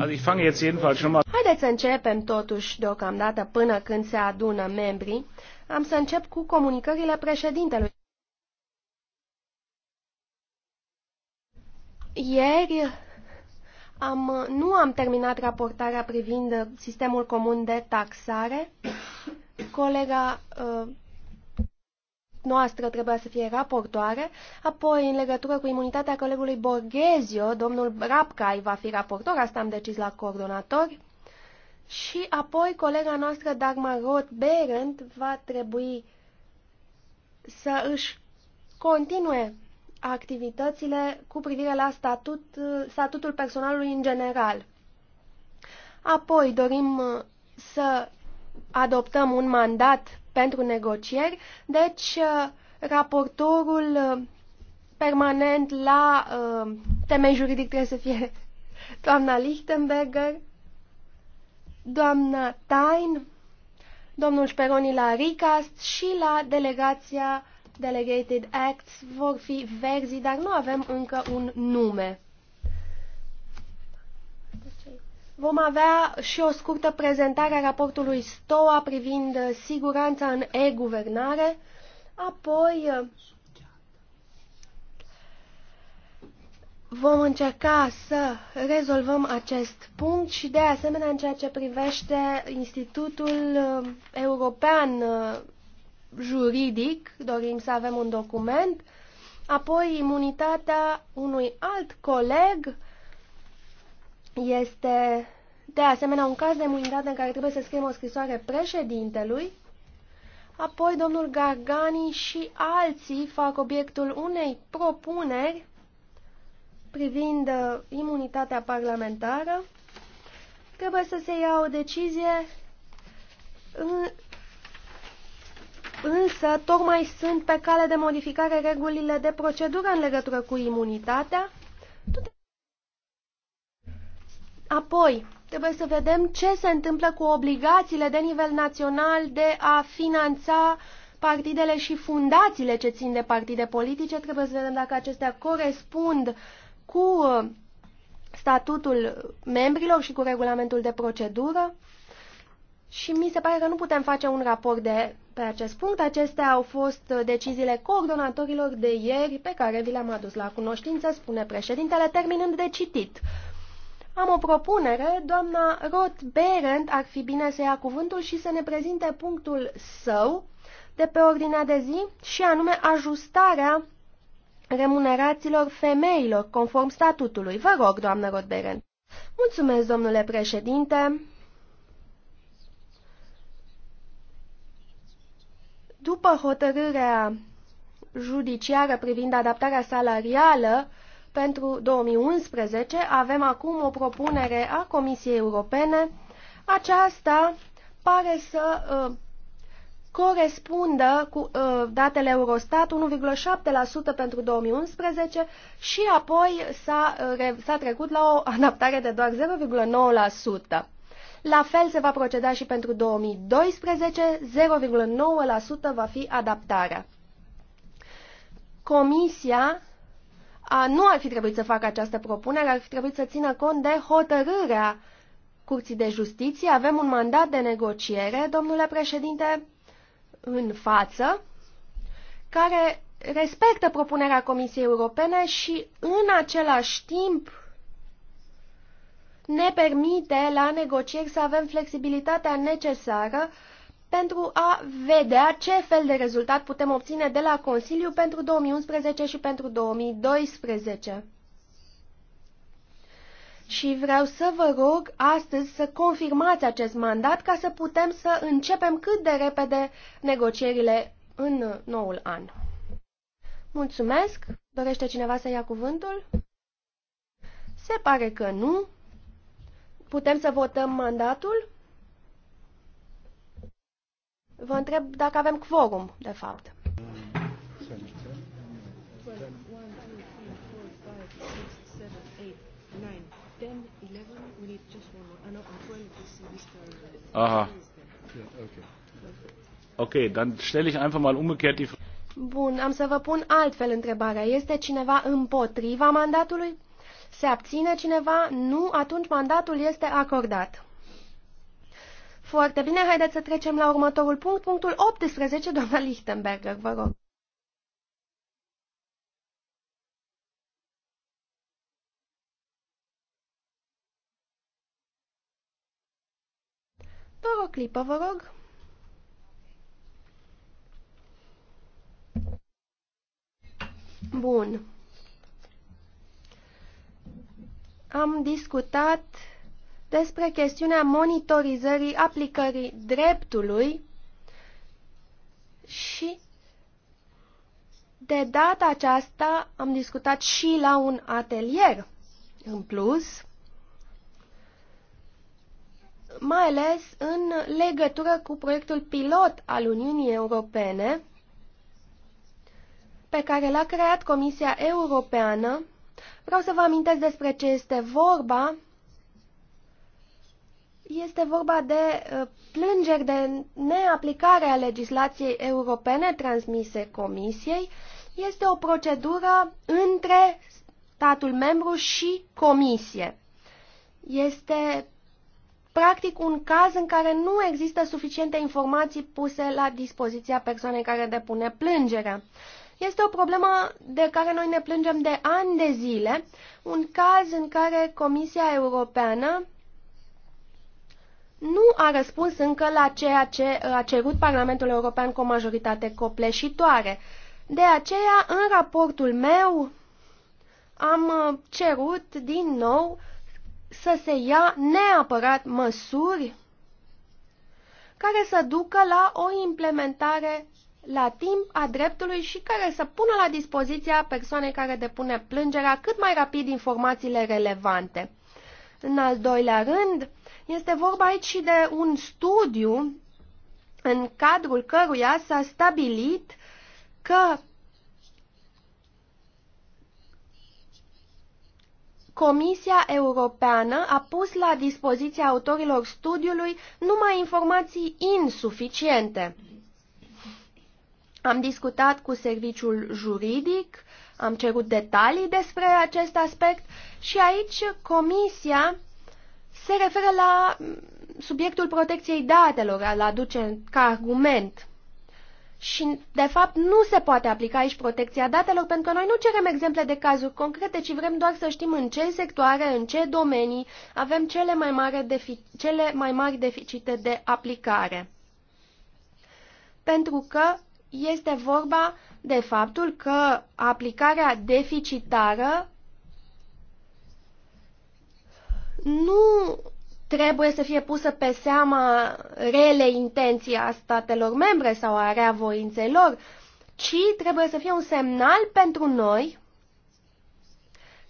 Haideți să începem totuși deocamdată până când se adună membrii. Am să încep cu comunicările președintelui. Ieri am, nu am terminat raportarea privind sistemul comun de taxare. Colega uh, noastră trebuia să fie raportoare, apoi în legătură cu imunitatea colegului Borghezio, domnul Rapcai va fi raportor, asta am decis la coordonatori, și apoi colega noastră Dagmar Roth Berend va trebui să își continue activitățile cu privire la statut, statutul personalului în general. Apoi dorim să adoptăm un mandat pentru negocieri, deci uh, raportorul uh, permanent la uh, temei juridic trebuie să fie doamna Lichtenberger, doamna Tain, domnul Speroni la RICAST și la delegația Delegated Acts vor fi verzi, dar nu avem încă un nume. Vom avea și o scurtă prezentare a raportului STOA privind siguranța în e-guvernare, apoi uh, vom încerca să rezolvăm acest punct și de asemenea în ceea ce privește Institutul uh, European uh, Juridic, dorim să avem un document, apoi imunitatea unui alt coleg, este de asemenea un caz de muindat în care trebuie să scriem o scrisoare președintelui, apoi domnul Gargani și alții fac obiectul unei propuneri privind uh, imunitatea parlamentară. Trebuie să se ia o decizie în Însă, tocmai sunt pe cale de modificare regulile de procedură în legătură cu imunitatea Apoi, trebuie să vedem ce se întâmplă cu obligațiile de nivel național de a finanța partidele și fundațiile ce țin de partide politice. Trebuie să vedem dacă acestea corespund cu uh, statutul membrilor și cu regulamentul de procedură. Și mi se pare că nu putem face un raport de, pe acest punct. Acestea au fost uh, deciziile coordonatorilor de ieri pe care vi le-am adus la cunoștință, spune președintele, terminând de citit. Am o propunere, doamna Roth Berend ar fi bine să ia cuvântul și să ne prezinte punctul său de pe ordinea de zi și anume ajustarea remunerațiilor femeilor conform statutului. Vă rog, doamnă Roth Berend. Mulțumesc, domnule președinte. După hotărârea judiciară privind adaptarea salarială, pentru 2011 avem acum o propunere a Comisiei Europene. Aceasta pare să uh, corespundă cu uh, datele Eurostat 1,7% pentru 2011 și apoi s-a uh, trecut la o adaptare de doar 0,9%. La fel se va proceda și pentru 2012, 0,9% va fi adaptarea. Comisia a, nu ar fi trebuit să facă această propunere, ar fi trebuit să țină cont de hotărârea Curții de Justiție. Avem un mandat de negociere, domnule președinte, în față, care respectă propunerea Comisiei Europene și în același timp ne permite la negocieri să avem flexibilitatea necesară pentru a vedea ce fel de rezultat putem obține de la Consiliu pentru 2011 și pentru 2012. Și vreau să vă rog astăzi să confirmați acest mandat ca să putem să începem cât de repede negocierile în noul an. Mulțumesc! Dorește cineva să ia cuvântul? Se pare că nu. Putem să votăm mandatul? Vă întreb dacă avem quorum, de fapt. Aha. Ok, dann stelle ich einfach mal umgekehrt die Bun, am să vă pun altfel întrebarea. Este cineva împotriva mandatului? Se abține cineva? Nu, atunci mandatul este acordat. Foarte bine, haideți să trecem la următorul punct, punctul 18, doamna Lichtenberger, vă rog. Doar o clipă, vă rog. Bun. Am discutat despre chestiunea monitorizării aplicării dreptului și de data aceasta am discutat și la un atelier în plus, mai ales în legătură cu proiectul pilot al Uniunii Europene pe care l-a creat Comisia Europeană. Vreau să vă amintesc despre ce este vorba este vorba de uh, plângeri de neaplicare a legislației europene transmise Comisiei. Este o procedură între statul membru și Comisie. Este practic un caz în care nu există suficiente informații puse la dispoziția persoanei care depune plângerea. Este o problemă de care noi ne plângem de ani de zile, un caz în care Comisia Europeană nu a răspuns încă la ceea ce uh, a cerut Parlamentul European cu o majoritate copleșitoare. De aceea, în raportul meu, am uh, cerut din nou să se ia neapărat măsuri care să ducă la o implementare la timp a dreptului și care să pună la dispoziția persoanei care depune plângerea cât mai rapid informațiile relevante. În al doilea rând, este vorba aici și de un studiu în cadrul căruia s-a stabilit că Comisia Europeană a pus la dispoziția autorilor studiului numai informații insuficiente. Am discutat cu serviciul juridic, am cerut detalii despre acest aspect și aici Comisia se referă la subiectul protecției datelor, al aduce ca argument. Și, de fapt, nu se poate aplica aici protecția datelor, pentru că noi nu cerem exemple de cazuri concrete, ci vrem doar să știm în ce sectoare, în ce domenii avem cele mai, mare defi- cele mai mari deficite de aplicare. Pentru că este vorba de faptul că aplicarea deficitară nu trebuie să fie pusă pe seama rele intenții a statelor membre sau a rea voințelor, ci trebuie să fie un semnal pentru noi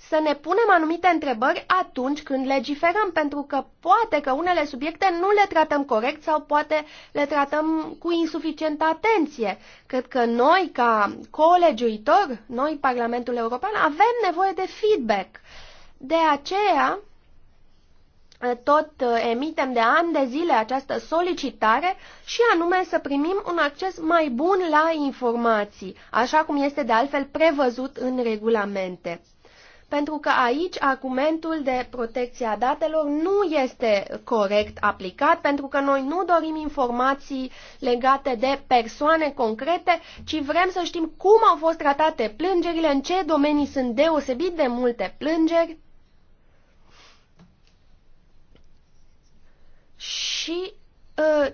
să ne punem anumite întrebări atunci când legiferăm, pentru că poate că unele subiecte nu le tratăm corect sau poate le tratăm cu insuficientă atenție. Cred că noi, ca colegiuitor, noi, Parlamentul European, avem nevoie de feedback. De aceea, Eh, tot eh, emitem de ani de zile această solicitare și anume să primim un acces mai bun la informații, așa cum este de altfel prevăzut în regulamente. Pentru că aici argumentul de protecție a datelor nu este corect aplicat, pentru că noi nu dorim informații legate de persoane concrete, ci vrem să știm cum au fost tratate plângerile, în ce domenii sunt deosebit de multe plângeri, și ă,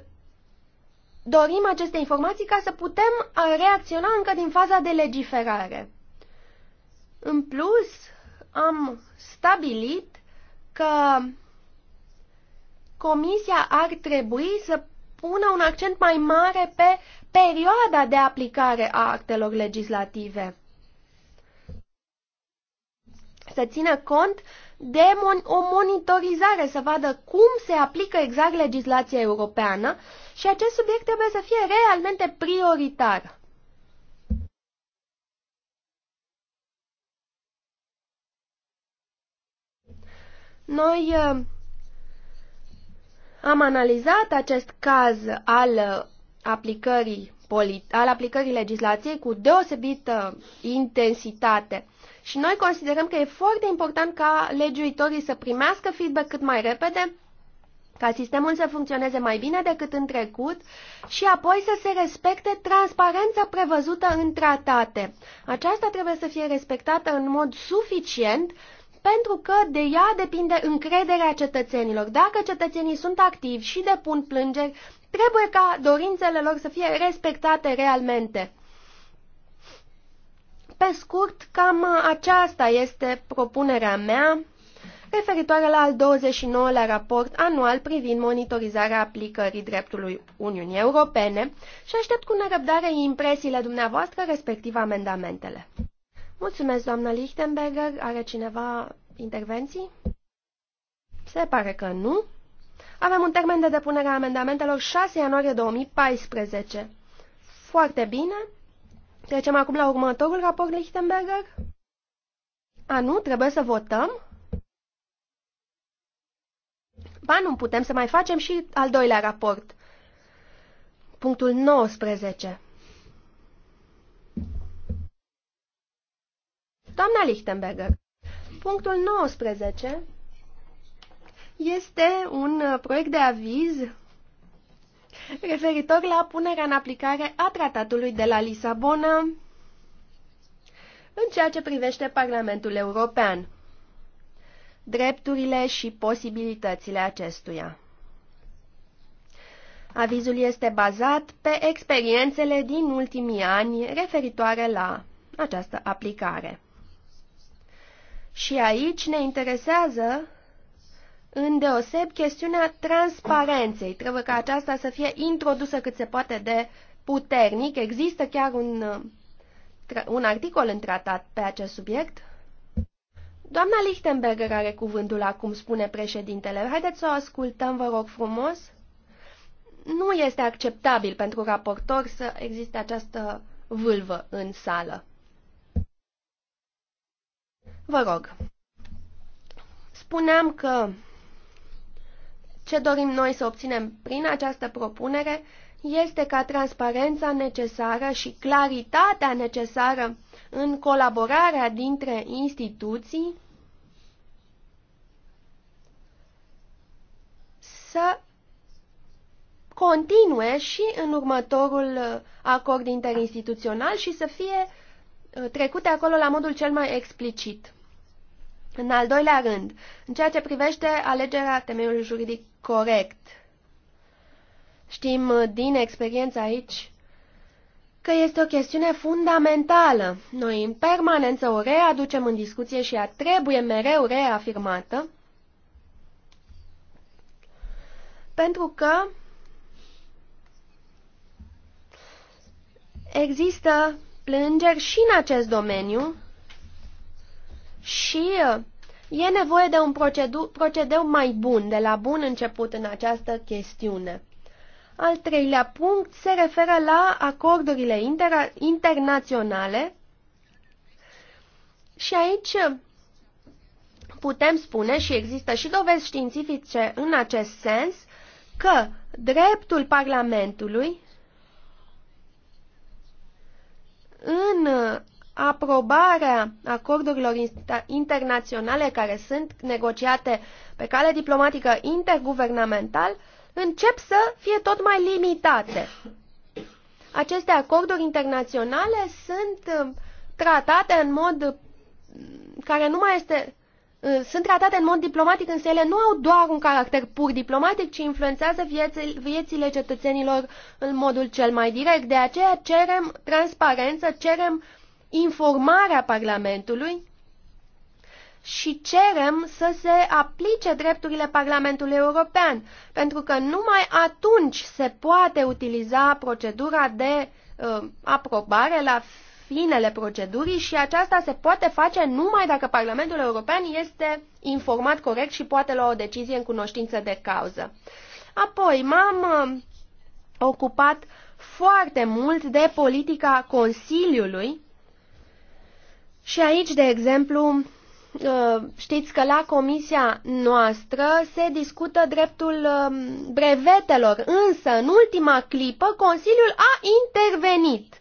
dorim aceste informații ca să putem ă, reacționa încă din faza de legiferare. În plus, am stabilit că Comisia ar trebui să pună un accent mai mare pe perioada de aplicare a actelor legislative. Să țină cont de o monitorizare, să vadă cum se aplică exact legislația europeană și acest subiect trebuie să fie realmente prioritar. Noi uh, am analizat acest caz al uh, aplicării, al aplicării legislației cu deosebită uh, intensitate și noi considerăm că e foarte important ca legiuitorii să primească feedback cât mai repede, ca sistemul să funcționeze mai bine decât în trecut și apoi să se respecte transparența prevăzută în tratate. Aceasta trebuie să fie respectată în mod suficient pentru că de ea depinde încrederea cetățenilor. Dacă cetățenii sunt activi și depun plângeri, trebuie ca dorințele lor să fie respectate realmente. Pe scurt, cam aceasta este propunerea mea referitoare la al 29-lea raport anual privind monitorizarea aplicării dreptului Uniunii Europene și aștept cu nerăbdare impresiile dumneavoastră, respectiv amendamentele. Mulțumesc, doamna Lichtenberger. Are cineva intervenții? Se pare că nu. Avem un termen de depunere a amendamentelor 6 ianuarie 2014. Foarte bine. Trecem acum la următorul raport Lichtenberger. A, nu? Trebuie să votăm? Ba, nu putem să mai facem și al doilea raport. Punctul 19. Doamna Lichtenberger, punctul 19 este un proiect de aviz referitor la punerea în aplicare a tratatului de la Lisabona în ceea ce privește Parlamentul European, drepturile și posibilitățile acestuia. Avizul este bazat pe experiențele din ultimii ani referitoare la această aplicare. Și aici ne interesează Îndeoseb chestiunea transparenței. Trebuie ca aceasta să fie introdusă cât se poate de puternic. Există chiar un, un articol în tratat pe acest subiect. Doamna Lichtenberger are cuvântul acum, spune președintele. Haideți să o ascultăm, vă rog frumos. Nu este acceptabil pentru raportor să existe această vâlvă în sală. Vă rog. Spuneam că ce dorim noi să obținem prin această propunere este ca transparența necesară și claritatea necesară în colaborarea dintre instituții să continue și în următorul acord interinstituțional și să fie uh, trecute acolo la modul cel mai explicit. În al doilea rând, în ceea ce privește alegerea temeiului juridic corect, știm uh, din experiență aici că este o chestiune fundamentală. Noi în permanență o readucem în discuție și ea trebuie mereu reafirmată, pentru că există plângeri și în acest domeniu și uh, e nevoie de un procedu- procedeu mai bun, de la bun început în această chestiune. Al treilea punct se referă la acordurile inter- internaționale și aici uh, putem spune și există și dovezi științifice în acest sens că dreptul Parlamentului în uh, aprobarea acordurilor internaționale care sunt negociate pe cale diplomatică interguvernamental încep să fie tot mai limitate. Aceste acorduri internaționale sunt uh, tratate în mod uh, care nu mai este uh, sunt tratate în mod diplomatic, însă ele nu au doar un caracter pur diplomatic, ci influențează viețile, cetățenilor în modul cel mai direct. De aceea cerem transparență, cerem uh, informarea Parlamentului și cerem să se aplice drepturile Parlamentului European, pentru că numai atunci se poate utiliza procedura de uh, aprobare la finele procedurii și aceasta se poate face numai dacă Parlamentul European este informat corect și poate lua o decizie în cunoștință de cauză. Apoi, m-am uh, ocupat foarte mult de politica Consiliului și aici, de exemplu, uh, știți că la comisia noastră se discută dreptul um, brevetelor, însă în ultima clipă Consiliul a intervenit.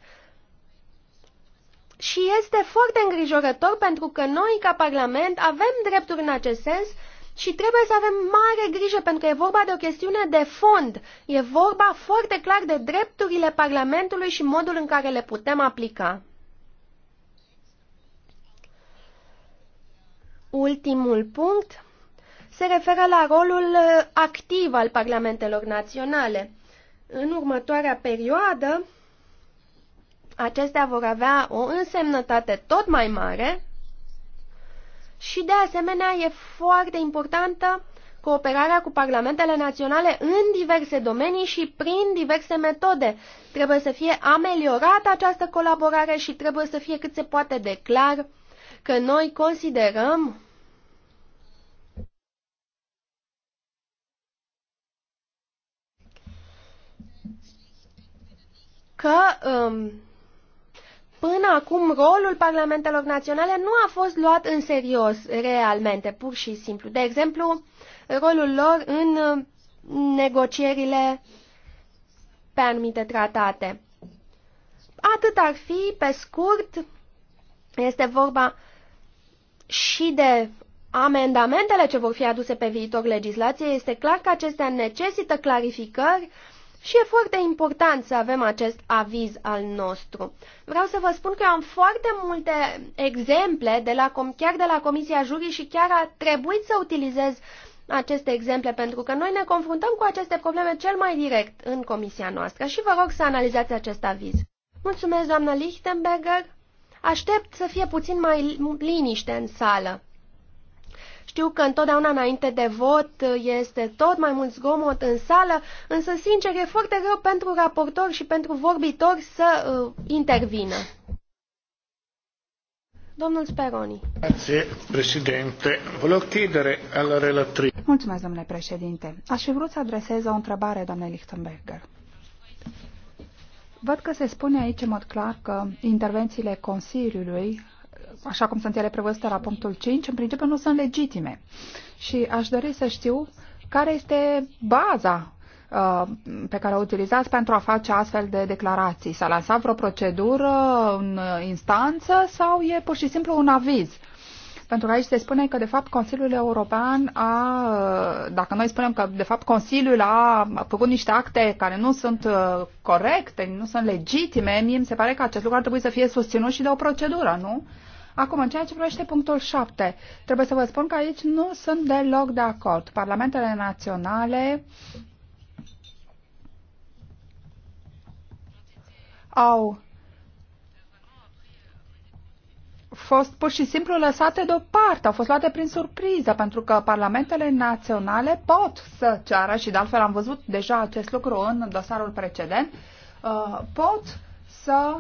Și este foarte îngrijorător pentru că noi, ca Parlament, avem drepturi în acest sens și trebuie să avem mare grijă pentru că e vorba de o chestiune de fond. E vorba foarte clar de drepturile Parlamentului și modul în care le putem aplica. Ultimul punct se referă la rolul uh, activ al parlamentelor naționale. În următoarea perioadă, acestea vor avea o însemnătate tot mai mare și, de asemenea, e foarte importantă cooperarea cu parlamentele naționale în diverse domenii și prin diverse metode. Trebuie să fie ameliorată această colaborare și trebuie să fie cât se poate de clar că noi considerăm că um, până acum rolul parlamentelor naționale nu a fost luat în serios realmente, pur și simplu. De exemplu, rolul lor în um, negocierile pe anumite tratate. Atât ar fi, pe scurt, este vorba și de amendamentele ce vor fi aduse pe viitor legislație, este clar că acestea necesită clarificări și e foarte important să avem acest aviz al nostru. Vreau să vă spun că eu am foarte multe exemple, de la, chiar de la Comisia Jurii și chiar a trebuit să utilizez aceste exemple pentru că noi ne confruntăm cu aceste probleme cel mai direct în comisia noastră și vă rog să analizați acest aviz. Mulțumesc, doamnă Lichtenberger. Aștept să fie puțin mai liniște în sală. Știu că întotdeauna înainte de vot este tot mai mult zgomot în sală, însă sincer e foarte greu pentru raportor și pentru vorbitor să uh, intervină. Domnul Speroni. Grazie, președinte. Vreau chiedere alla relatrice. Mulțumesc, domnule președinte. Aș fi vrut să adresez o întrebare, doamne Lichtenberger. Văd că se spune aici în mod clar că intervențiile Consiliului, așa cum sunt ele prevăzute la punctul 5, în principiu nu sunt legitime. Și aș dori să știu care este baza uh, pe care o utilizați pentru a face astfel de declarații? S-a lansat vreo procedură în instanță sau e pur și simplu un aviz? Pentru că aici se spune că, de fapt, Consiliul European a, dacă noi spunem că, de fapt, Consiliul a făcut niște acte care nu sunt uh, corecte, nu sunt legitime, mie mi se pare că acest lucru ar trebui să fie susținut și de o procedură, nu? Acum, în ceea ce privește punctul 7, trebuie să vă spun că aici nu sunt deloc de acord. Parlamentele naționale au fost pur și simplu lăsate deoparte, au fost luate prin surpriză, pentru că parlamentele naționale pot să ceară, și de altfel am văzut deja acest lucru în dosarul precedent, uh, pot să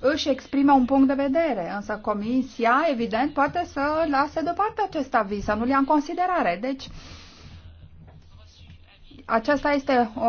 își exprime un punct de vedere, însă comisia, evident, poate să lase deoparte acest aviz, să nu-l ia în considerare. Deci, uh, acesta este uh,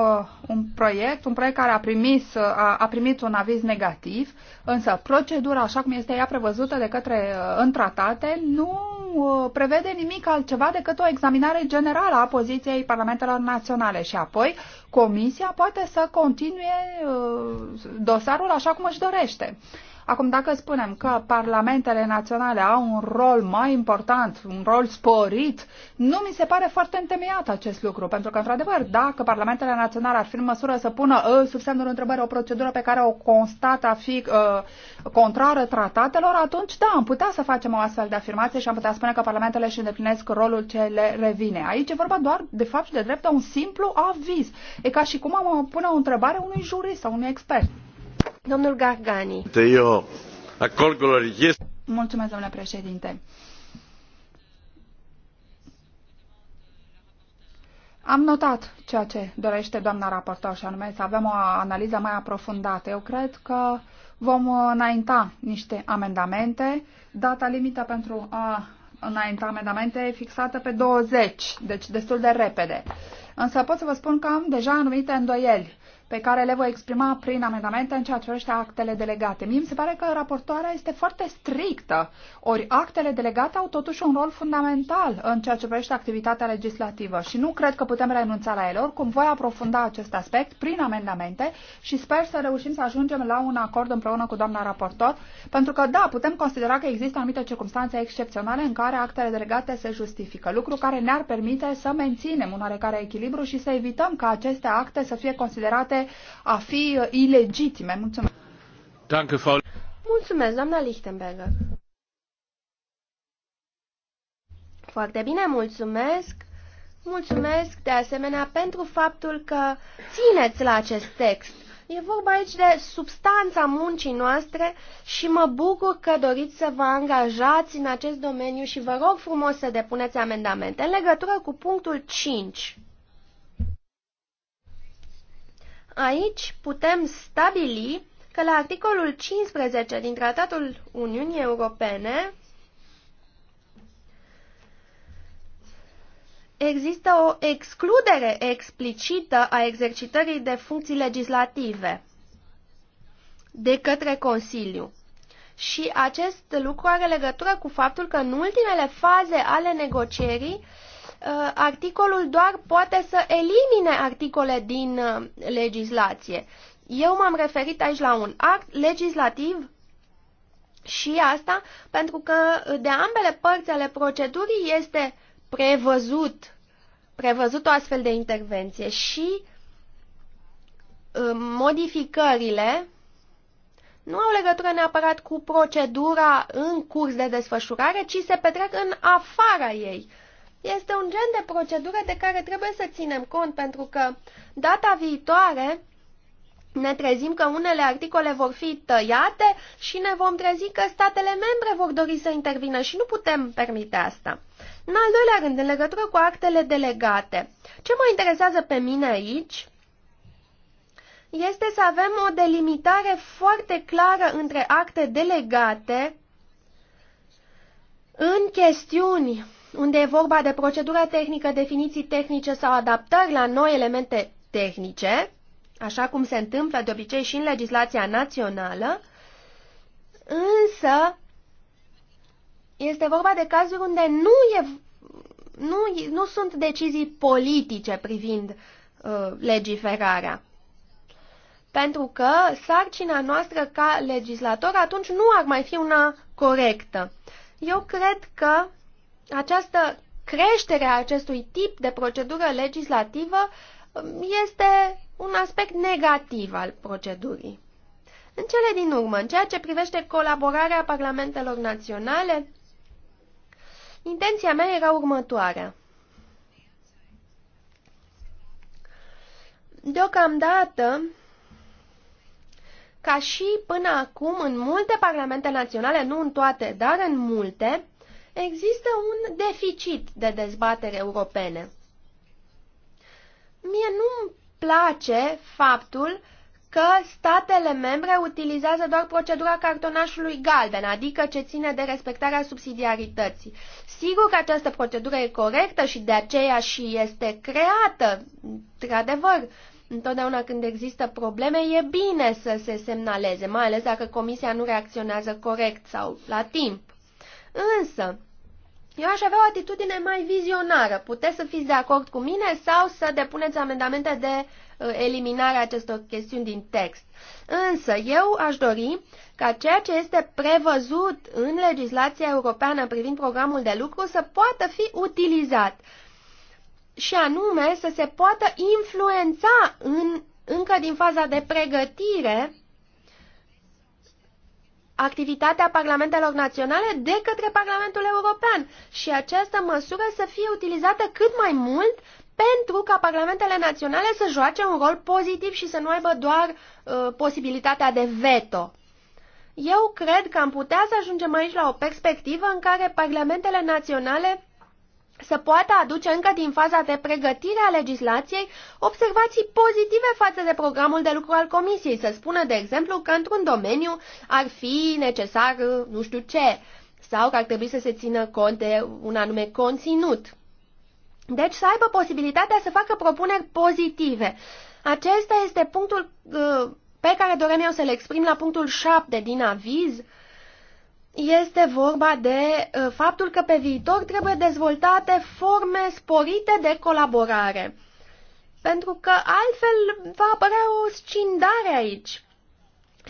un proiect, un proiect care a, primis, uh, a primit un aviz negativ, însă procedura, așa cum este ea prevăzută de către uh, în tratate, nu uh, prevede nimic altceva decât o examinare generală a poziției parlamentelor naționale și apoi Comisia poate să continue uh, dosarul așa cum își dorește. Uh, Acum, dacă spunem că parlamentele naționale au un rol mai important, un rol sporit, nu mi se pare foarte întemeiat acest lucru, pentru că, într-adevăr, dacă parlamentele naționale ar fi în măsură să pună uh, sub semnul întrebării o procedură pe care o constată a fi uh, contrară tratatelor, atunci, da, am putea să facem o astfel de afirmație și am putea spune că parlamentele își îndeplinesc rolul ce le revine. Aici e vorba doar, de fapt și de drept, un simplu aviz. E ca și cum am pune o întrebare unui jurist sau unui expert. Domnul Gargani. Eu acord Mulțumesc, domnule președinte. Am notat ceea ce dorește doamna raportor și anume să avem o analiză mai aprofundată. Eu cred că vom înainta niște amendamente. Data limită pentru a înainta amendamente e fixată pe 20, deci destul de repede. Însă pot să vă spun că am deja anumite îndoieli pe care le voi exprima prin amendamente în ceea ce privește actele delegate. Mie mi se pare că raportoarea este foarte strictă, ori actele delegate au totuși un rol fundamental în ceea ce privește activitatea legislativă și nu cred că putem renunța la ele. Oricum, voi aprofunda acest aspect prin amendamente și sper să reușim să ajungem la un acord împreună cu doamna raportor, pentru că, da, putem considera că există anumite circunstanțe excepționale în care actele delegate se justifică, lucru care ne-ar permite să menținem un oarecare echilibru și să evităm ca aceste acte să fie considerate a fi uh, ilegitime. Mulțumesc. Danke, Frau. Mulțumesc, doamna Lichtenberger. Foarte bine, mulțumesc. Mulțumesc de asemenea pentru faptul că țineți la acest text. E vorba aici de substanța muncii noastre și mă bucur că doriți să vă angajați în acest domeniu și vă rog frumos să depuneți amendamente în legătură cu punctul 5. Aici putem stabili că la articolul 15 din Tratatul Uniunii Europene există o excludere explicită a exercitării de funcții legislative de către Consiliu. Și acest lucru are legătură cu faptul că în ultimele faze ale negocierii Uh, articolul doar poate să elimine articole din uh, legislație. Eu m-am referit aici la un act legislativ și asta pentru că de ambele părți ale procedurii este prevăzut, prevăzut o astfel de intervenție și uh, modificările nu au legătură neapărat cu procedura în curs de desfășurare, ci se petrec în afara ei. Este un gen de procedură de care trebuie să ținem cont, pentru că data viitoare ne trezim că unele articole vor fi tăiate și ne vom trezi că statele membre vor dori să intervină și nu putem permite asta. În al doilea rând, în legătură cu actele delegate, ce mă interesează pe mine aici este să avem o delimitare foarte clară între acte delegate în chestiuni unde e vorba de procedură tehnică, definiții tehnice sau adaptări la noi elemente tehnice, așa cum se întâmplă de obicei și în legislația națională, însă este vorba de cazuri unde nu, e, nu, nu sunt decizii politice privind uh, legiferarea. Pentru că sarcina noastră ca legislator atunci nu ar mai fi una corectă. Eu cred că această creștere a acestui tip de procedură legislativă um, este un aspect negativ al procedurii. În cele din urmă, în ceea ce privește colaborarea parlamentelor naționale, intenția mea era următoarea. Deocamdată, ca și până acum, în multe parlamente naționale, nu în toate, dar în multe, există un deficit de dezbatere europene. Mie nu-mi place faptul că statele membre utilizează doar procedura cartonașului galben, adică ce ține de respectarea subsidiarității. Sigur că această procedură e corectă și de aceea și este creată, într-adevăr, Întotdeauna când există probleme, e bine să se semnaleze, mai ales dacă comisia nu reacționează corect sau la timp. Însă, eu aș avea o atitudine mai vizionară. Puteți să fiți de acord cu mine sau să depuneți amendamente de uh, a acestor chestiuni din text. Însă, eu aș dori ca ceea ce este prevăzut în legislația europeană privind programul de lucru să poată fi utilizat și anume să se poată influența în, încă din faza de pregătire activitatea parlamentelor naționale de către Parlamentul European și această măsură să fie utilizată cât mai mult pentru ca parlamentele naționale să joace un rol pozitiv și să nu aibă doar uh, posibilitatea de veto. Eu cred că am putea să ajungem aici la o perspectivă în care parlamentele naționale să poată aduce încă din faza de pregătire a legislației observații pozitive față de programul de lucru al Comisiei, să spună, de exemplu, că într-un domeniu ar fi necesar nu știu ce, sau că ar trebui să se țină cont de un anume conținut. Deci să aibă posibilitatea să facă propuneri pozitive. Acesta este punctul uh, pe care dorem eu să-l exprim la punctul 7 din aviz, este vorba de uh, faptul că pe viitor trebuie dezvoltate forme sporite de colaborare. Pentru că altfel va apărea o scindare aici.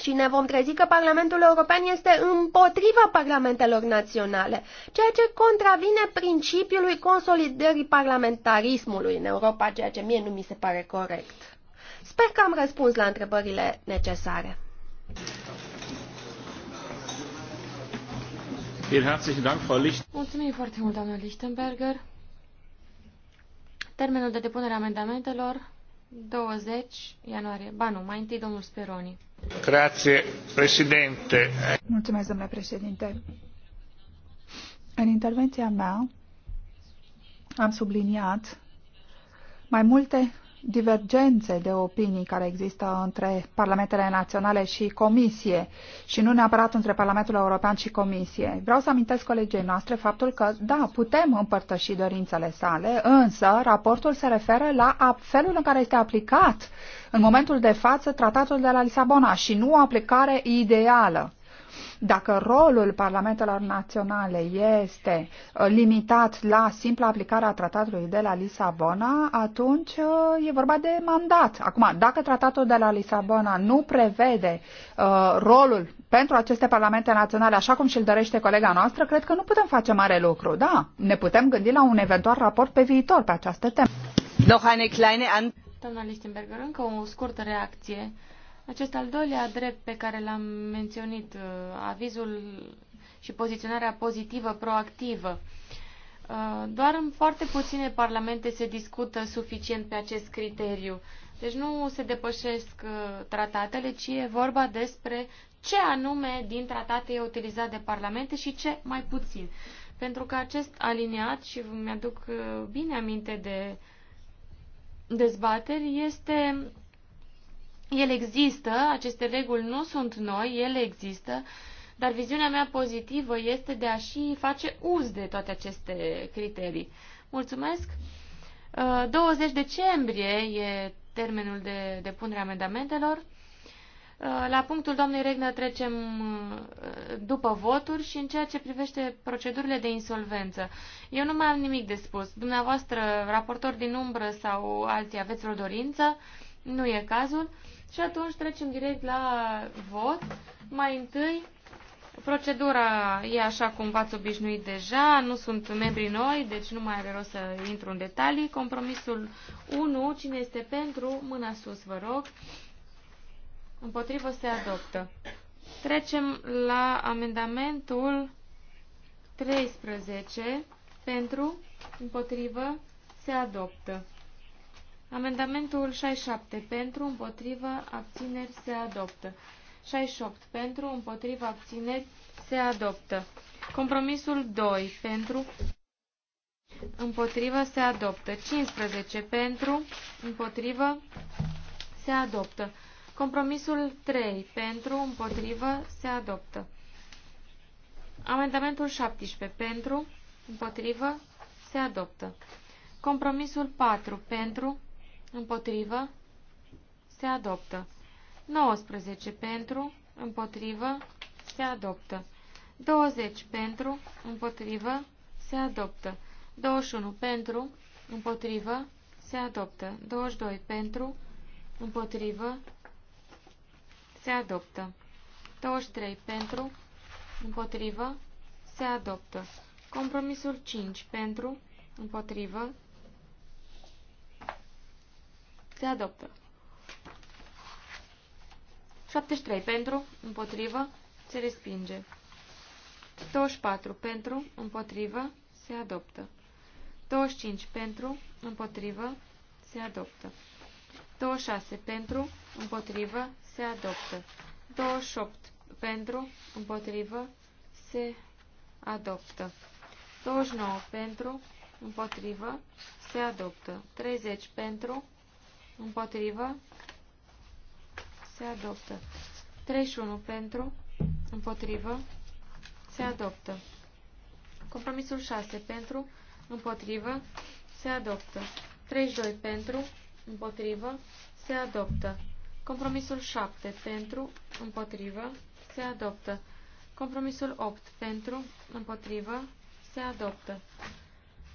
Și ne vom trezi că Parlamentul European este împotriva parlamentelor naționale, ceea ce contravine principiului consolidării parlamentarismului în Europa, ceea ce mie nu mi se pare corect. Sper că am răspuns la întrebările necesare. Mulțumim foarte mult, doamnă Lichtenberger. Termenul de depunere a amendamentelor 20 ianuarie. Ba nu, mai întâi domnul Speroni. Grazie, președinte. Mulțumesc, domnule președinte. În intervenția mea am subliniat mai multe divergențe de opinii care există între parlamentele naționale și comisie și nu neapărat între Parlamentul European și comisie. Vreau să amintesc colegii noastre faptul că, da, putem împărtăși dorințele sale, însă raportul se referă la felul în care este aplicat în momentul de față tratatul de la Lisabona și nu o aplicare ideală. Dacă rolul parlamentelor naționale este uh, limitat la simpla aplicare a tratatului de la Lisabona, atunci uh, e vorba de mandat. Acum, dacă tratatul de la Lisabona nu prevede uh, rolul pentru aceste parlamente naționale, așa cum și-l dorește colega noastră, cred că nu putem face mare lucru. Da, ne putem gândi la un eventual raport pe viitor pe această temă. Doamna Lichtenberger, încă o scurtă reacție acest al doilea drept pe care l-am menționat, uh, avizul și poziționarea pozitivă, proactivă, uh, doar în foarte puține parlamente se discută suficient pe acest criteriu. Deci nu se depășesc uh, tratatele, ci e vorba despre ce anume din tratate e utilizat de parlamente și ce mai puțin. Pentru că acest aliniat, și mi-aduc bine aminte de dezbateri, este ele există, aceste reguli nu sunt noi, ele există, dar viziunea mea pozitivă este de a și face uz de toate aceste criterii. Mulțumesc! 20 uh, decembrie e termenul de depunere a amendamentelor. Uh, la punctul doamnei Regnă trecem uh, după voturi și în ceea ce privește procedurile de insolvență. Eu nu mai am nimic de spus. Dumneavoastră, raportori din umbră sau alții, aveți vreo dorință? Nu e cazul. Și atunci trecem direct la vot. Mai întâi, procedura e așa cum v-ați obișnuit deja, nu sunt membri noi, deci nu mai are rost să intru în detalii. Compromisul 1, cine este pentru, mâna sus, vă rog. Împotrivă se adoptă. Trecem la amendamentul 13 pentru, împotrivă, se adoptă. Amendamentul 67. Pentru, împotrivă, abțineri, se adoptă. 68. Pentru, împotrivă, abțineri, se adoptă. Compromisul 2. Pentru, împotrivă, se adoptă. 15. Pentru, împotrivă, se adoptă. Compromisul 3. Pentru, împotrivă, se adoptă. Amendamentul 17. Pentru, împotrivă, se adoptă. Compromisul 4. Pentru, împotrivă, se adoptă. 19 pentru, împotrivă, se adoptă. 20 pentru, împotrivă, se adoptă. 21 pentru, împotrivă, se adoptă. 22 pentru, împotrivă, se adoptă. 23 pentru, împotrivă, se adoptă. Compromisul 5 pentru, împotrivă, se adoptă. 73. Pentru, împotrivă, se respinge. 24. Pentru, împotrivă, se adoptă. 25. Pentru, împotrivă, se adoptă. 26. Pentru, împotrivă, se adoptă. 28. Pentru, împotrivă, se adoptă. 29. Pentru, împotrivă, se adoptă. 30. Pentru, Împotrivă. Se adoptă. 31 pentru. Împotrivă. Se adoptă. Compromisul 6 pentru. Împotrivă. Se adoptă. 32 pentru. Împotrivă. Se adoptă. Compromisul 7 pentru. Împotrivă. Se adoptă. Compromisul 8 pentru. Împotrivă. Se adoptă.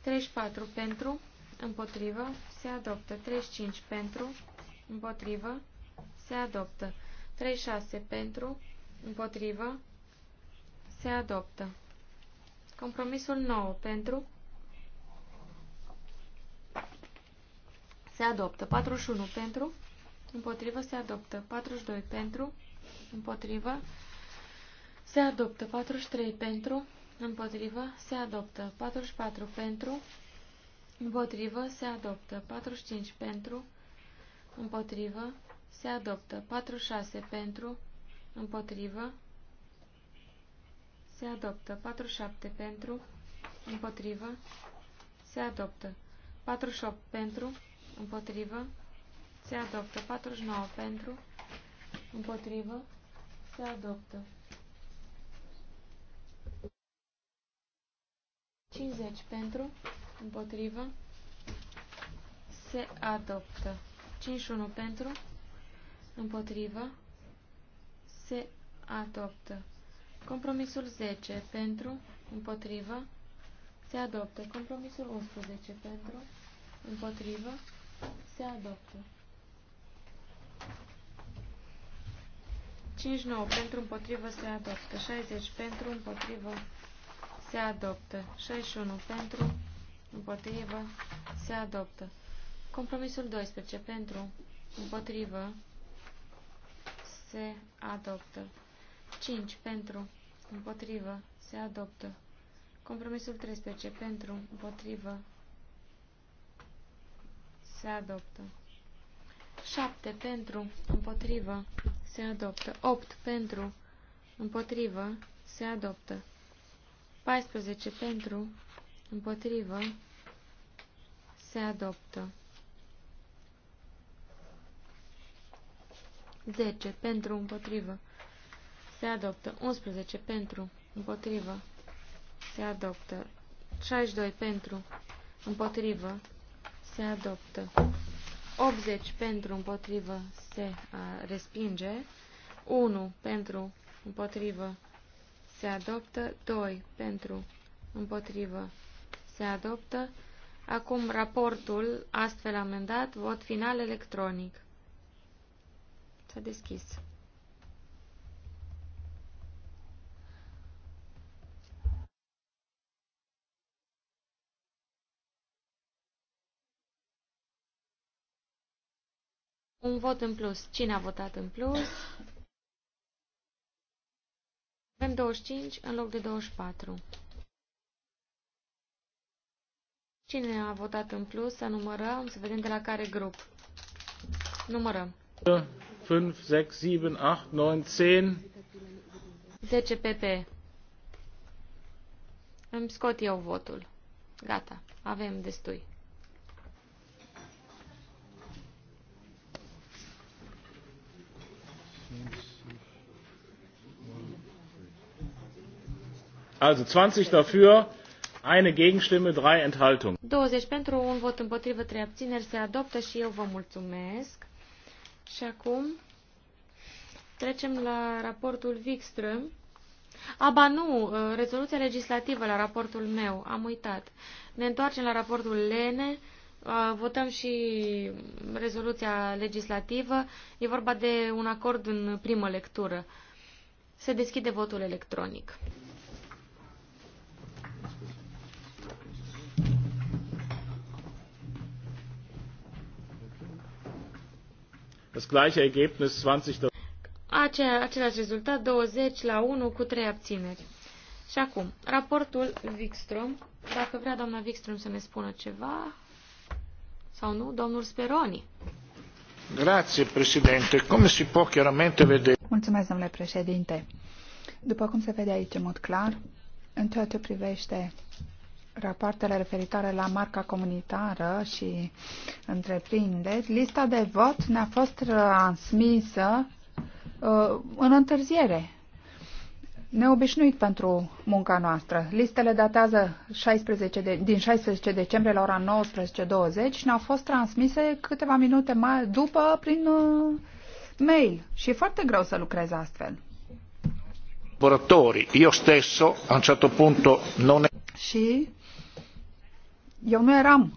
34 pentru împotrivă, se adoptă. 35 pentru, împotrivă, se adoptă. 36 pentru, împotrivă, se adoptă. Compromisul 9 pentru, se adoptă. 41 pentru, împotrivă, se adoptă. 42 pentru, împotrivă, se adoptă. 43 pentru, împotrivă, se adoptă. 44 pentru, Împotrivă se adoptă 45 pentru. Împotrivă se adoptă 46 pentru. Împotrivă se adoptă 47 pentru. Împotrivă se adoptă 48 pentru. Împotrivă se adoptă 49 pentru. Împotrivă se adoptă 50 pentru, împotrivă, se adoptă. 51 pentru, împotrivă, se adoptă. Compromisul 10 pentru, împotrivă, se adoptă. Compromisul 11 pentru, împotrivă, se adoptă. 59 pentru, împotrivă, se adoptă. 60 pentru, împotrivă, se adoptă. 61 pentru, împotrivă, se adoptă. Compromisul 12 pentru, împotrivă, se adoptă. 5 pentru, împotrivă, se adoptă. Compromisul 13 pentru, împotrivă, se adoptă. 7 pentru, împotrivă, se adoptă. 8 pentru, împotrivă, se adoptă. 14 pentru, împotrivă, se adoptă. 10 pentru, împotrivă, se adoptă. 11 pentru, împotrivă, se adoptă. 62 pentru, împotrivă, se adoptă. 80 pentru, împotrivă, se a, respinge. 1 pentru, împotrivă, se se adoptă. 2 pentru, împotrivă, se adoptă. Acum raportul astfel amendat, vot final electronic. S-a deschis. Un vot în plus. Cine a votat în plus? Avem 25 în loc de 24. Cine a votat în plus? Să numărăm, să vedem de la care grup. Numărăm. 5, 6, 7, 8, 9, 10. 10 PP. Îmi scot eu votul. Gata, avem destui. Also 20 dafür, eine Gegenstimme, drei Enthaltungen. 20 pentru, un vot împotrivă, trei abțineri se adoptă și eu vă mulțumesc. Și acum trecem la raportul Wikström. Aba nu, uh, rezoluția legislativă la raportul meu, am uitat. Ne întoarcem la raportul Lene, uh, votăm și rezoluția legislativă. E vorba de un acord în primă lectură. Se deschide votul electronic. Das gleiche Ergebnis 20. Acea, același rezultat, 20 la 1 cu 3 abțineri. Și acum, raportul Wikström. Dacă vrea doamna Wikström să ne spună ceva sau nu, domnul Speroni. Grazie, președinte. Cum se poate chiaramente vede? Mulțumesc, domnule președinte. După cum se vede aici în mod clar, în ceea ce privește rapoartele referitoare la marca comunitară și întreprinderi, lista de vot ne-a fost transmisă uh, în întârziere. Neobișnuit pentru munca noastră. Listele datează 16 de, din 16 decembrie la ora 19.20 și ne-au fost transmise câteva minute mai după prin uh, mail. Și e foarte greu să lucrezi astfel. Io stesso a un certo punto non è... Și eu nu eram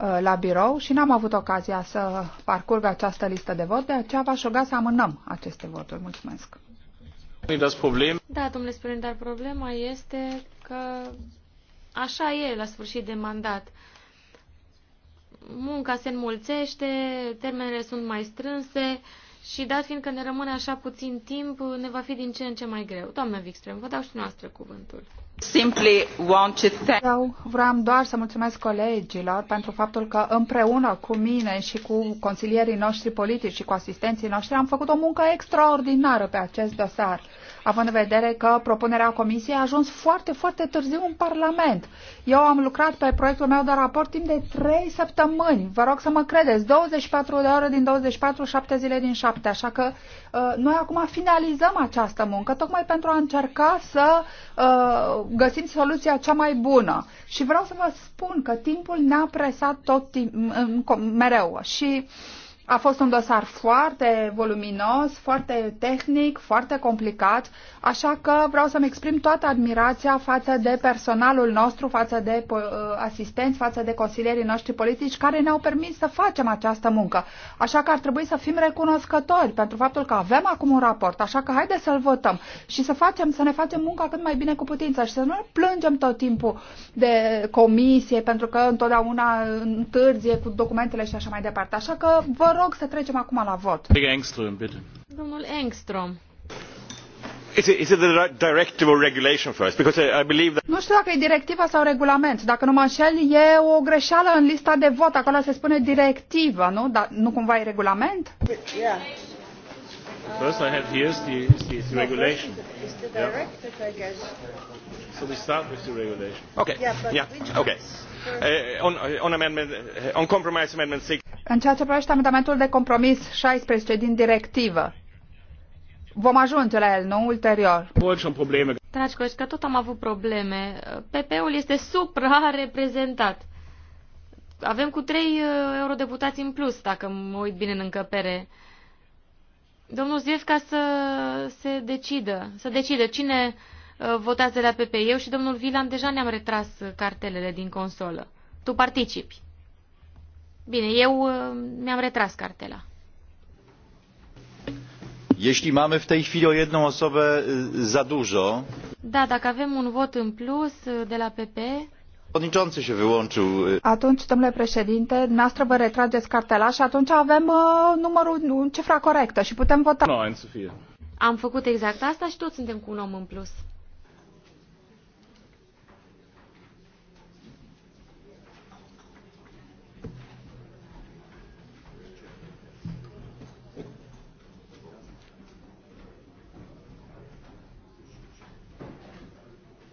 uh, la birou și n-am avut ocazia să parcurg această listă de vot, de aceea v-aș ruga să amânăm aceste voturi. Mulțumesc. Da, domnule Spirin, dar problema este că așa e la sfârșit de mandat. Munca se înmulțește, termenele sunt mai strânse, și dat fiindcă ne rămâne așa puțin timp, ne va fi din ce în ce mai greu. Doamna Vixtrem, vă dau și noastră cuvântul. Simply want to thank... Eu vreau doar să mulțumesc colegilor pentru faptul că împreună cu mine și cu consilierii noștri politici și cu asistenții noștri am făcut o muncă extraordinară pe acest dosar având în vedere că propunerea Comisiei a ajuns foarte, foarte târziu în Parlament. Eu am lucrat pe proiectul meu de raport timp de 3 săptămâni. Vă rog să mă credeți, 24 de ore din 24, 7 zile din 7. Așa că uh, noi acum finalizăm această muncă tocmai pentru a încerca să uh, găsim soluția cea mai bună. Și vreau să vă spun că timpul ne-a presat tot timp, uh, mereu. Și uh, a fost un dosar foarte voluminos, foarte tehnic, foarte complicat, așa că vreau să-mi exprim toată admirația față de personalul nostru, față de uh, asistenți, față de consilierii noștri politici care ne-au permis să facem această muncă. Așa că ar trebui să fim recunoscători pentru faptul că avem acum un raport, așa că haideți să-l votăm și să, facem, să ne facem munca cât mai bine cu putință și să nu plângem tot timpul de comisie pentru că întotdeauna întârzie cu documentele și așa mai departe. Așa că vă rog să trecem acum la vot. Engström, bitte. Domnul Engström. Is it, the directive or regulation first? Because I, believe that... Nu știu dacă e directiva sau regulament. Dacă nu mă înșel, e o greșeală în lista de vot. Acolo se spune directivă, nu? Dar nu cumva e regulament? Yeah. The first I have here is the, is the, the no, regulation. It's the directive, yeah. I guess. So we start with the regulation. Okay. Yeah. But yeah. Which okay. Uh, on, uh, on, amendment, uh, on compromise amendment 6. În ceea ce privește amendamentul de compromis 16 din directivă, vom ajunge la el, nu ulterior. Dragi colegi, că tot am avut probleme. PP-ul este supra-reprezentat. Avem cu trei uh, eurodeputați în plus, dacă mă uit bine în încăpere domnul Zviefca să se decidă, să decidă cine uh, votează de la PP. Eu și domnul Vilan deja ne-am retras cartelele din consolă. Tu participi. Bine, eu uh, mi-am retras cartela. Jeśli mamy w tej chwili o jedną osobę za dużo. Da, dacă avem un vot în plus uh, de la PP, atunci, domnule președinte, noastră vă retrageți cartela și atunci avem uh, numărul, cifra corectă și putem vota. No, Am făcut exact asta și toți suntem cu un om în plus.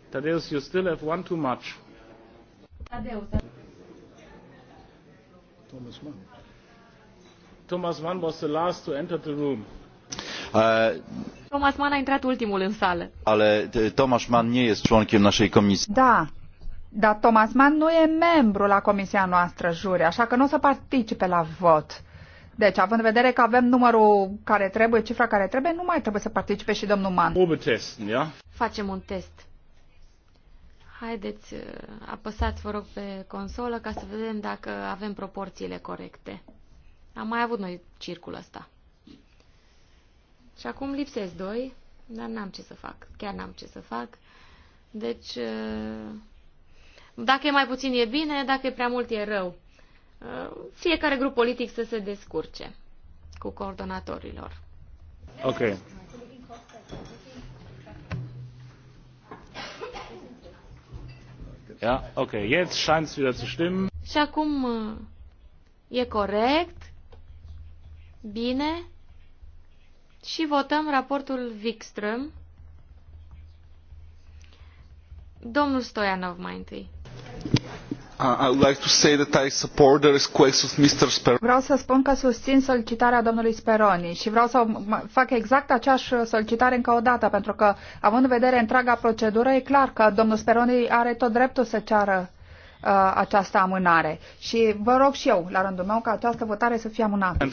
Tadeusz, you still have one too much. Thomas Mann. Thomas Mann was the last to enter the room. Uh, Thomas Mann a intrat ultimul în sală. Ale Thomas Mann nie jest członkiem naszej komisji. Da, dar Thomas Mann nu e membru la comisia noastră, jure, așa că nu o să participe la vot. Deci, având în vedere că avem numărul care trebuie, cifra care trebuie, nu mai trebuie să participe și domnul Mann. Facem un test. Haideți, uh, apăsați, vă rog, pe consolă ca să vedem dacă avem proporțiile corecte. Am mai avut noi circul ăsta. Și acum lipsesc doi, dar n-am ce să fac. Chiar n-am ce să fac. Deci, uh, dacă e mai puțin e bine, dacă e prea mult e rău. Uh, fiecare grup politic să se descurce cu coordonatorilor. Ok. Ja, okay, jetzt scheint es wieder zu stimmen. Și acum uh, e corect. Bine. Și votăm raportul Wikström. Domnul Stoianov mai întâi. Vreau să spun că susțin solicitarea domnului Speroni și vreau să fac exact aceeași solicitare încă o dată, pentru că, având în vedere întreaga procedură, e clar că domnul Speroni are tot dreptul să ceară uh, această amânare. Și vă rog și eu, la rândul meu, ca această votare să fie amânată.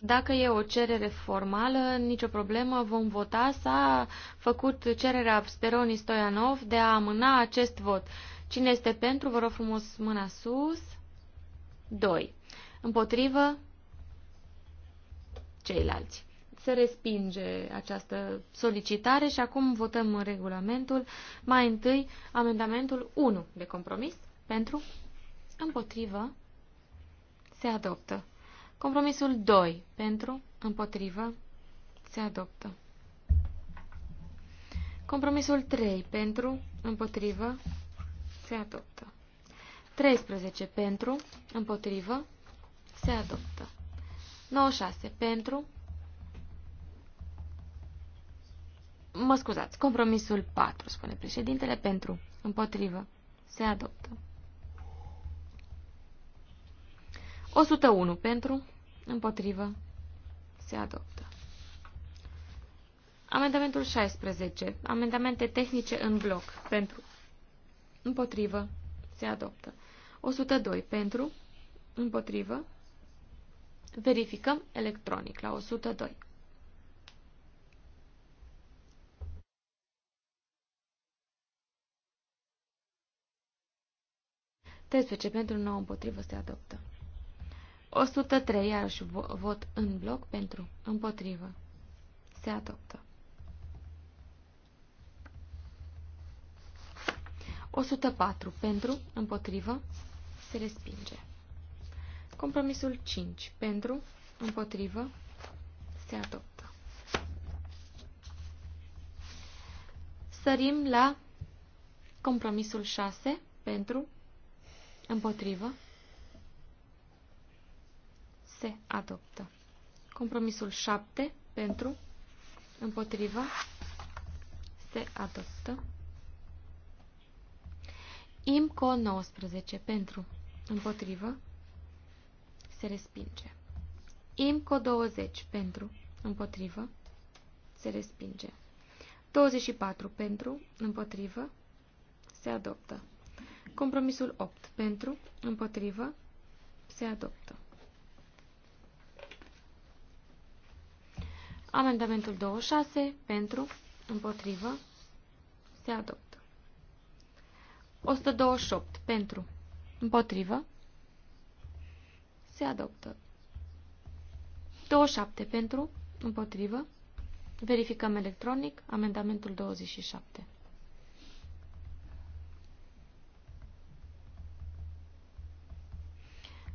Dacă e o cerere formală, nicio problemă, vom vota. S-a făcut cererea Speroni Stoianov de a amâna acest vot. Cine este pentru, vă rog frumos mâna sus. 2. Împotrivă ceilalți. Se respinge această solicitare și acum votăm în regulamentul. Mai întâi, amendamentul 1 de compromis pentru împotrivă se adoptă. Compromisul 2 pentru împotrivă se adoptă. Compromisul 3 pentru împotrivă se adoptă. 13 pentru, împotrivă, se adoptă. 96 pentru, mă scuzați, compromisul 4, spune președintele, pentru, împotrivă, se adoptă. 101 pentru, împotrivă, se adoptă. Amendamentul 16. Amendamente tehnice în bloc. Pentru. Împotrivă. Se adoptă. 102. Pentru. Împotrivă. Verificăm electronic la 102. ce pentru nou împotrivă se adoptă. 103, iarăși vot în bloc pentru împotrivă. Se adoptă. 104 pentru, împotrivă, se respinge. Compromisul 5 pentru, împotrivă, se adoptă. Sărim la compromisul 6 pentru, împotrivă, se adoptă. Compromisul 7 pentru, împotrivă, se adoptă. IMCO 19 pentru, împotrivă, se respinge. IMCO 20 pentru, împotrivă, se respinge. 24 pentru, împotrivă, se adoptă. Compromisul 8 pentru, împotrivă, se adoptă. Amendamentul 26 pentru, împotrivă, se adoptă. 128. Pentru. Împotrivă. Se adoptă. 27. Pentru. Împotrivă. Verificăm electronic amendamentul 27.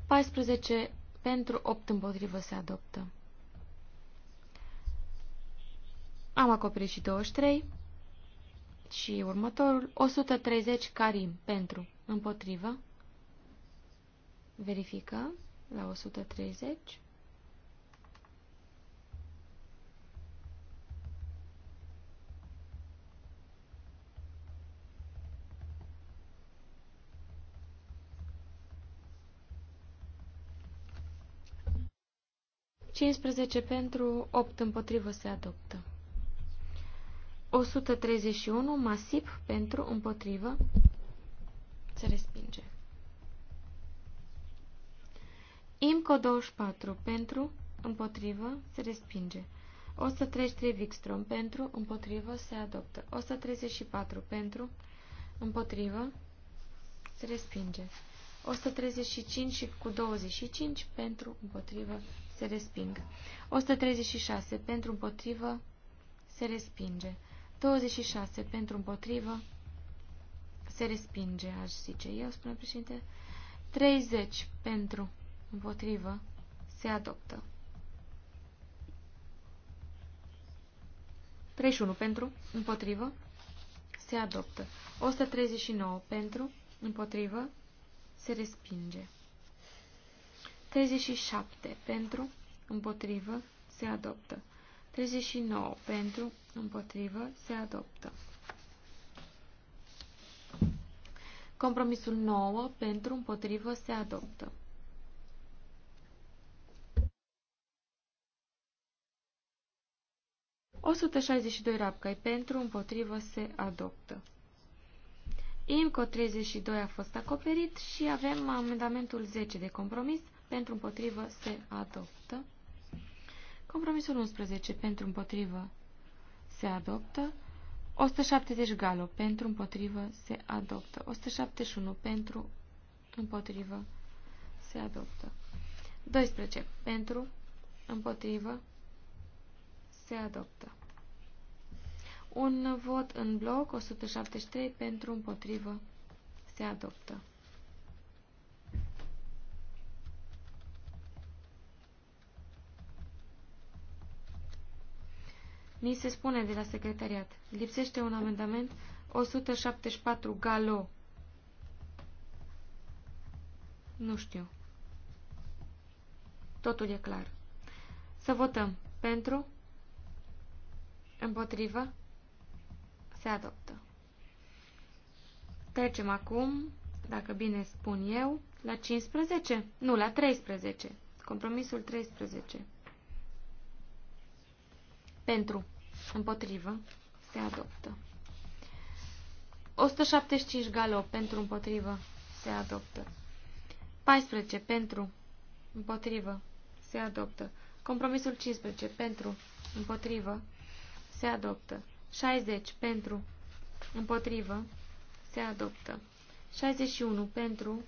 Paisprezece pentru opt împotrivă se adoptă. Am acoperit și 23. Și următorul, 130 carim pentru, împotrivă. Verificăm la 130. Cincisprezece pentru opt împotrivă se adoptă. 131, masip, pentru, împotrivă, se respinge. IMCO 24, pentru, împotrivă, se respinge. 133 Wikstrom, pentru, împotrivă, se adoptă. 134, pentru, împotrivă, se respinge. 135 și cu 25, pentru, împotrivă, se resping. 136, pentru, împotrivă, se respinge. 26 pentru împotrivă se respinge, aș zice eu, spune președinte. 30 pentru împotrivă se adoptă. 31 pentru împotrivă se adoptă. 139 pentru împotrivă se respinge. 37 pentru împotrivă se adoptă. 39 pentru, împotrivă, se adoptă. Compromisul 9 pentru, împotrivă, se adoptă. O rapcai pentru, împotrivă, se adoptă. IMCO 32 a fost acoperit și avem amendamentul 10 de compromis pentru împotrivă se adoptă. Compromisul 11 pentru împotrivă se adoptă. 170 galo pentru împotrivă se adoptă. 171 pentru împotrivă se adoptă. 12 pentru împotrivă se adoptă. Un vot în bloc 173 pentru împotrivă se adoptă. Ni se spune de la secretariat. Lipsește un amendament 174 galo. Nu știu. Totul e clar. Să votăm. Pentru? Împotrivă? Se adoptă. Trecem acum, dacă bine spun eu, la 15? Nu, la 13. Compromisul 13. Pentru. Împotrivă. Se adoptă. 175 galo pentru împotrivă. Se adoptă. 14 pentru împotrivă. Se adoptă. Compromisul 15 pentru împotrivă. Se adoptă. 60 pentru împotrivă. Se adoptă. 61 pentru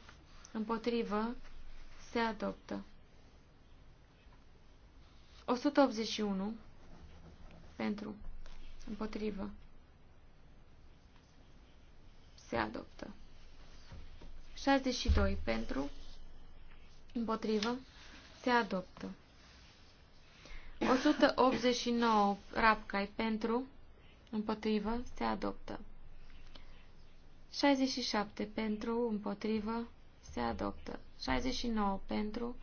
împotrivă. Se adoptă. 181 pentru, împotrivă, se adoptă. 62 pentru, împotrivă, se adoptă. 189 rapcai pentru, împotrivă, se adoptă. 67 pentru, împotrivă, se adoptă. 69 pentru,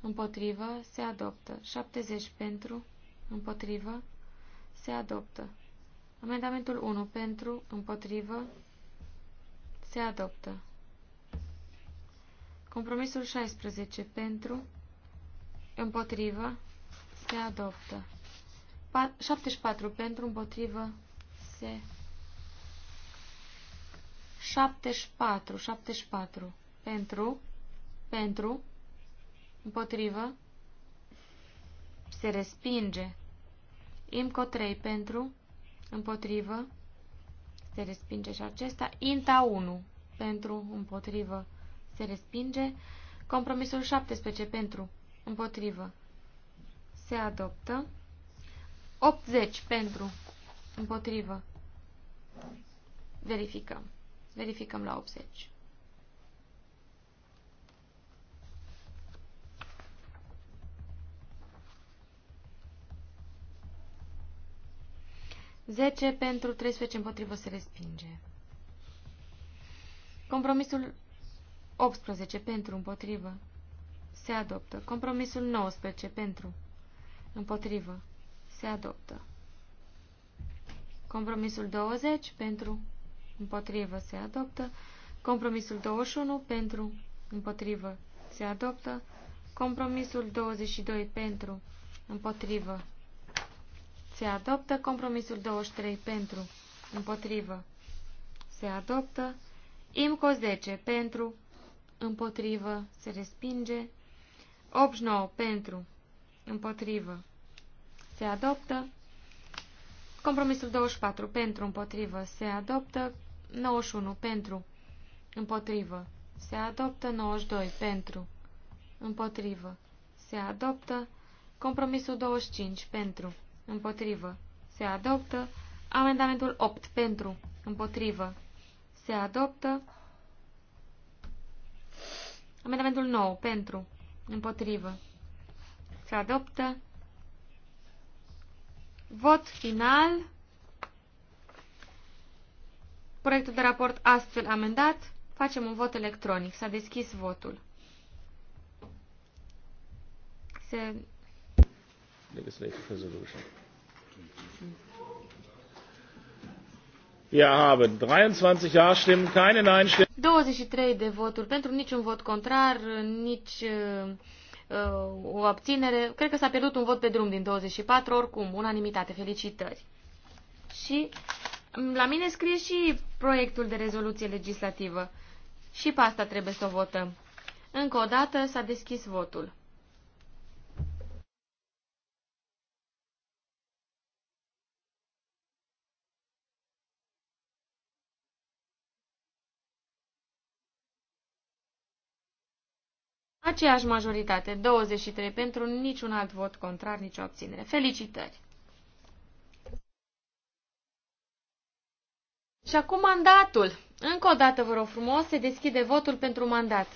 împotrivă, se adoptă. 70 pentru, împotrivă, se adoptă. Amendamentul 1 pentru, împotrivă, se adoptă. Compromisul 16 pentru, împotrivă, se adoptă. 74 pentru, împotrivă, se 74, 74 pentru, pentru, împotrivă, se respinge. IMCO 3 pentru, împotrivă, se respinge și acesta. INTA 1 pentru, împotrivă, se respinge. Compromisul 17 pentru, împotrivă, se adoptă. 80 pentru, împotrivă, verificăm. Verificăm la 80. 10 pentru 13 împotrivă se respinge. Compromisul 18 pentru împotrivă se adoptă. Compromisul 19 pentru împotrivă se adoptă. Compromisul 20 pentru împotrivă se adoptă. Compromisul 21 pentru împotrivă se adoptă. Compromisul 22 pentru împotrivă se adoptă compromisul 23 pentru, împotrivă. Se adoptă IMCO 10 pentru, împotrivă, se respinge. 89 pentru, împotrivă, se adoptă. Compromisul 24 pentru, împotrivă, se adoptă. 91 pentru, împotrivă, se adoptă. 92 pentru, împotrivă, se adoptă. Compromisul 25 pentru, împotrivă, se adoptă. Amendamentul 8 pentru, împotrivă, se adoptă. Amendamentul 9 pentru, împotrivă, se adoptă. Vot final. Proiectul de raport astfel amendat. Facem un vot electronic. S-a deschis votul. Se legislative resolution. Wir haben 23 Ja-Stimmen, keine Nein-Stimmen. 23 de voturi pentru niciun vot contrar, nici uh, o abținere. Cred că s-a pierdut un vot pe drum din 24, oricum, unanimitate, felicitări. Și mm, la mine scrie și proiectul de rezoluție legislativă. Și pe asta trebuie să o votăm. Încă o dată s-a deschis votul. Aceeași majoritate, 23 pentru, niciun alt vot contrar, nicio abținere. Felicitări! Și acum mandatul. Încă o dată, vă rog frumos, se deschide votul pentru mandat.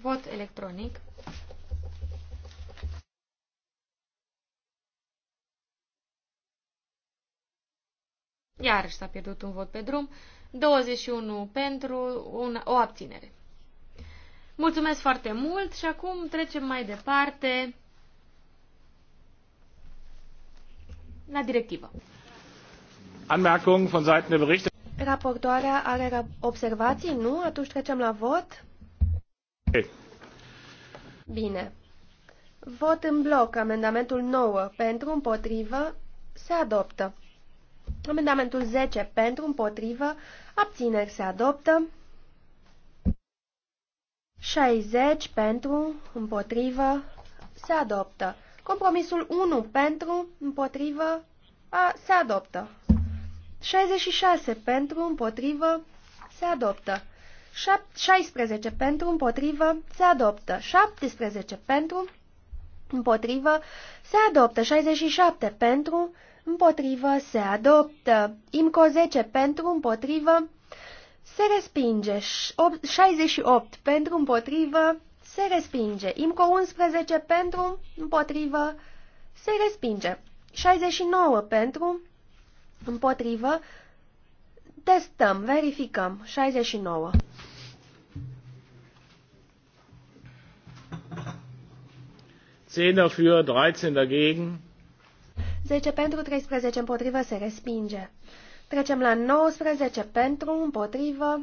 Vot electronic. Iarăși s-a pierdut un vot pe drum. 21 pentru, una, o abținere. Mulțumesc foarte mult și acum trecem mai departe la directivă. von Seiten der Berichte. Raportoarea are observații? Nu? Atunci trecem la vot. Okay. Bine. Vot în bloc. Amendamentul 9 pentru împotrivă se adoptă. Amendamentul 10 pentru împotrivă abțineri se adoptă. 60 pentru, împotrivă, se adoptă. Compromisul 1 pentru, împotrivă, a, se adoptă. 66 pentru, împotrivă, se adoptă. 16 pentru, împotrivă, se adoptă. 17 pentru, împotrivă, se adoptă. 67 pentru, împotrivă, se adoptă. IMCO 10 pentru, împotrivă, se respinge 68 pentru împotrivă, se respinge. Imco 11 pentru împotrivă, se respinge. 69 pentru împotrivă, testăm, verificăm. 69. Zehn 13 dagegen. 10 pentru 13 împotrivă se respinge. Trecem la 19 pentru, împotrivă,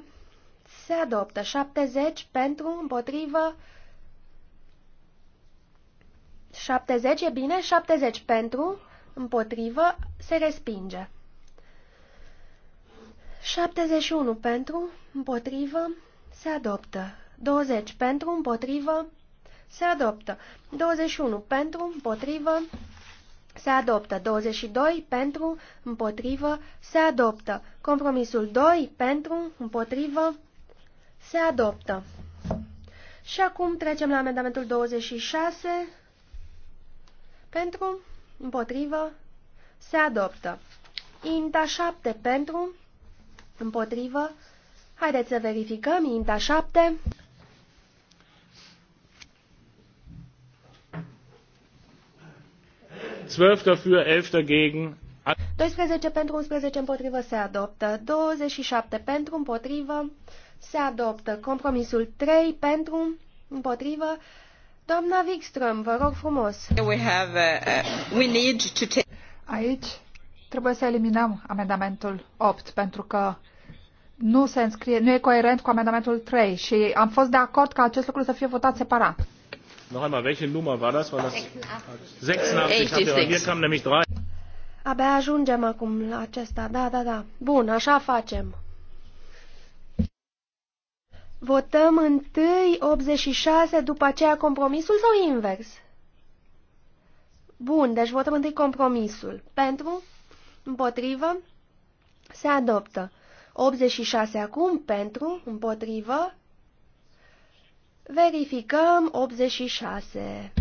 se adoptă. 70 pentru, împotrivă, 70 e bine, 70 pentru, împotrivă, se respinge. 71 pentru, împotrivă, se adoptă. 20 pentru, împotrivă, se adoptă. 21 pentru, împotrivă, se adoptă. 22 pentru, împotrivă, se adoptă. Compromisul 2 pentru, împotrivă, se adoptă. Și acum trecem la amendamentul 26 pentru, împotrivă, se adoptă. Inta 7 pentru, împotrivă, haideți să verificăm, Inta 7... 12 11 pentru 11 împotrivă se adoptă, 27 pentru împotrivă se adoptă, compromisul 3 pentru împotrivă. Doamna Wikström, vă rog frumos. We have, uh, we need to take... Aici trebuie să eliminăm amendamentul 8 pentru că nu se înscrie, nu e coerent cu amendamentul 3 și am fost de acord ca acest lucru să fie votat separat. Noch einmal, welche Nummer war das? War das 86. 86. Hier nämlich Abia ajungem acum la acesta. Da, da, da. Bun, așa facem. Votăm întâi 86, după aceea compromisul sau invers? Bun, deci votăm întâi compromisul. Pentru, împotrivă, se adoptă. 86 acum, pentru, împotrivă, Verificăm 86.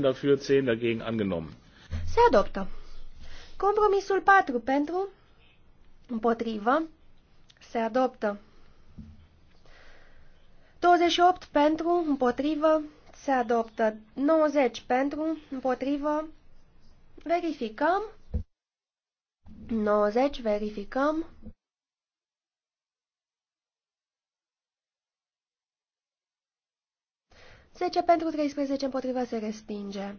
dafür, 10 dagegen angenommen. Se adoptă. Compromisul 4 pentru, împotrivă, se adoptă. 28 pentru, împotrivă, se adoptă. 90 pentru, împotrivă, verificăm. 90, verificăm. Zece pentru 13 împotriva se respinge.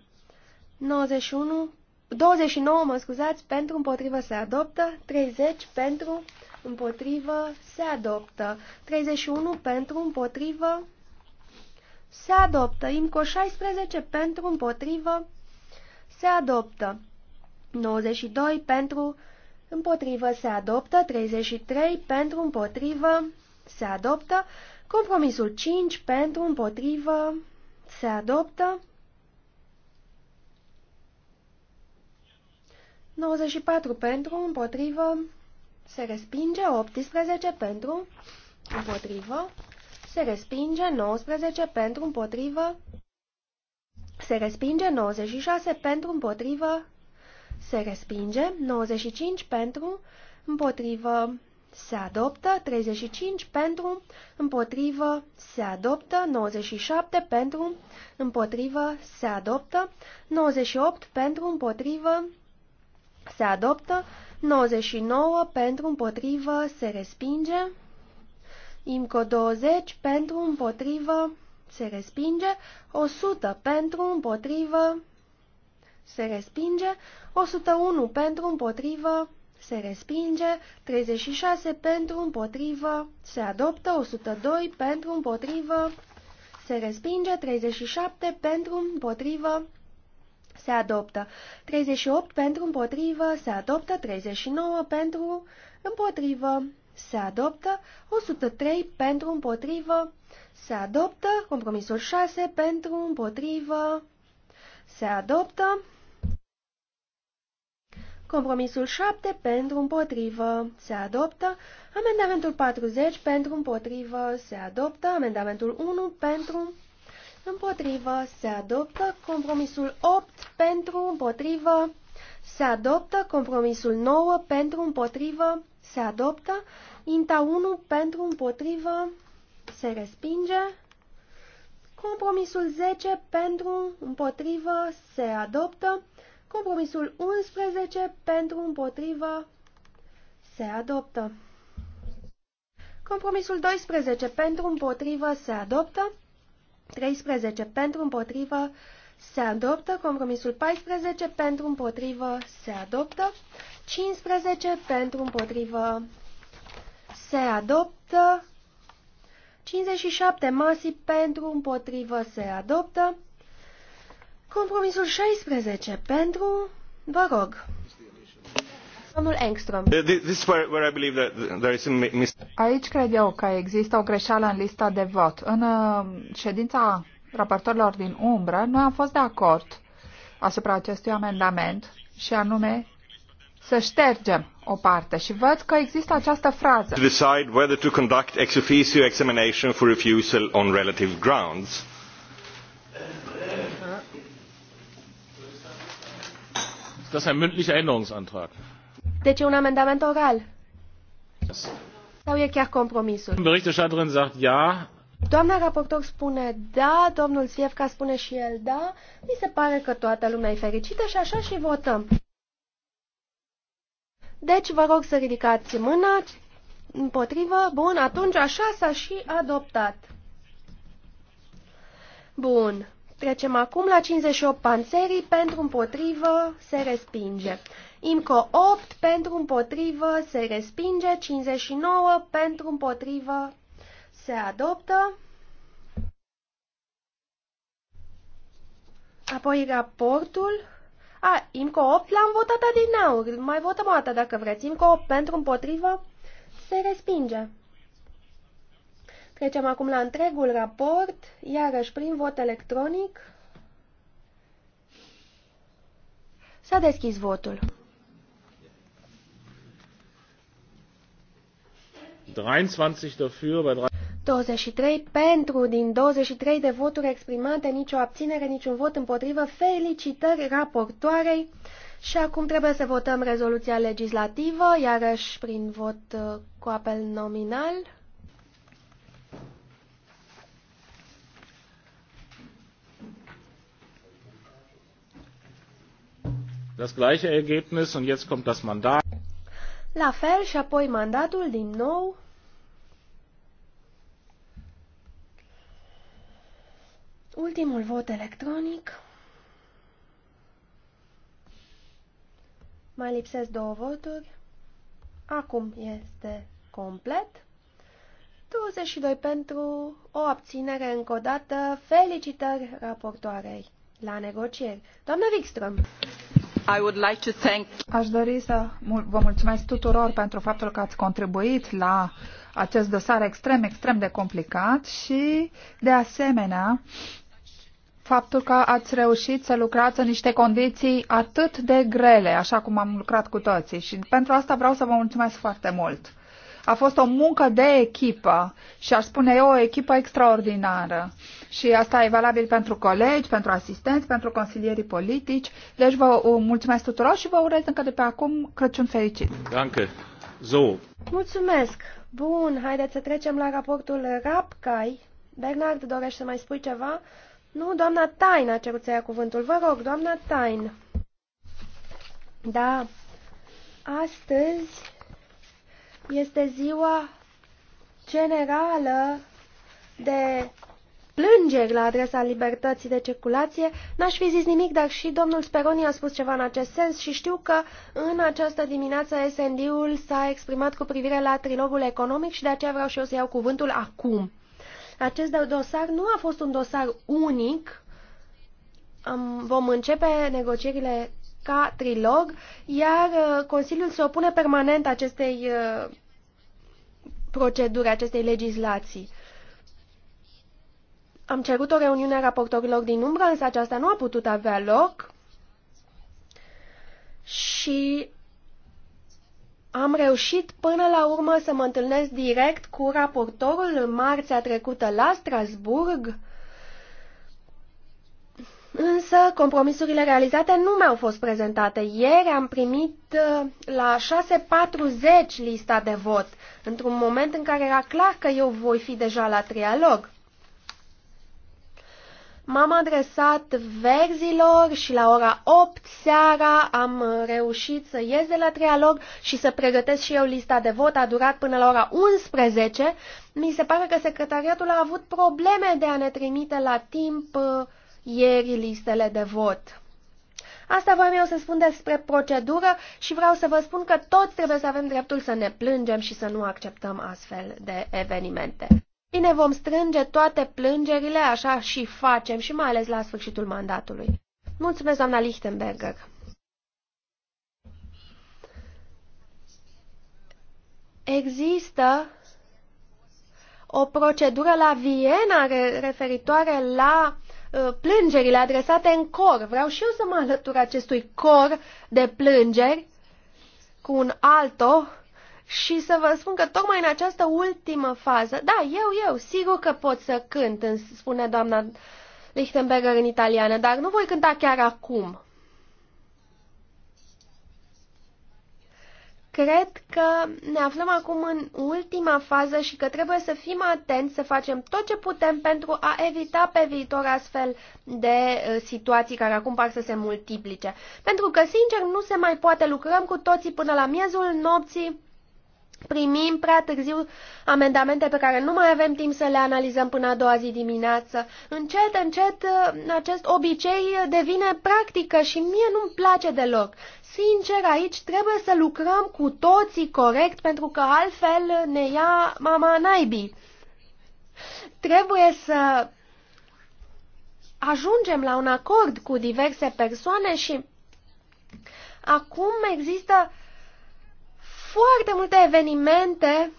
91, 29, mă scuzați, pentru împotrivă se adoptă, 30 pentru împotrivă se adoptă, 31 pentru împotrivă se adoptă, IMCO 16 pentru împotrivă se adoptă, 92 pentru împotrivă se adoptă, 33 pentru împotrivă se adoptă, compromisul 5 pentru împotrivă se adoptă, 94 pentru împotrivă se respinge, 18 pentru împotrivă se respinge, 19 pentru împotrivă se respinge 96 pentru împotrivă, se respinge, 95 pentru, împotrivă, se adoptă, 35 pentru, împotrivă, se adoptă, 97 pentru, împotrivă, se adoptă, 98 pentru, împotrivă, se adoptă, 99 pentru, împotrivă, se respinge, IMCO 20 pentru, împotrivă, se respinge, 100 pentru, împotrivă, se respinge, 101 pentru împotrivă, se respinge, 36 pentru împotrivă, se adoptă, 102 pentru împotrivă, se respinge, 37 pentru împotrivă, se adoptă, 38 pentru împotrivă, se adoptă, 39 pentru împotrivă, se adoptă, 103 pentru împotrivă, se adoptă, compromisul 6 pentru împotrivă, se adoptă, Compromisul 7 pentru împotrivă se adoptă. Amendamentul 40 pentru împotrivă se adoptă. Amendamentul 1 pentru împotrivă se adoptă. Compromisul 8 pentru împotrivă se adoptă. Compromisul 9 pentru împotrivă se adoptă. Inta 1 pentru împotrivă se respinge. Compromisul 10 pentru împotrivă se adoptă. Compromisul 11 pentru împotrivă se adoptă. Compromisul 12 pentru împotrivă se adoptă. 13 pentru împotrivă se adoptă. Compromisul 14 pentru împotrivă se adoptă. 15 pentru împotrivă se adoptă. 57 masii pentru împotrivă se adoptă. Compromisul 16 pentru, vă rog. Domnul Engström. Aici cred eu că există o greșeală în lista de vot. În uh, ședința raportorilor din umbră, noi am fost de acord asupra acestui amendament și anume să ștergem o parte și văd că există această frază. To decide whether to conduct ex officio examination for refusal on relative grounds Das ist ein mündlicher Änderungsantrag. Deci un amendament oral. Sau e chiar compromisul? Berichterstatterin sagt ja. Doamna raportor spune da, domnul Siefka spune și el da. Mi se pare că toată lumea e fericită și așa și votăm. Deci vă rog să ridicați mâna împotrivă. Bun, atunci așa s-a și adoptat. Bun. Trecem acum la 58 panserii, pentru împotrivă se respinge. IMCO 8, pentru împotrivă se respinge, 59 pentru împotrivă se adoptă. Apoi raportul. A, IMCO 8 l-am votat adinaur. Mai votăm o dată dacă vreți. IMCO 8 pentru împotrivă se respinge. Trecem acum la întregul raport, iarăși prin vot electronic. S-a deschis votul. 23 dafür, 23 pentru din 23 de voturi exprimate, nicio abținere, niciun vot împotrivă. Felicitări raportoarei. Și acum trebuie să votăm rezoluția legislativă, iarăși prin vot uh, cu apel nominal. Das gleiche Ergebnis und jetzt kommt das Mandat. La fel și apoi mandatul din nou. Ultimul vot electronic. Mai lipsesc două voturi. Acum este complet. 22 pentru o abținere încă o dată. Felicitări raportoarei la negocieri. Doamna Wikström! I Aș dori să vă mulțumesc tuturor pentru faptul că ați contribuit la acest dosar extrem, extrem de complicat și, de asemenea, faptul că ați reușit să lucrați în niște condiții atât de grele, așa cum am lucrat cu toții. Și pentru asta vreau să vă mulțumesc foarte mult. A fost o muncă de echipă și aș spune eu o echipă extraordinară. Și asta e valabil pentru colegi, pentru asistenți, pentru consilierii politici. Deci vă uh, mulțumesc tuturor și vă urez încă de pe acum Crăciun fericit. Danke. Zo. Mulțumesc. Bun, haideți să trecem la raportul RAPCAI. Bernard, dorești să mai spui ceva? Nu, doamna Tain a cerut să ia cuvântul. Vă rog, doamna Tain. Da, astăzi este ziua generală de plângeri la adresa libertății de circulație. N-aș fi zis nimic, dar și domnul Speroni a spus ceva în acest sens și știu că în această dimineață SND-ul s-a exprimat cu privire la trilogul economic și de aceea vreau și eu să iau cuvântul acum. Acest dosar nu a fost un dosar unic. Am, vom începe negocierile ca trilog, iar uh, Consiliul se opune permanent acestei uh, proceduri, acestei legislații. Am cerut o reuniune a raportorilor din umbră, însă aceasta nu a putut avea loc și am reușit până la urmă să mă întâlnesc direct cu raportorul marțea trecută la Strasburg, Însă, compromisurile realizate nu mi-au fost prezentate. Ieri am primit uh, la 6.40 lista de vot, într-un moment în care era clar că eu voi fi deja la trialog. M-am adresat verzilor și la ora 8 seara am reușit să ies de la trialog și să pregătesc și eu lista de vot. A durat până la ora 11. Mi se pare că secretariatul a avut probleme de a ne trimite la timp uh, ieri listele de vot. Asta vreau eu să spun despre procedură și vreau să vă spun că toți trebuie să avem dreptul să ne plângem și să nu acceptăm astfel de evenimente. Bine, vom strânge toate plângerile, așa și facem, și mai ales la sfârșitul mandatului. Mulțumesc, doamna Lichtenberger. Există o procedură la Viena referitoare la Uh, plângerile adresate în cor. Vreau și eu să mă alătur acestui cor de plângeri cu un alto și să vă spun că tocmai în această ultimă fază, da, eu, eu, sigur că pot să cânt, spune doamna Lichtenberger în italiană, dar nu voi cânta chiar acum. Cred că ne aflăm acum în ultima fază și că trebuie să fim atenți, să facem tot ce putem pentru a evita pe viitor astfel de uh, situații care acum par să se multiplice. Pentru că, sincer, nu se mai poate lucrăm cu toții până la miezul nopții primim prea târziu amendamente pe care nu mai avem timp să le analizăm până a doua zi dimineață. Încet, încet, acest obicei devine practică și mie nu-mi place deloc. Sincer, aici trebuie să lucrăm cu toții corect, pentru că altfel ne ia mama naibii. Trebuie să ajungem la un acord cu diverse persoane și acum există uh, foarte multe evenimente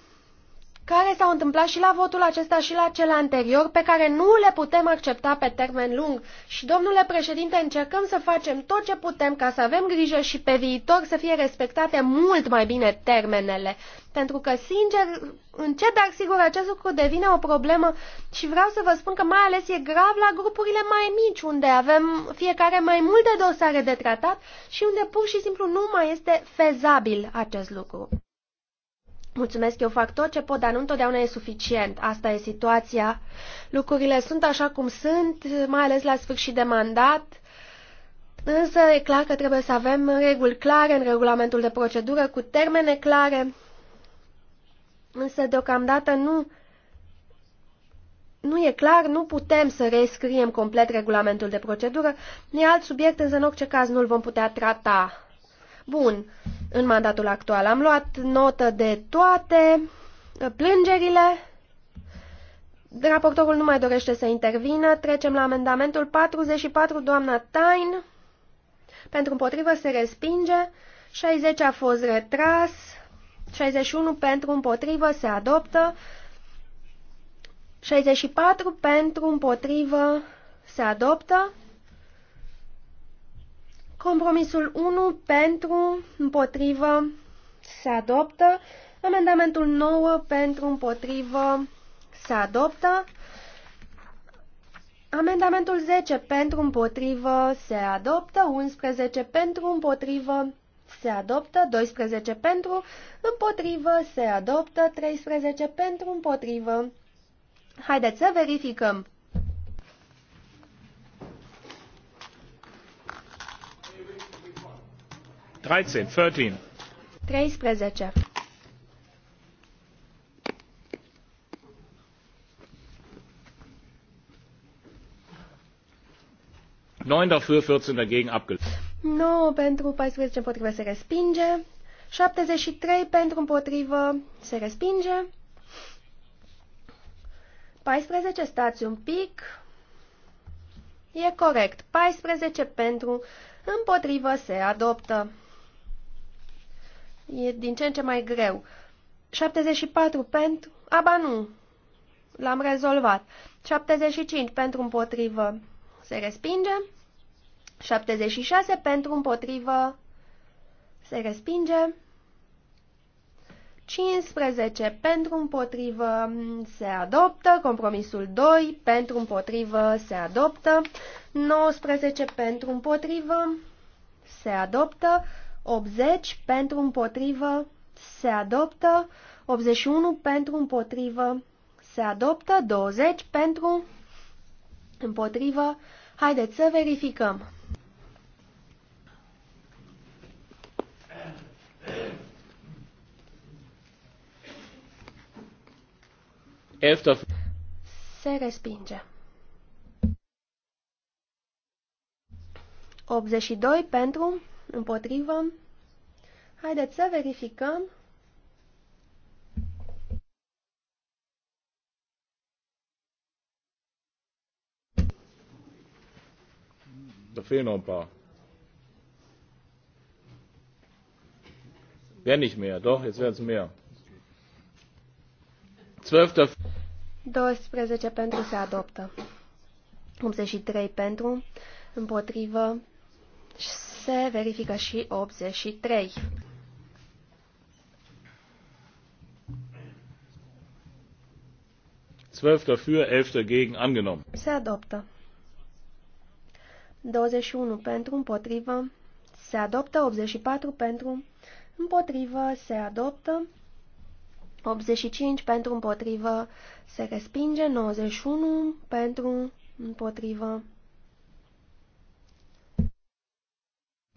care s-au întâmplat și la votul acesta și la cel anterior, pe care nu le putem accepta pe termen lung. Și, domnule președinte, încercăm să facem tot ce putem ca să avem grijă și pe viitor să fie respectate mult mai bine termenele pentru că, sincer, încet, dar sigur, acest lucru devine o problemă și vreau să vă spun că mai ales e grav la grupurile mai mici, unde avem fiecare mai multe dosare de tratat și unde pur și simplu nu mai este fezabil acest lucru. Mulțumesc, eu fac tot ce pot, dar nu întotdeauna e suficient. Asta e situația. Lucrurile sunt așa cum sunt, mai ales la sfârșit de mandat. Însă e clar că trebuie să avem reguli clare în regulamentul de procedură, cu termene clare Însă, deocamdată, nu, nu e clar, nu putem să rescriem complet regulamentul de procedură. E alt subiect, însă, în orice caz, nu-l vom putea trata. Bun, în mandatul actual am luat notă de toate plângerile. Raportorul nu mai dorește să intervină. Trecem la amendamentul 44, doamna Tain. Pentru împotrivă se respinge. 60 a fost retras. 61 pentru împotrivă se adoptă. 64 pentru împotrivă se adoptă. Compromisul 1 pentru împotrivă se adoptă. Amendamentul 9 pentru împotrivă se adoptă. Amendamentul 10 pentru împotrivă se adoptă. 11 pentru împotrivă se adoptă, 12 pentru, împotrivă, se adoptă, 13 pentru, împotrivă. Haideți să verificăm. treisprezece neun dafür 14 dagegen abgelehnt. 9 pentru 14 împotrivă se respinge. 73 pentru împotrivă se respinge. 14, stați un pic. E corect. 14 pentru împotrivă se adoptă. E din ce în ce mai greu. 74 pentru... Aba nu. L-am rezolvat. 75 pentru împotrivă se respinge. 76 pentru împotrivă se respinge. 15 pentru împotrivă se adoptă, compromisul 2 pentru împotrivă se adoptă, 19 pentru împotrivă se adoptă, 80 pentru împotrivă se adoptă, 81 pentru împotrivă se adoptă, 20 pentru împotrivă. Haideți să verificăm. Se respinge. 82 pentru, împotrivă. Haideți să verificăm. Să da, fie noch pa. paar. Wer nicht mehr? Doch, jetzt werden es mehr. 12 pentru se adoptă. 83 pentru, împotrivă, se verifică și 83. Zwölf dafür, elf dagegen angenommen. Se adoptă. 21 pentru, împotrivă, se adoptă, 84 pentru, împotrivă, se adoptă, 85 pentru împotrivă se respinge, 91 pentru împotrivă.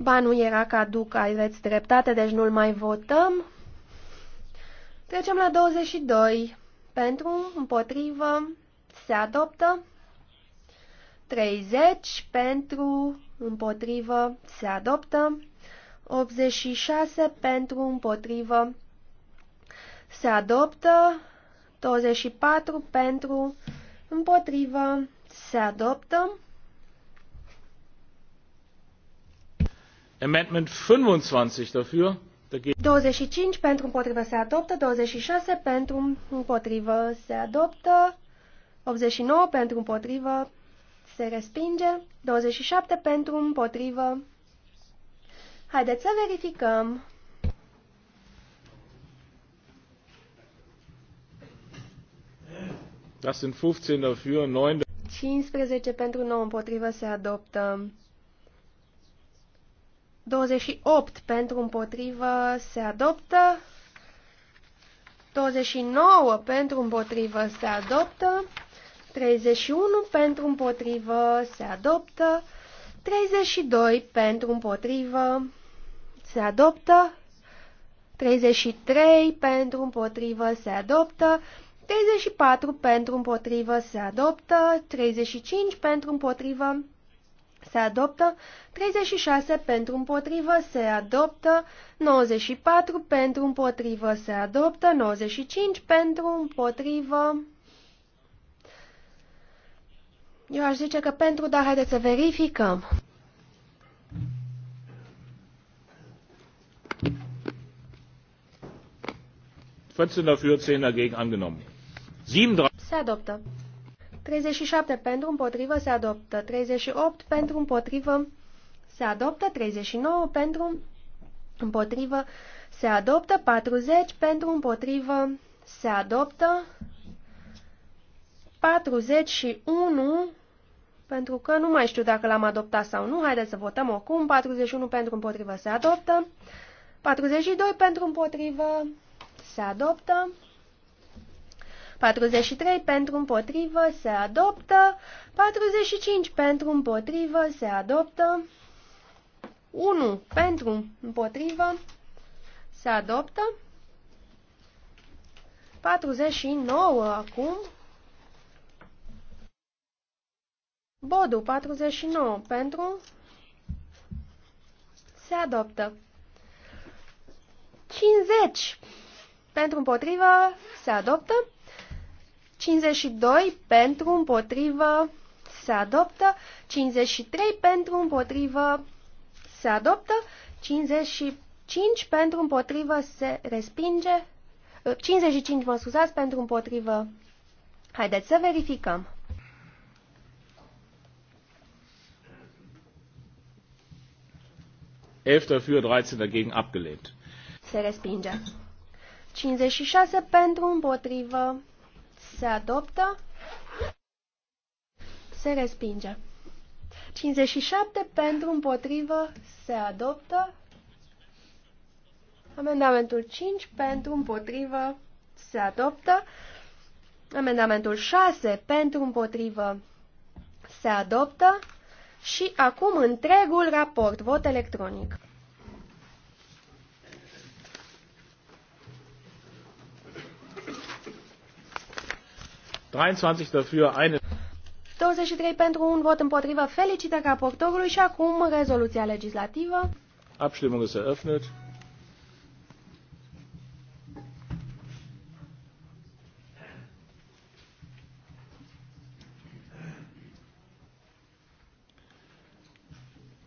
Ba nu era caduc, aveți dreptate, deci nu-l mai votăm. Trecem la 22. Pentru, împotrivă, se adoptă. 30. Pentru, împotrivă, se adoptă. 86. Pentru, împotrivă, se adoptă, 24 pentru, împotrivă, se adoptă. Amendment 25 dafür. 25 da pentru împotrivă se adoptă, 26 pentru împotrivă se adoptă, 89 pentru împotrivă se respinge, 27 pentru împotrivă. Haideți să verificăm. Das sind 15 dafür, 9 15 pentru 9 împotrivă se adoptă. 28 pentru împotrivă se adoptă. 29 pentru împotrivă se adoptă. 31 pentru împotrivă se adoptă. 32 pentru împotrivă se adoptă. 33 pentru împotrivă se adoptă. 34 pentru împotrivă se adoptă, 35 pentru împotrivă se adoptă, 36 pentru împotrivă se adoptă, 94 pentru împotrivă se adoptă, 95 pentru împotrivă. Eu aș zice că pentru, dar haideți să verificăm. vierzehn dafür zehn dagegen angenommen. Se adoptă. 37 pentru împotrivă se adoptă. 38 pentru împotrivă se adoptă. 39 pentru împotrivă se adoptă. 40 pentru împotrivă se adoptă. 41 pentru că nu mai știu dacă l-am adoptat sau nu. Haideți să votăm acum. 41 pentru împotrivă se adoptă. 42 pentru împotrivă se adoptă. 43 pentru împotrivă se adoptă. 45 pentru împotrivă se adoptă. 1 pentru împotrivă se adoptă. 49 acum. Bodu 49 pentru se adoptă. 50 pentru împotrivă se adoptă. 52 pentru împotrivă se adoptă, 53 pentru împotrivă se adoptă, 55 pentru împotrivă se respinge, 55 uh, mă scuzați pentru împotrivă. Haideți să verificăm. Für 13 dagegen abgelehnt. Se respinge. 56 pentru împotrivă se adoptă. Se respinge. 57 pentru împotrivă se adoptă. Amendamentul 5 pentru împotrivă se adoptă. Amendamentul 6 pentru împotrivă se adoptă. Și acum întregul raport, vot electronic. 23 dafür, eine... 23 pentru un vot împotrivă. Felicitări raportorului și acum rezoluția legislativă. Abstimmung ist eröffnet.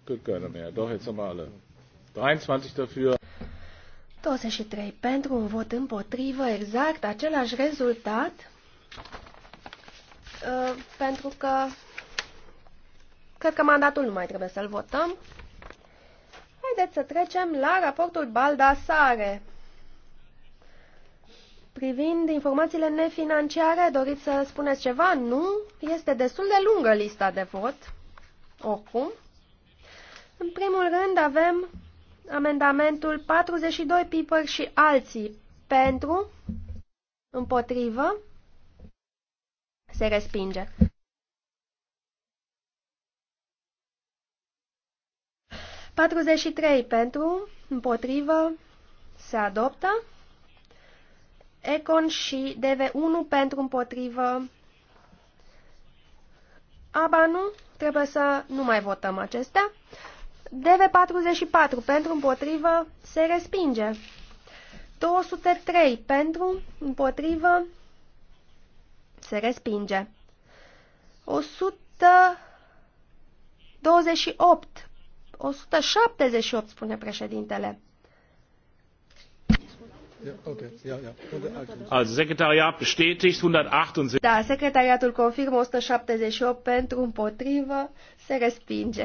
Gut, keiner mehr. Doch, jetzt haben wir alle. 23 dafür. 23 pentru un vot împotrivă, exact același rezultat. Uh, pentru că cred că mandatul nu mai trebuie să-l votăm. Haideți să trecem la raportul Baldasare. Privind informațiile nefinanciare, doriți să spuneți ceva? Nu? Este destul de lungă lista de vot. Oricum. În primul rând avem amendamentul 42 Piper și alții pentru, împotrivă, se respinge. Patruzeci trei pentru, împotrivă, se adoptă. Econ și DV1 pentru împotrivă. Aba nu, trebuie să nu mai votăm acestea. DV44 pentru împotrivă se respinge. 203 pentru împotrivă se respinge. 128. 178, spune președintele. Da, secretariatul confirmă 178 pentru împotrivă, se respinge.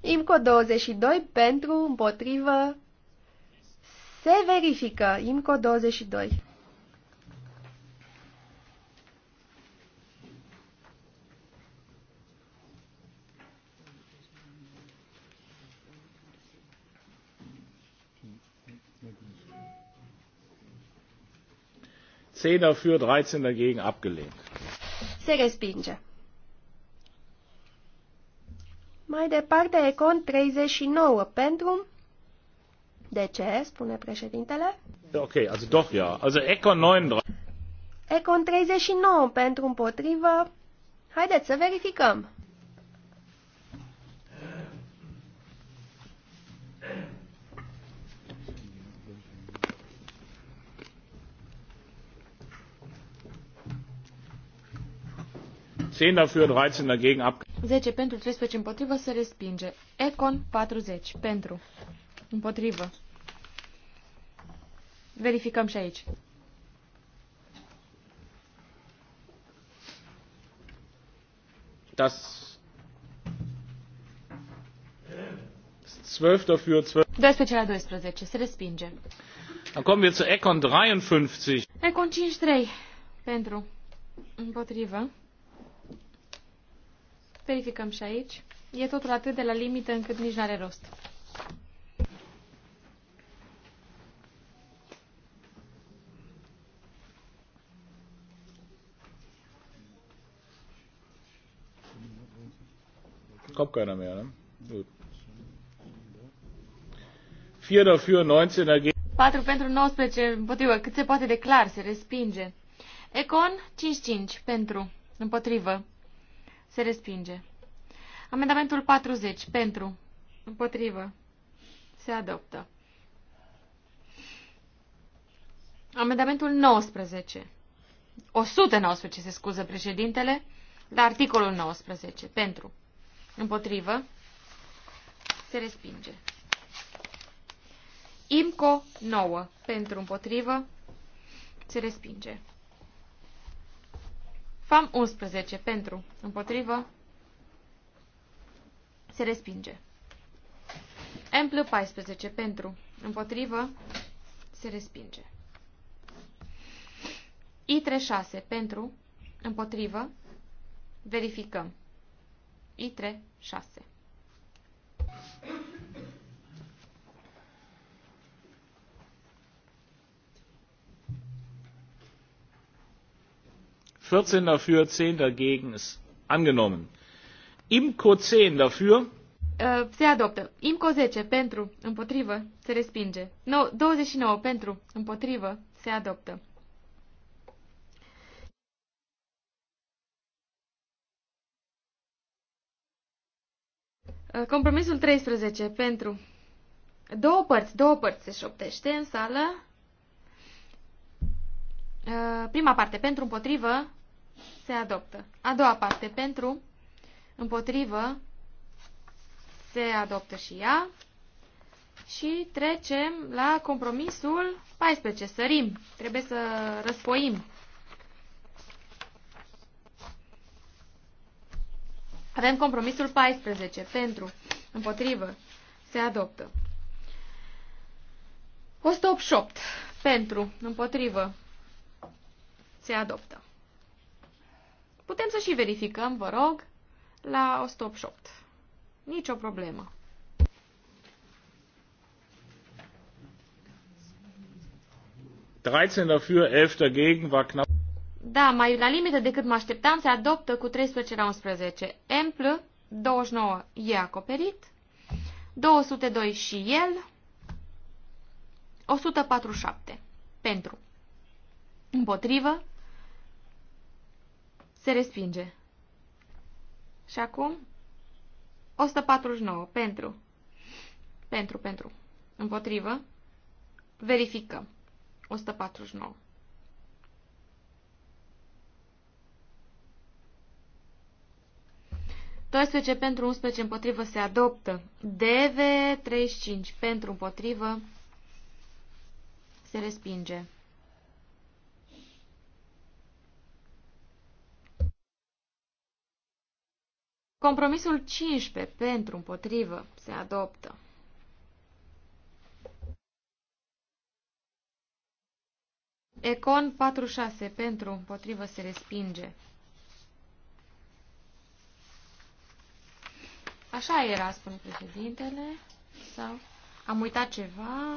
IMCO 22 pentru împotrivă, se verifică. IMCO 22. 10 dafür, 13 dagegen abgelehnt. Se respinge. Mai departe, Econ 39 pentru... De ce, spune președintele? Ok, also doch ja. Also Econ 39. Econ 39 pentru împotrivă. Haideți să verificăm. 10 dafür, 13 dagegen ab. 10 pentru, 13 împotrivă, se respinge. Econ 40 pentru, împotrivă. Verificăm și aici. Das 12 dafür, 12. 12 la 12, se respinge. Dann kommen wir zu Econ 53. Econ 53 pentru împotrivă. Verificăm și aici. E totul atât de la limită încât nici n-are rost. Kommt keiner mehr, ne? Gut. 4 dafür, 19 dagegen. 4 pentru 19 împotrivă. Cât se poate de clar, se respinge. Econ 5-5 pentru împotrivă. Se respinge. Amendamentul 40. Pentru. Împotrivă. Se adoptă. Amendamentul 19. 119 se scuză președintele, dar articolul 19. Pentru. Împotrivă. Se respinge. IMCO 9. Pentru împotrivă. Se respinge. FAM 11 pentru, împotrivă, se respinge. Emplu 14 pentru, împotrivă, se respinge. I36 pentru, împotrivă, verificăm. I36. vierzehn dafür zehn dagegen ist angenommen. imco zehn dafür uh, se adoptă. Imco 10 pentru, împotrivă, se respinge. No, 29 pentru, împotrivă, se adoptă. Ă, compromisul 13 pentru două părți, două părți se șoptește în sală. Ă, prima parte pentru împotrivă, se adoptă. A doua parte pentru, împotrivă, se adoptă și ea. Și trecem la compromisul 14. Sărim. Trebuie să răspoim. Avem compromisul 14. Pentru, împotrivă, se adoptă. 188. Pentru, împotrivă, se adoptă. Putem să și verificăm, vă rog, la 188. Nici o problemă. 11 Da, mai la limită decât mă așteptam, se adoptă cu 13 la 11. Empl 29 e acoperit. 202 și el. 147. Pentru. Împotrivă. Se respinge. Și acum 149 pentru. Pentru, pentru. Împotrivă. Verificăm. 149. ce pentru 11 împotrivă se adoptă. DV 35 pentru împotrivă se respinge. Compromisul 15 pentru împotrivă se adoptă. Econ 46 pentru împotrivă se respinge. Așa era, spune președintele, sau am uitat ceva,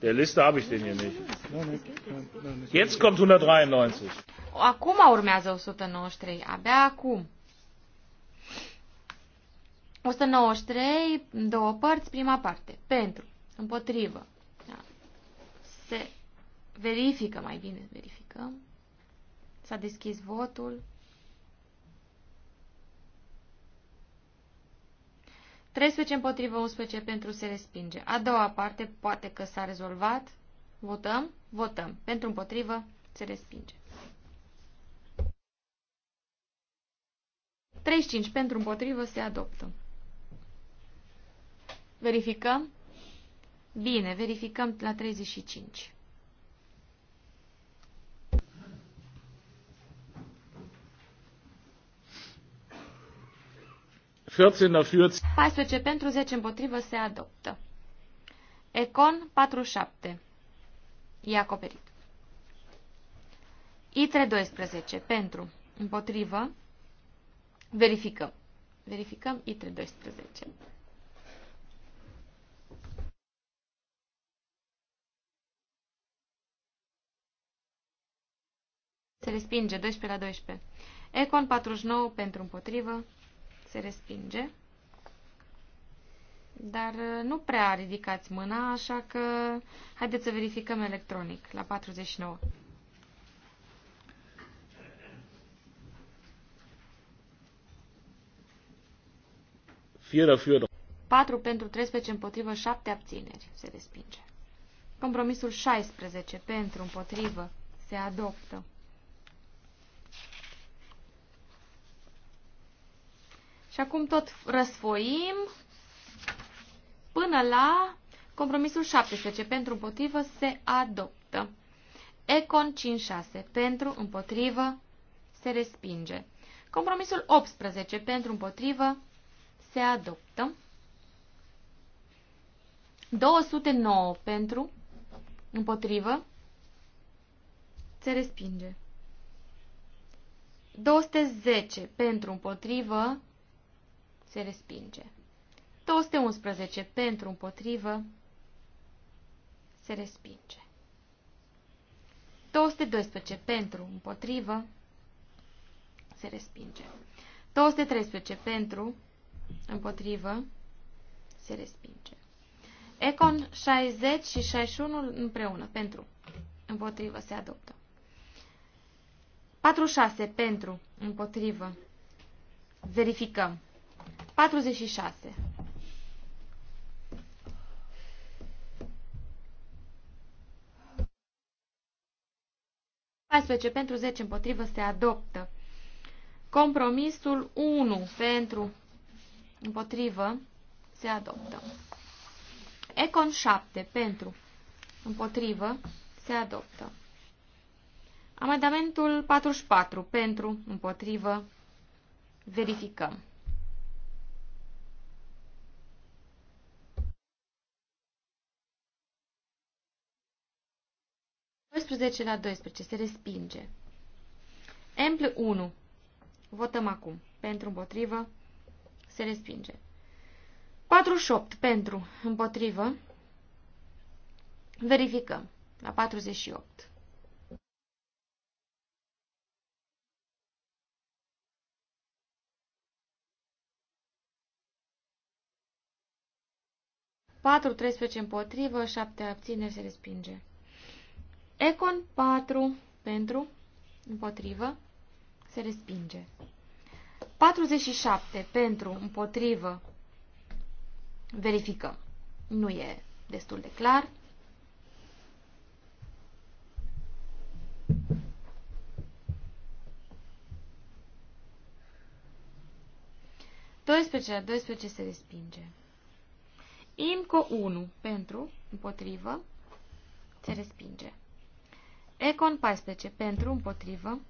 Der Liste habe ich den hier nicht. Jetzt kommt 193. Acum urmează 193, abia acum. 193, două părți, prima parte. Pentru, împotrivă. Da. Se verifică mai bine, verificăm. S-a deschis votul. 13 împotrivă, 11 pentru se respinge. A doua parte, poate că s-a rezolvat. Votăm, votăm. Pentru împotrivă, se respinge. 35 pentru împotrivă se adoptă. Verificăm? Bine, verificăm la 35. 14 pentru, 10 împotrivă, se adoptă. Econ 47. E acoperit. ITRE 12. Pentru, împotrivă, verificăm. Verificăm ITRE 12. Se respinge 12 la 12. Econ 49 pentru împotrivă, se respinge. Dar uh, nu prea ridicați mâna, așa că haideți să verificăm electronic la 49. Fieră, fieră. 4 pentru 13 împotrivă, 7 abțineri se respinge. Compromisul 16 pentru împotrivă se adoptă. Și acum tot răsfoim până la compromisul 17. Pentru împotrivă se adoptă. Econ 56. Pentru împotrivă se respinge. Compromisul 18. Pentru împotrivă se adoptă. 209 pentru împotrivă se respinge. 210 pentru împotrivă se respinge. 211 pentru împotrivă se respinge. 212 pentru împotrivă se respinge. 213 pentru împotrivă se respinge. Econ 60 și 61 împreună pentru împotrivă se adoptă. 46 pentru împotrivă verificăm. 46. paisprezece pentru 10 împotrivă se adoptă. Compromisul 1 pentru împotrivă se adoptă. Econ 7 pentru împotrivă se adoptă. Amendamentul 44 pentru împotrivă verificăm. 12 la 12. Se respinge. Ample 1. Votăm acum. Pentru, împotrivă. Se respinge. 48. Pentru, împotrivă. Verificăm. La 48. Patru, 13 împotrivă, 7 abțineri se respinge. Econ 4 pentru, împotrivă, se respinge. 47 pentru, împotrivă, verificăm. Nu e destul de clar. Doisprezece la 12 se respinge. Inco 1 pentru, împotrivă, se respinge. Econ 14. Pentru, împotrivă.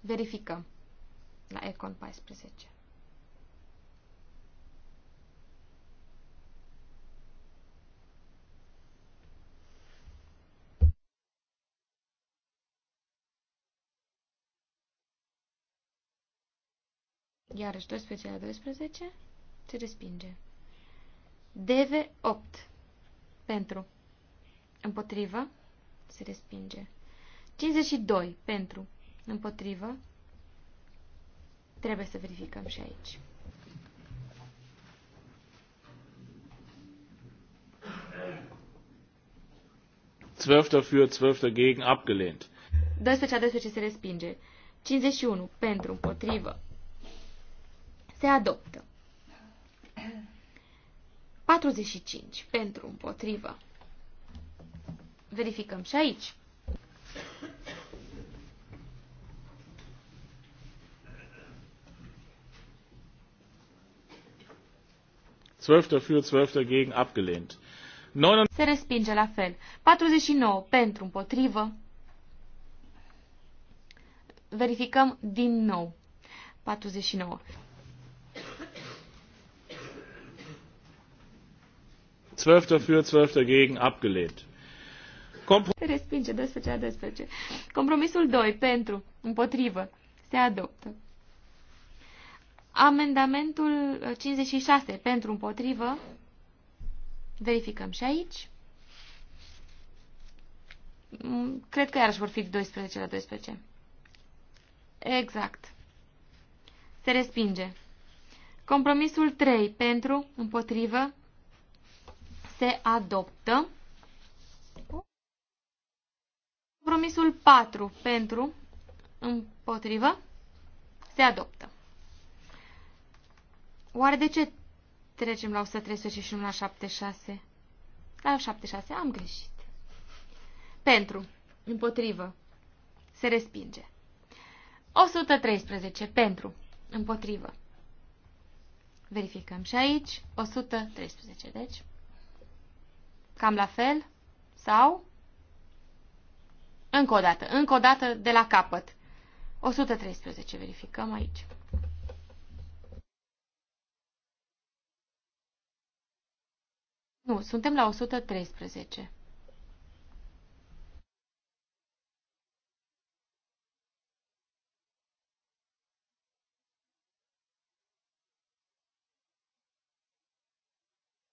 Verificăm la Econ 14. Iarăși 12 la 12 se respinge. DV8 pentru Împotrivă. Se respinge. 52. Pentru. Împotrivă. Trebuie să verificăm și aici. Zwölf dafür, zwölf dagegen, abgelehnt. 12 12 se respinge. 51. Pentru, împotrivă. Se adoptă. 45. Pentru, împotrivă verificăm și aici. Zwölf dafür, zwölf dagegen, abgelehnt. Se respinge la fel. 49 pentru împotrivă. Verificăm din nou. 49. 12 dafür, 12 dagegen, abgelehnt. Respinge 12 la 12. Compromisul 2. Pentru. Împotrivă. Se adoptă. Amendamentul 56. Uh, pentru. Împotrivă. Verificăm și aici. Mm, cred că iarăși vor fi 12 la 12. Exact. Se respinge. Compromisul 3. Pentru. Împotrivă. Se adoptă. Compromisul 4 pentru, împotrivă, se adoptă. Oare de ce trecem la 113 și nu la 76? La 76 am greșit. Pentru, împotrivă, se respinge. 113 pentru, împotrivă. Verificăm și aici, 113, deci. Cam la fel, sau încă o dată, încă o dată de la capăt. 113 verificăm aici. Nu, suntem la 113.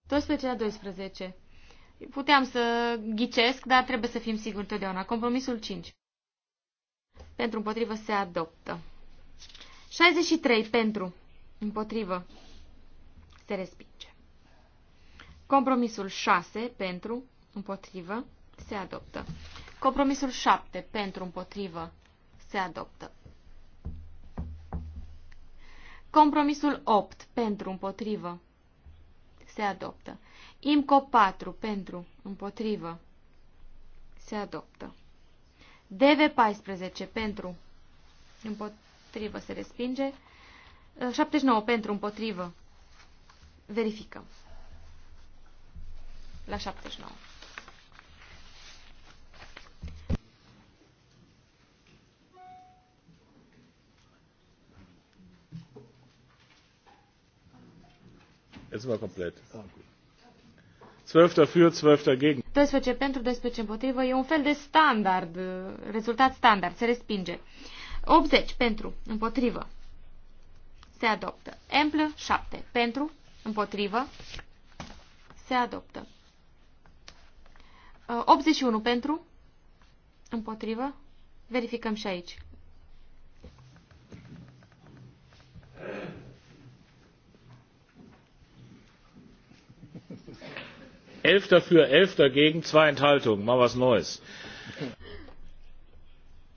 Doisprezece la 12. Puteam să ghicesc, dar trebuie să fim siguri întotdeauna. Compromisul 5. Pentru împotrivă se adoptă. 63 pentru împotrivă se respinge. Compromisul 6 pentru împotrivă se adoptă. Compromisul 7 pentru împotrivă se adoptă. Compromisul 8 pentru împotrivă se adoptă. IMCO 4 pentru, împotrivă, se adoptă. DV 14 pentru, împotrivă, se respinge. 79 ă, pentru, împotrivă, verificăm. La 79. Jetzt war komplett. Ah, 12 pentru, 12 împotrivă. E un fel de standard, rezultat standard, se respinge. 80 pentru, împotrivă. Se adoptă. Emplă 7 pentru, împotrivă. Se adoptă. 81 pentru, împotrivă. Verificăm și aici. elf dafür elf dagegen zwei enthaltungen. mal was neues.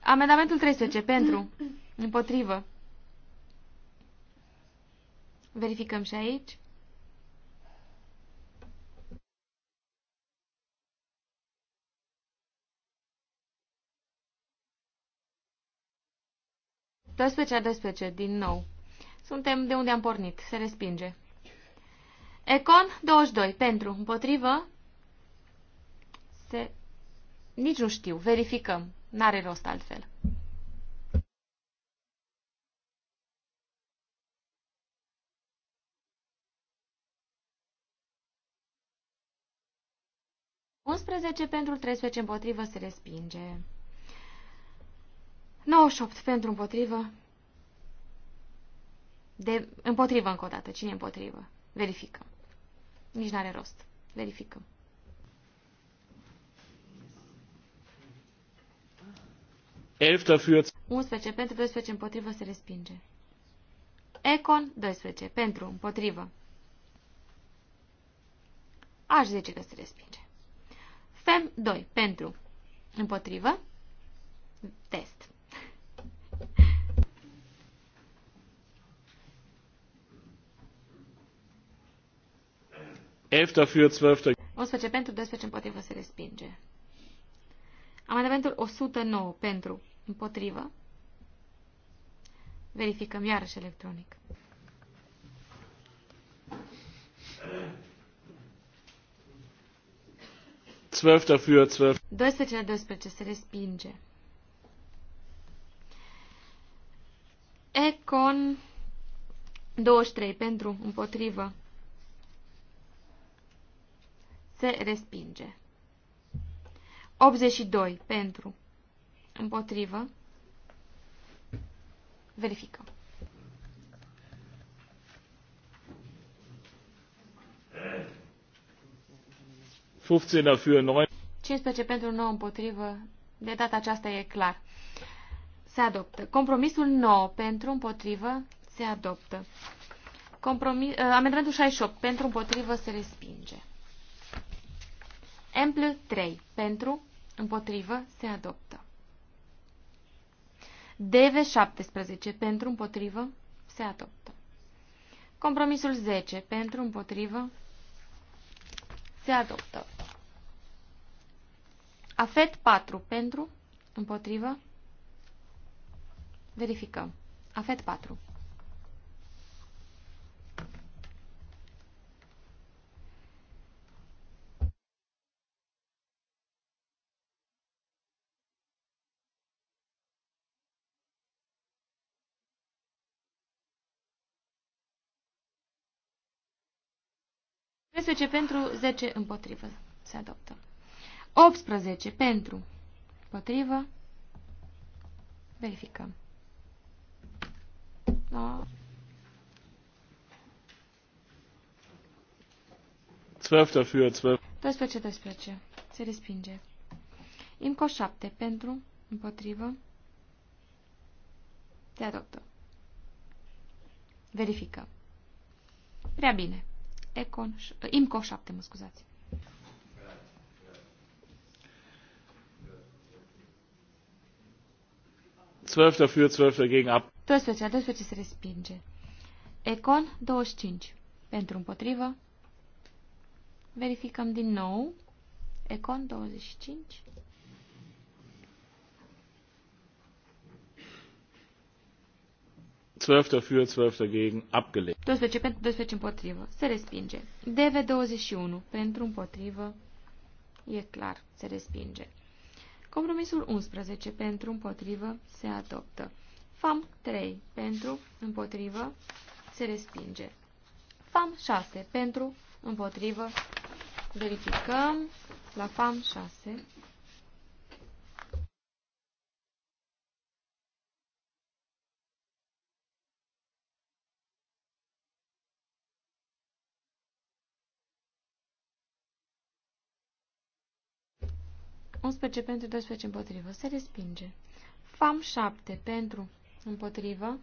amendamentul 13 pentru împotrivă verificăm și aici Doisprezece, 12, din nou. Suntem de unde am pornit. Se respinge. Econ 22. Pentru. Împotrivă. Se... Nici nu știu. Verificăm. N-are rost altfel. Unsprezece pentru 13 împotrivă se respinge. 98 pentru împotrivă. De, împotrivă încă o dată. Cine împotrivă? Verificăm. Nici n-are rost. Verificăm. Dafür. 11 pentru, 12 împotrivă se respinge. Econ 12 pentru, împotrivă. Aș zice că se respinge. Fem 2 pentru, împotrivă. Test. 11 dafür, 12 11 pentru, 12 împotrivă se respinge. Amendamentul 109 pentru, împotrivă. Verificăm iarăși electronic. Dafür, 12 la 12 se respinge. Econ 23 pentru, împotrivă, se respinge. 82. Pentru. Împotrivă. Verifică. Dafür, 9. 15 pentru 9 împotrivă. De data aceasta e clar. Se adoptă. Compromisul 9 pentru împotrivă se adoptă. Compromis, uh, amendamentul 68 pentru împotrivă se respinge. Ampl 3. Pentru, împotrivă, se adoptă. DV 17. Pentru, împotrivă, se adoptă. Compromisul 10. Pentru, împotrivă, se adoptă. AFET 4. Pentru, împotrivă, verificăm. AFET 4. 13 pentru, 10 împotrivă. Se adoptă. 18 pentru, împotrivă. Verificăm. No. Da. 12 dafür, 12. 12, 12. Se respinge. Imco 7 pentru, împotrivă. Se adoptă. Verificăm. Prea bine. Econ, uh, IMCO 7, mă scuzați. Dafür, 12 dagegen ab. 12, 12 se respinge. Econ 25. Pentru împotrivă. Verificăm din nou. Econ 25. 12 dafür, 12 dagegen, abgelehnt. 12 pentru, 12 împotrivă. Se respinge. DV21 pentru împotrivă. E clar, se respinge. Compromisul 11 pentru împotrivă se adoptă. FAM 3 pentru împotrivă se respinge. FAM 6 pentru împotrivă verificăm la FAM 6. 11 pentru, 12 împotrivă. Se respinge. FAM 7 pentru, împotrivă.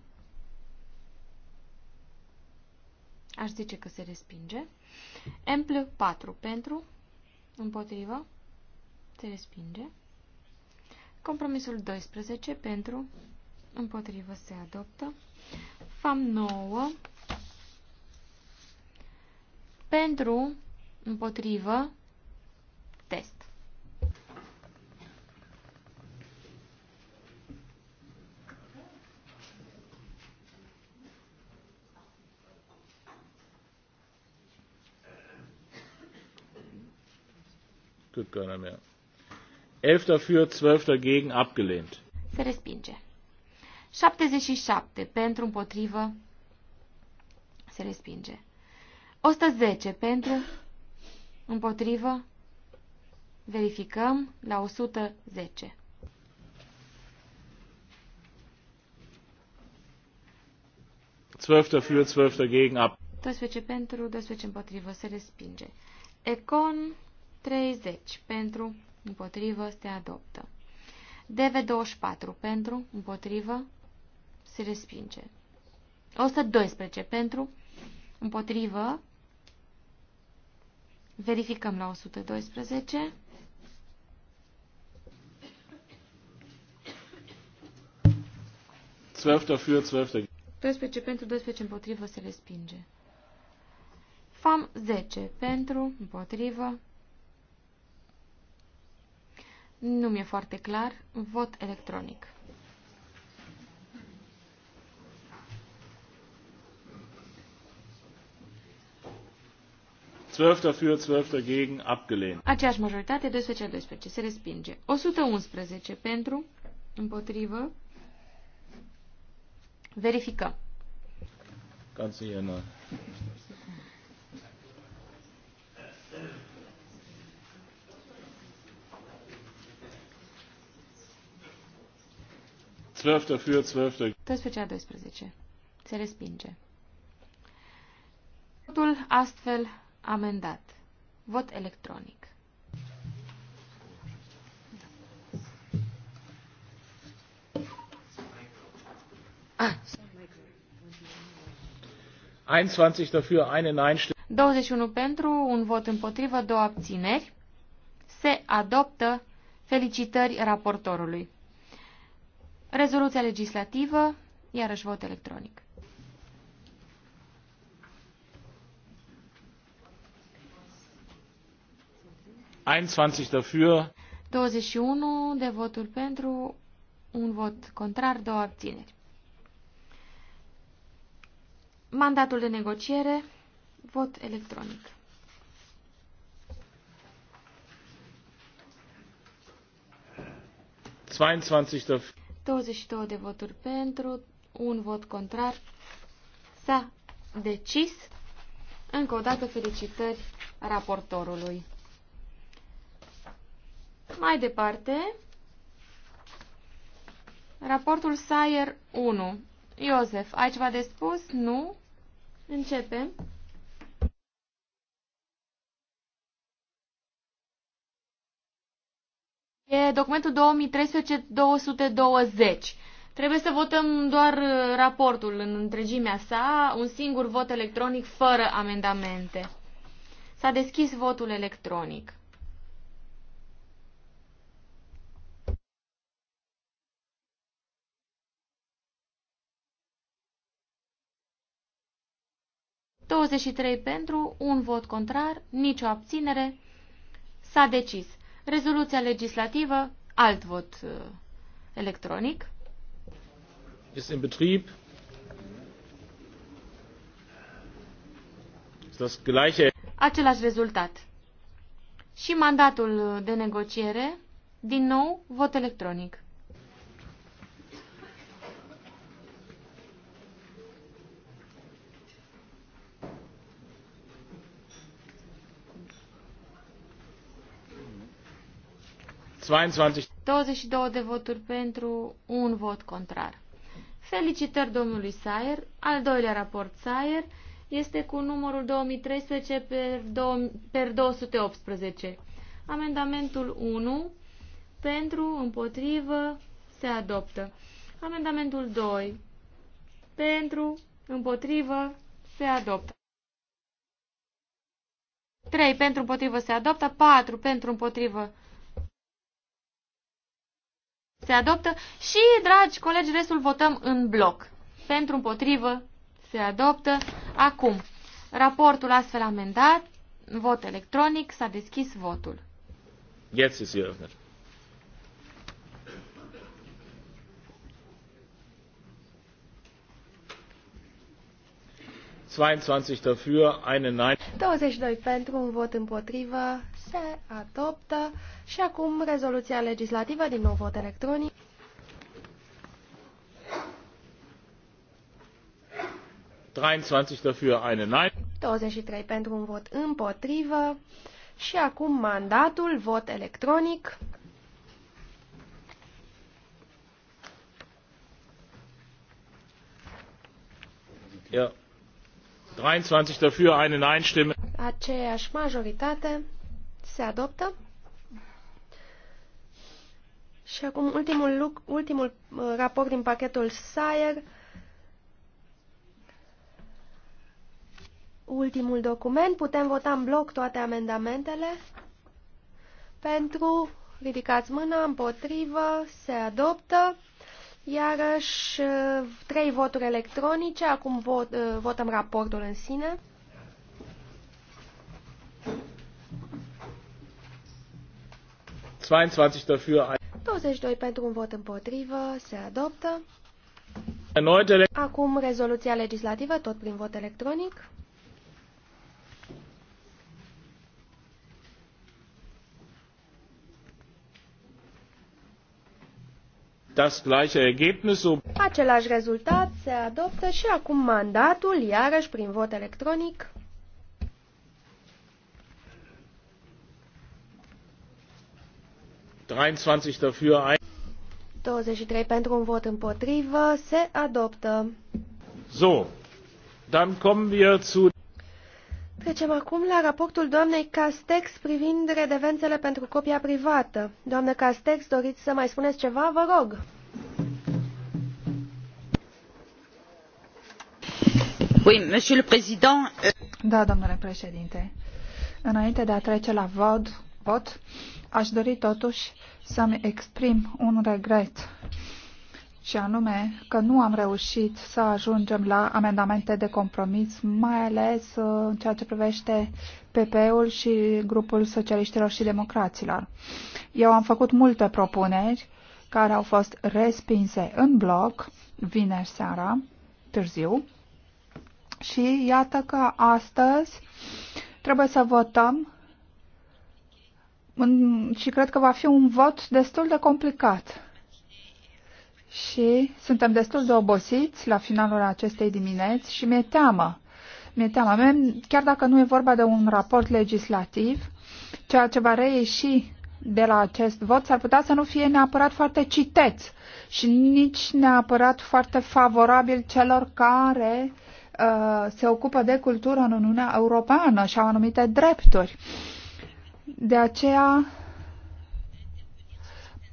Aș zice că se respinge. Empl 4 pentru, împotrivă. Se respinge. Compromisul 12 pentru, împotrivă se adoptă. FAM 9 pentru, împotrivă, mehr. 11 dafür, 12 dagegen, abgelehnt. Se respinge. 77 pentru împotrivă. Se respinge. 110 pentru împotrivă. Verificăm la 110. für, 12 gegen ab. 12 pentru, 12 împotrivă, se respinge. Econ 30 pentru, împotrivă, se adoptă. DV24 pentru, împotrivă, se respinge. 112 pentru, împotrivă, verificăm la 112. Für 12. 12 pentru, 12 împotrivă se respinge. FAM 10 pentru, împotrivă, nu mi-e foarte clar. Vot electronic. Dafür, 12 dagegen, abgelehnt. Aceeași majoritate, 12 12, se respinge. 111 pentru, împotrivă, verificăm. Ganz hier 12 a 12 12 Se respinge. Votul astfel amendat. Vot electronic. Ah. 21 21 pentru, un vot împotrivă, două abțineri. Se adoptă. Felicitări raportorului. Rezoluția legislativă, iarăși vot electronic. dafür. 21 de voturi pentru, un vot contrar, două abțineri. Mandatul de negociere, vot electronic. dafür. 22 de voturi pentru, un vot contrar. S-a decis. Încă o dată felicitări raportorului. Mai departe, raportul Sayer 1. Iosef, ai ceva de spus? Nu? Începem. E documentul 2320. Trebuie să votăm doar uh, raportul în întregimea sa, un singur vot electronic fără amendamente. S-a deschis votul electronic. Douăzeci și trei pentru, un vot contrar, nicio abținere. S-a decis. Rezoluția legislativă, alt vot uh, electronic. Este în betrieb. Același rezultat. Și mandatul de negociere, din nou, vot electronic. 22. de voturi pentru, un vot contrar. Felicitări domnului Sayer. Al doilea raport Sayer este cu numărul 2013 per, 2, per 218. Amendamentul 1 pentru, împotrivă, se adoptă. Amendamentul 2 pentru, împotrivă, se adoptă. 3 pentru împotrivă se adoptă, 4 pentru împotrivă se adoptă și, dragi colegi, restul votăm în bloc. Pentru, împotrivă, se adoptă. Acum, raportul astfel amendat, vot electronic, s-a deschis votul. Jetzt ist dafür, eine Nein. 22 pentru, un vot împotrivă, se adoptă și acum rezoluția legislativă, din nou vot electronic. Dafür, eine Nein. 23 pentru un vot împotrivă și acum mandatul, vot electronic. Ja. 23 dafür, eine Nein-Stimme. Aceeași majoritate. Se adoptă. Și acum ultimul, look, ultimul uh, raport din pachetul SIRE. Ultimul document. Putem vota în bloc toate amendamentele. Pentru, ridicați mâna, împotrivă, se adoptă. Iarăși, uh, trei voturi electronice. Acum vot, uh, votăm raportul în sine. 22 dafür. 22 pentru un vot împotrivă. Se adoptă. Acum rezoluția legislativă, tot prin vot electronic. Das gleiche Ergebnis. Același rezultat se adoptă și acum mandatul, iarăși prin vot electronic. 23 dafür, 23 pentru un vot împotrivă, se adoptă. So, dann kommen wir zu Trecem acum la raportul doamnei Castex privind redevențele pentru copia privată. Doamnă Castex, doriți să mai spuneți ceva? Vă rog. Oui, monsieur le président. Euh- da, domnule președinte. Înainte de a trece la vot, vot, aș dori totuși să-mi exprim un regret și anume că nu am reușit să ajungem la amendamente de compromis, mai ales uh, în ceea ce privește PP-ul și grupul socialiștilor și democraților. Eu am făcut multe propuneri care au fost respinse în bloc vineri seara, târziu, și iată că astăzi trebuie să votăm și cred că va fi un vot destul de complicat. Și suntem destul de obosiți la finalul acestei dimineți și mi-e teamă. Mi-e teamă. Chiar dacă nu e vorba de un raport legislativ, ceea ce va reieși de la acest vot s-ar putea să nu fie neapărat foarte citeț și nici neapărat foarte favorabil celor care uh, se ocupă de cultură în Uniunea Europeană și au anumite drepturi. Uh, de aceea,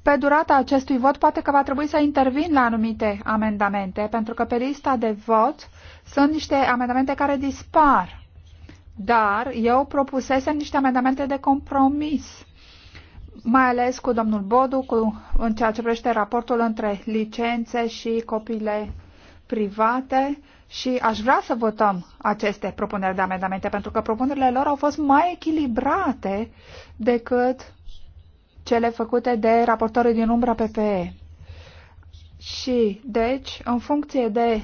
pe durata acestui vot, poate că va trebui să intervin la anumite amendamente, pentru că pe lista de vot sunt niște amendamente care dispar. Dar eu propusesem niște amendamente de compromis, mai ales cu domnul Bodu, cu, în ceea ce privește raportul între licențe și copile private, și aș vrea să votăm aceste propuneri de amendamente, pentru că propunerile lor au fost mai echilibrate decât cele făcute de raportorii din umbra PPE. Și, deci, în funcție de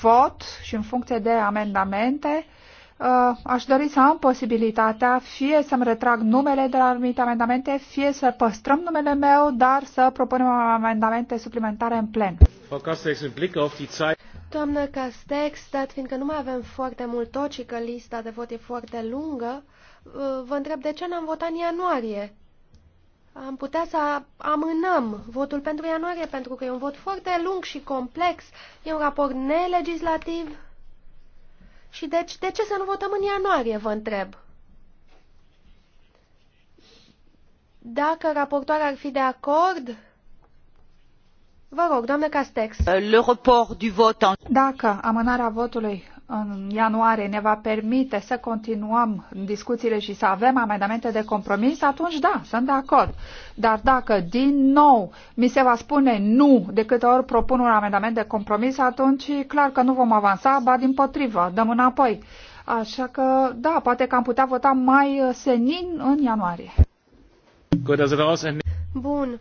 vot și în funcție de amendamente, uh, aș dori să am posibilitatea fie să-mi retrag numele de la anumite amendamente, fie să păstrăm numele meu, dar să propunem amendamente suplimentare în plen. Doamnă Castex, dat fiindcă nu mai avem foarte mult tot și că lista de vot e foarte lungă, uh, vă întreb de ce n-am votat în ianuarie. Am putea să amânăm votul pentru ianuarie, pentru că e un vot foarte lung și complex, e un raport nelegislativ. Și deci, de ce să nu votăm în ianuarie, vă întreb? Dacă raportoarea ar fi de acord, Vă rog, doamnă Castex. Euh, le report du vot en... Dacă amânarea votului în ianuarie ne va permite să continuăm discuțiile și să avem amendamente de compromis, atunci da, sunt de acord. Dar dacă din nou mi se va spune nu de câte ori propun un amendament de compromis, atunci e clar că nu vom avansa, ba din potrivă, dăm înapoi. Așa că, da, poate că am putea vota mai senin în ianuarie. Bun.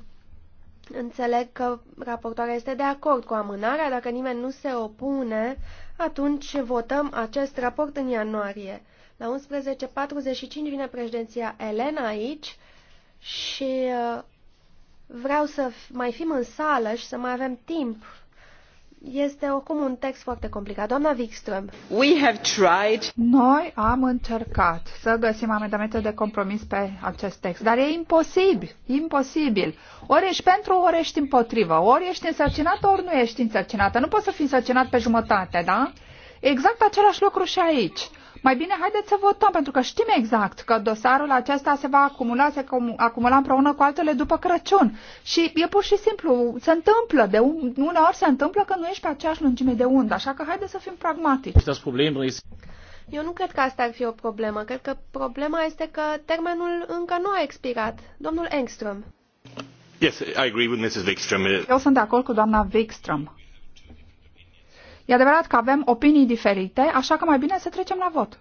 Înțeleg că raportoarea este de acord cu amânarea. Dacă nimeni nu se opune, atunci votăm acest raport în ianuarie. La 11.45 vine președinția Elena aici și uh, vreau să mai fim în sală și să mai avem timp este oricum un text foarte complicat. Doamna Wikström. We have tried. Noi am încercat să găsim amendamente de compromis pe acest text, dar e imposibil, imposibil. Ori ești pentru, ori ești împotrivă. Ori ești însărcinată, ori nu ești însărcinată. Nu poți să fii însărcinat pe jumătate, da? Exact același lucru și aici. Mai bine haideți să votăm, pentru că știm exact că dosarul acesta se va acumula, se acumula împreună cu altele după Crăciun. Și e pur și simplu, se întâmplă, de un, uneori se întâmplă că nu ești pe aceeași lungime de undă, așa că haideți să fim pragmatici. Eu nu cred că asta ar fi o problemă. Cred că problema este că termenul încă nu a expirat. Domnul Engström. Yes, I agree with Mrs. Wikström. Eu sunt de acord cu doamna Wikström E adevărat că avem opinii diferite, așa că mai bine să trecem la vot.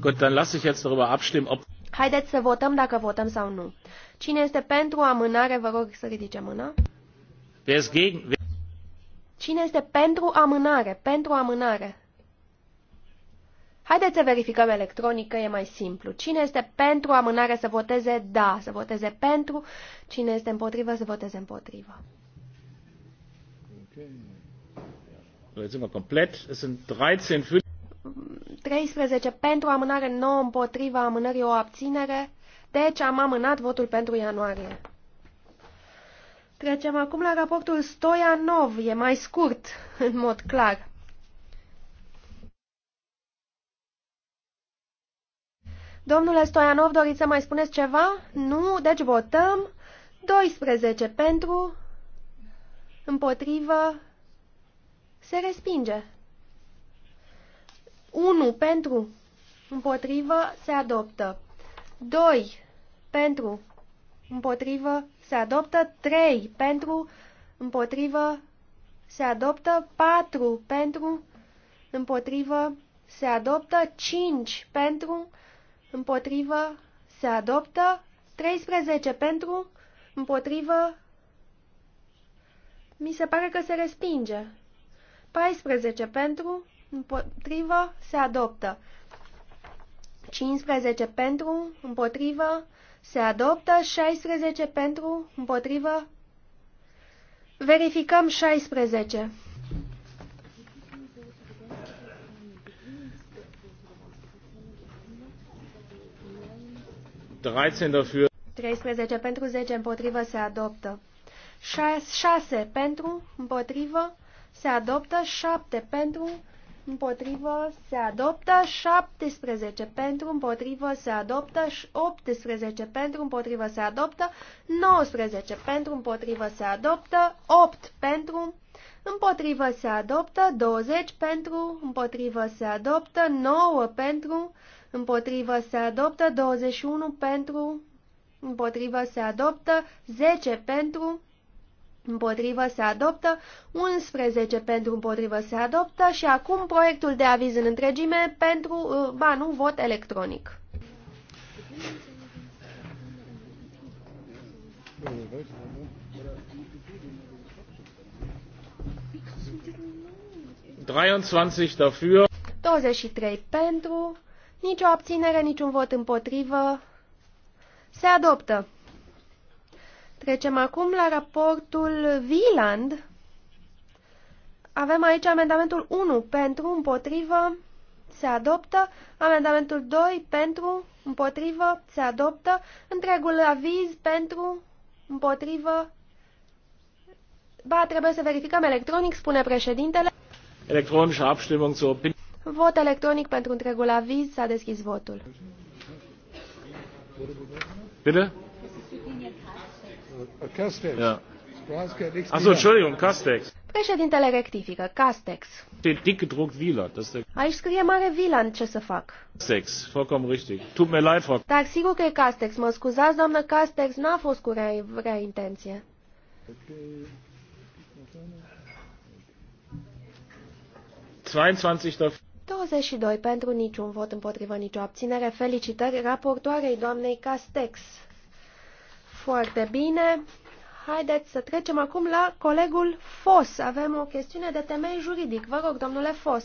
Gut, dann lasse ich jetzt darüber abstimmen, ob... Haideți să votăm dacă votăm sau nu. Cine este pentru amânare, vă rog să ridice mâna. Wer ist gegen... Cine este pentru amânare? Pentru amânare. Haideți să verificăm electronic că e mai simplu. Cine este pentru amânare să voteze da, să voteze pentru. Cine este împotrivă să voteze împotrivă. Okay. 13 pentru amânare, 9 împotriva amânării, o abținere. Deci am amânat votul pentru ianuarie. Trecem acum la raportul Stoianov. E mai scurt, în mod clar. Domnule Stoianov, doriți să mai spuneți ceva? Nu? Deci votăm. 12 pentru, împotrivă, se respinge. 1 pentru. Împotrivă se adoptă. 2 pentru. Împotrivă se adoptă. 3 pentru. Împotrivă se adoptă. 4 pentru. Împotrivă se adoptă. 5 pentru. Împotrivă se adoptă. 13 pentru. Împotrivă. Mi se pare că se respinge. 14 pentru, împotrivă, se adoptă. 15 pentru, împotrivă, se adoptă. 16 pentru, împotrivă. Verificăm 16. Dafür. 13 pentru 10 împotrivă se adoptă. 6, 6 pentru împotrivă se adoptă 7 pentru, împotrivă, se adoptă 17 pentru, împotrivă, se adoptă 18 pentru, împotrivă, se adoptă 19 pentru, împotrivă, se adoptă 8 pentru, împotrivă, se adoptă 20 pentru, împotrivă, se adoptă 9 pentru, împotrivă, se adoptă 21 pentru, împotrivă, se adoptă 10 pentru, împotrivă se adoptă, 11 pentru împotrivă se adoptă și acum proiectul de aviz în întregime pentru, uh, ba nu, vot electronic. dafür. 23 pentru, nicio abținere, niciun vot împotrivă. Se adoptă. Trecem acum la raportul Wieland. Avem aici amendamentul 1 pentru, împotrivă, se adoptă, amendamentul 2 pentru, împotrivă, se adoptă, întregul aviz pentru, împotrivă. Ba, trebuie să verificăm electronic, spune președintele. Electronic abstimmung Vot electronic pentru întregul aviz, s-a deschis votul. Bine? Uh, Castex. Ja. Achso, Entschuldigung, Castex. Președintele rectifică, Castex. Steht dick gedruckt Wieland. Aici scrie mare Wieland, ce să fac? Castex, vollkommen richtig. Tut mir leid, Frau... Dar sigur că e Castex, mă scuzați, doamnă Castex, n-a fost cu rea, rea intenție. Okay. 22 22 pentru niciun vot împotriva nicio abținere. Felicitări raportoarei doamnei Castex. Foarte bine. Haideți să trecem acum la colegul Fos. Avem o chestiune de temei juridic. Vă rog, domnule Fos.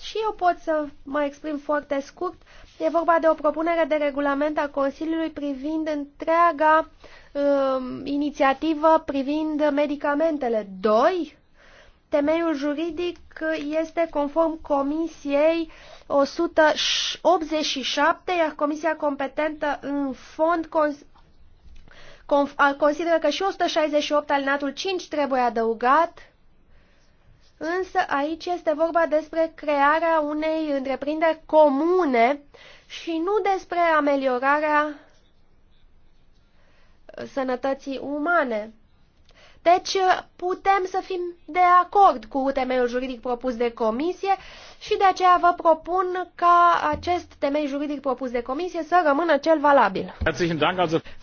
Și eu pot să mă exprim foarte scurt. E vorba de o propunere de regulament a Consiliului privind întreaga uh, inițiativă privind medicamentele 2. Temeiul juridic este conform Comisiei 187, iar Comisia competentă în fond consideră că și 168 alinatul 5 trebuie adăugat, însă aici este vorba despre crearea unei întreprinderi comune și nu despre ameliorarea sănătății umane. Deci putem să fim de acord cu temeiul juridic propus de comisie, și de aceea vă propun ca acest temei juridic propus de comisie să rămână cel valabil.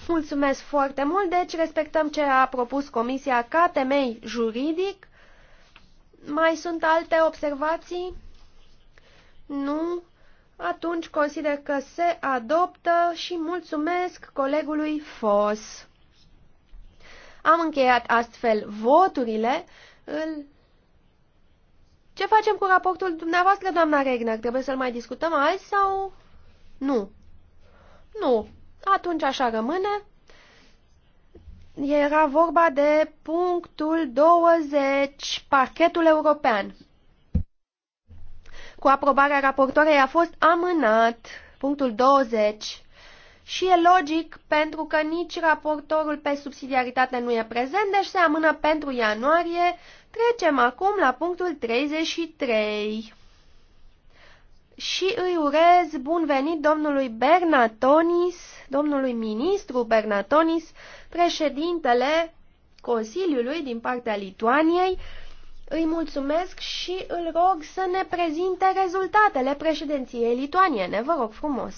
Mulțumesc foarte mult, deci respectăm ce a propus comisia ca temei juridic. Mai sunt alte observații? Nu? Atunci consider că se adoptă și mulțumesc colegului Fos. Am încheiat astfel voturile. Îl ce facem cu raportul dumneavoastră, doamna Regner? Trebuie să-l mai discutăm azi sau... Nu. Nu. Atunci așa rămâne. Era vorba de punctul 20, parchetul european. Cu aprobarea raportoarei a fost amânat punctul 20 și e logic pentru că nici raportorul pe subsidiaritate nu e prezent, deci se amână pentru ianuarie Trecem acum la punctul 33. Și îi urez bun venit domnului Bernatonis, domnului ministru Bernatonis, președintele Consiliului din partea Lituaniei. Îi mulțumesc și îl rog să ne prezinte rezultatele președinției lituaniene. Vă rog frumos!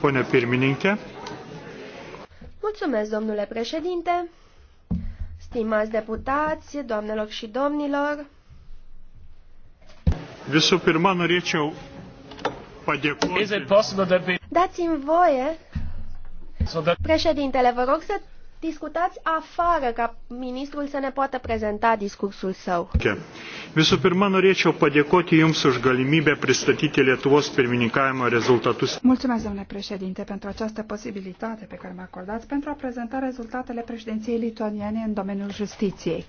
Pone pirmininke, Mulțumesc, domnule președinte, stimați deputați, doamnelor și domnilor. Dați-mi voie. Președintele, vă rog să discutați afară ca ministrul să ne poată prezenta discursul său. Visų pirma, norėčiau padėkoti Jums už galimybę pristatyti Lietuvos pirmininkavimo rezultatus. Mulțumesc, domnule președinte, pentru această posibilitate pe care mi-a acordat pentru a prezenta rezultatele președinției lituaniene în domeniul justiției.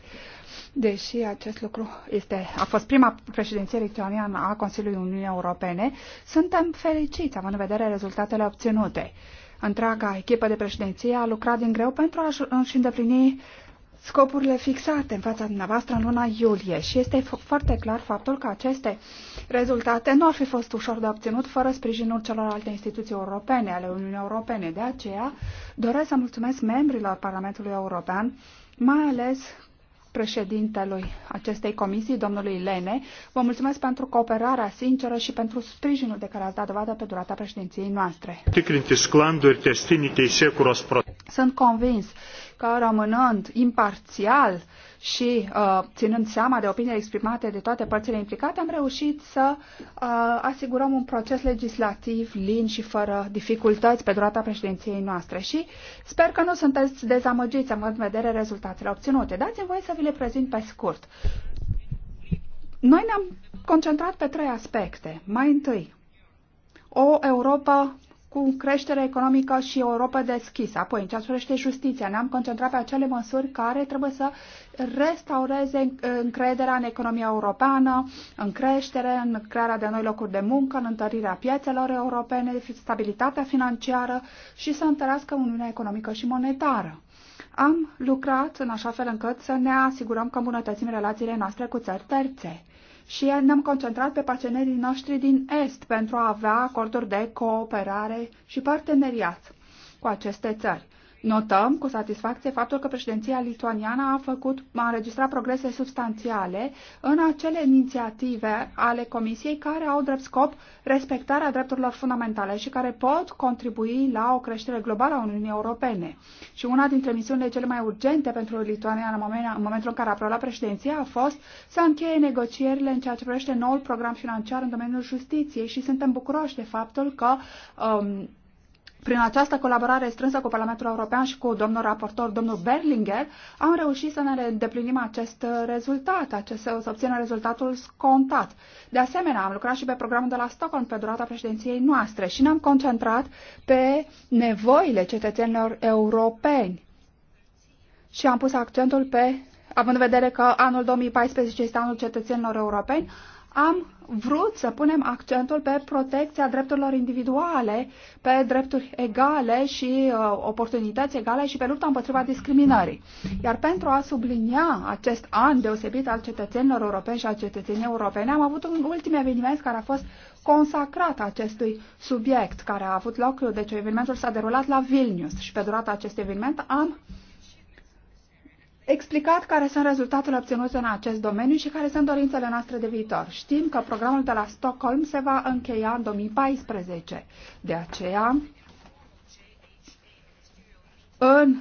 Deși acest lucru este, a fost prima președinție lituaniană a Consiliului Uniunii Europene, suntem fericiți având în vedere rezultatele obținute. Întreaga echipă de președinție a lucrat din greu pentru a-și îndeplini scopurile fixate în fața dumneavoastră în luna iulie și este foarte clar faptul că aceste rezultate nu ar fi fost ușor de obținut fără sprijinul celorlalte instituții europene ale Uniunii Europene. De aceea doresc să mulțumesc membrilor Parlamentului European, mai ales președintelui acestei comisii, domnului Lene. Vă mulțumesc pentru cooperarea sinceră și pentru sprijinul de care ați dat dovadă pe durata președinției noastre. Sunt convins că rămânând imparțial, și uh, ținând seama de opiniile exprimate de toate părțile implicate, am reușit să uh, asigurăm un proces legislativ lin și fără dificultăți pe durata președinției noastre și sper că nu sunteți dezamăgiți în vedere rezultatele obținute. Dați-mi voie să vi le prezint pe scurt. Noi ne-am concentrat pe trei aspecte. Mai întâi, o Europa cu creștere economică și Europa deschisă. Apoi, în ce asurește justiția, ne-am concentrat pe acele măsuri care trebuie să restaureze încrederea în economia europeană, în creștere, în crearea de noi locuri de muncă, în întărirea piețelor europene, stabilitatea financiară și să întărească Uniunea Economică și Monetară. Am lucrat în așa fel încât să ne asigurăm că îmbunătățim relațiile noastre cu țări terțe și ne-am concentrat pe partenerii noștri din Est pentru a avea acorduri de cooperare și parteneriat cu aceste țări. Notăm cu satisfacție faptul că președinția lituaniană a făcut, a înregistrat progrese substanțiale în acele inițiative ale Comisiei care au drept scop respectarea drepturilor fundamentale și care pot contribui la o creștere globală a Uniunii Europene. Și una dintre misiunile cele mai urgente pentru Lituania în, moment, în momentul în care a preluat președinția a fost să încheie negocierile în ceea ce privește noul program financiar în domeniul justiției și suntem bucuroși de faptul că um, prin această colaborare strânsă cu Parlamentul European și cu domnul raportor, domnul Berlinger, am reușit să ne îndeplinim acest rezultat, acest, să obținem rezultatul scontat. De asemenea, am lucrat și pe programul de la Stockholm pe durata președinției noastre și ne-am concentrat pe nevoile cetățenilor europeni. Și am pus accentul pe, având în vedere că anul 2014 este anul cetățenilor europeni, am vrut să punem accentul pe protecția drepturilor individuale, pe drepturi egale și uh, oportunități egale și pe lupta împotriva discriminării. Iar pentru a sublinia acest an deosebit al cetățenilor europeni și al cetățenilor europene, am avut un ultim eveniment care a fost consacrat acestui subiect, care a avut loc, deci evenimentul s-a derulat la Vilnius și pe durata acestui eveniment am uh, explicat care sunt rezultatele obținute în acest domeniu și care sunt dorințele noastre de viitor. Știm că programul de la Stockholm se va încheia în 2014. De aceea, în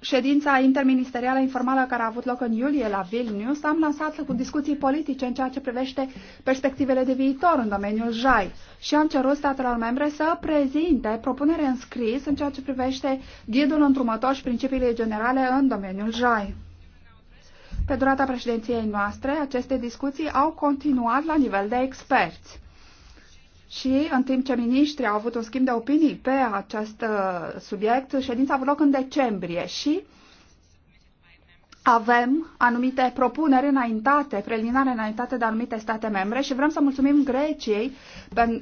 ședința interministerială informală care a avut loc în iulie la Vilnius, am lansat cu discuții politice în ceea ce privește perspectivele de viitor în domeniul JAI și am cerut statelor membre să prezinte propunere în scris în ceea ce privește ghidul întrumător și principiile generale în domeniul JAI. Pe durata președinției noastre, aceste discuții au continuat la nivel de experți. Și în timp ce miniștrii au avut un schimb de opinii pe acest uh, subiect, ședința a avut loc în decembrie și avem anumite propuneri înaintate, preliminare înaintate de anumite state membre și vrem să mulțumim Greciei,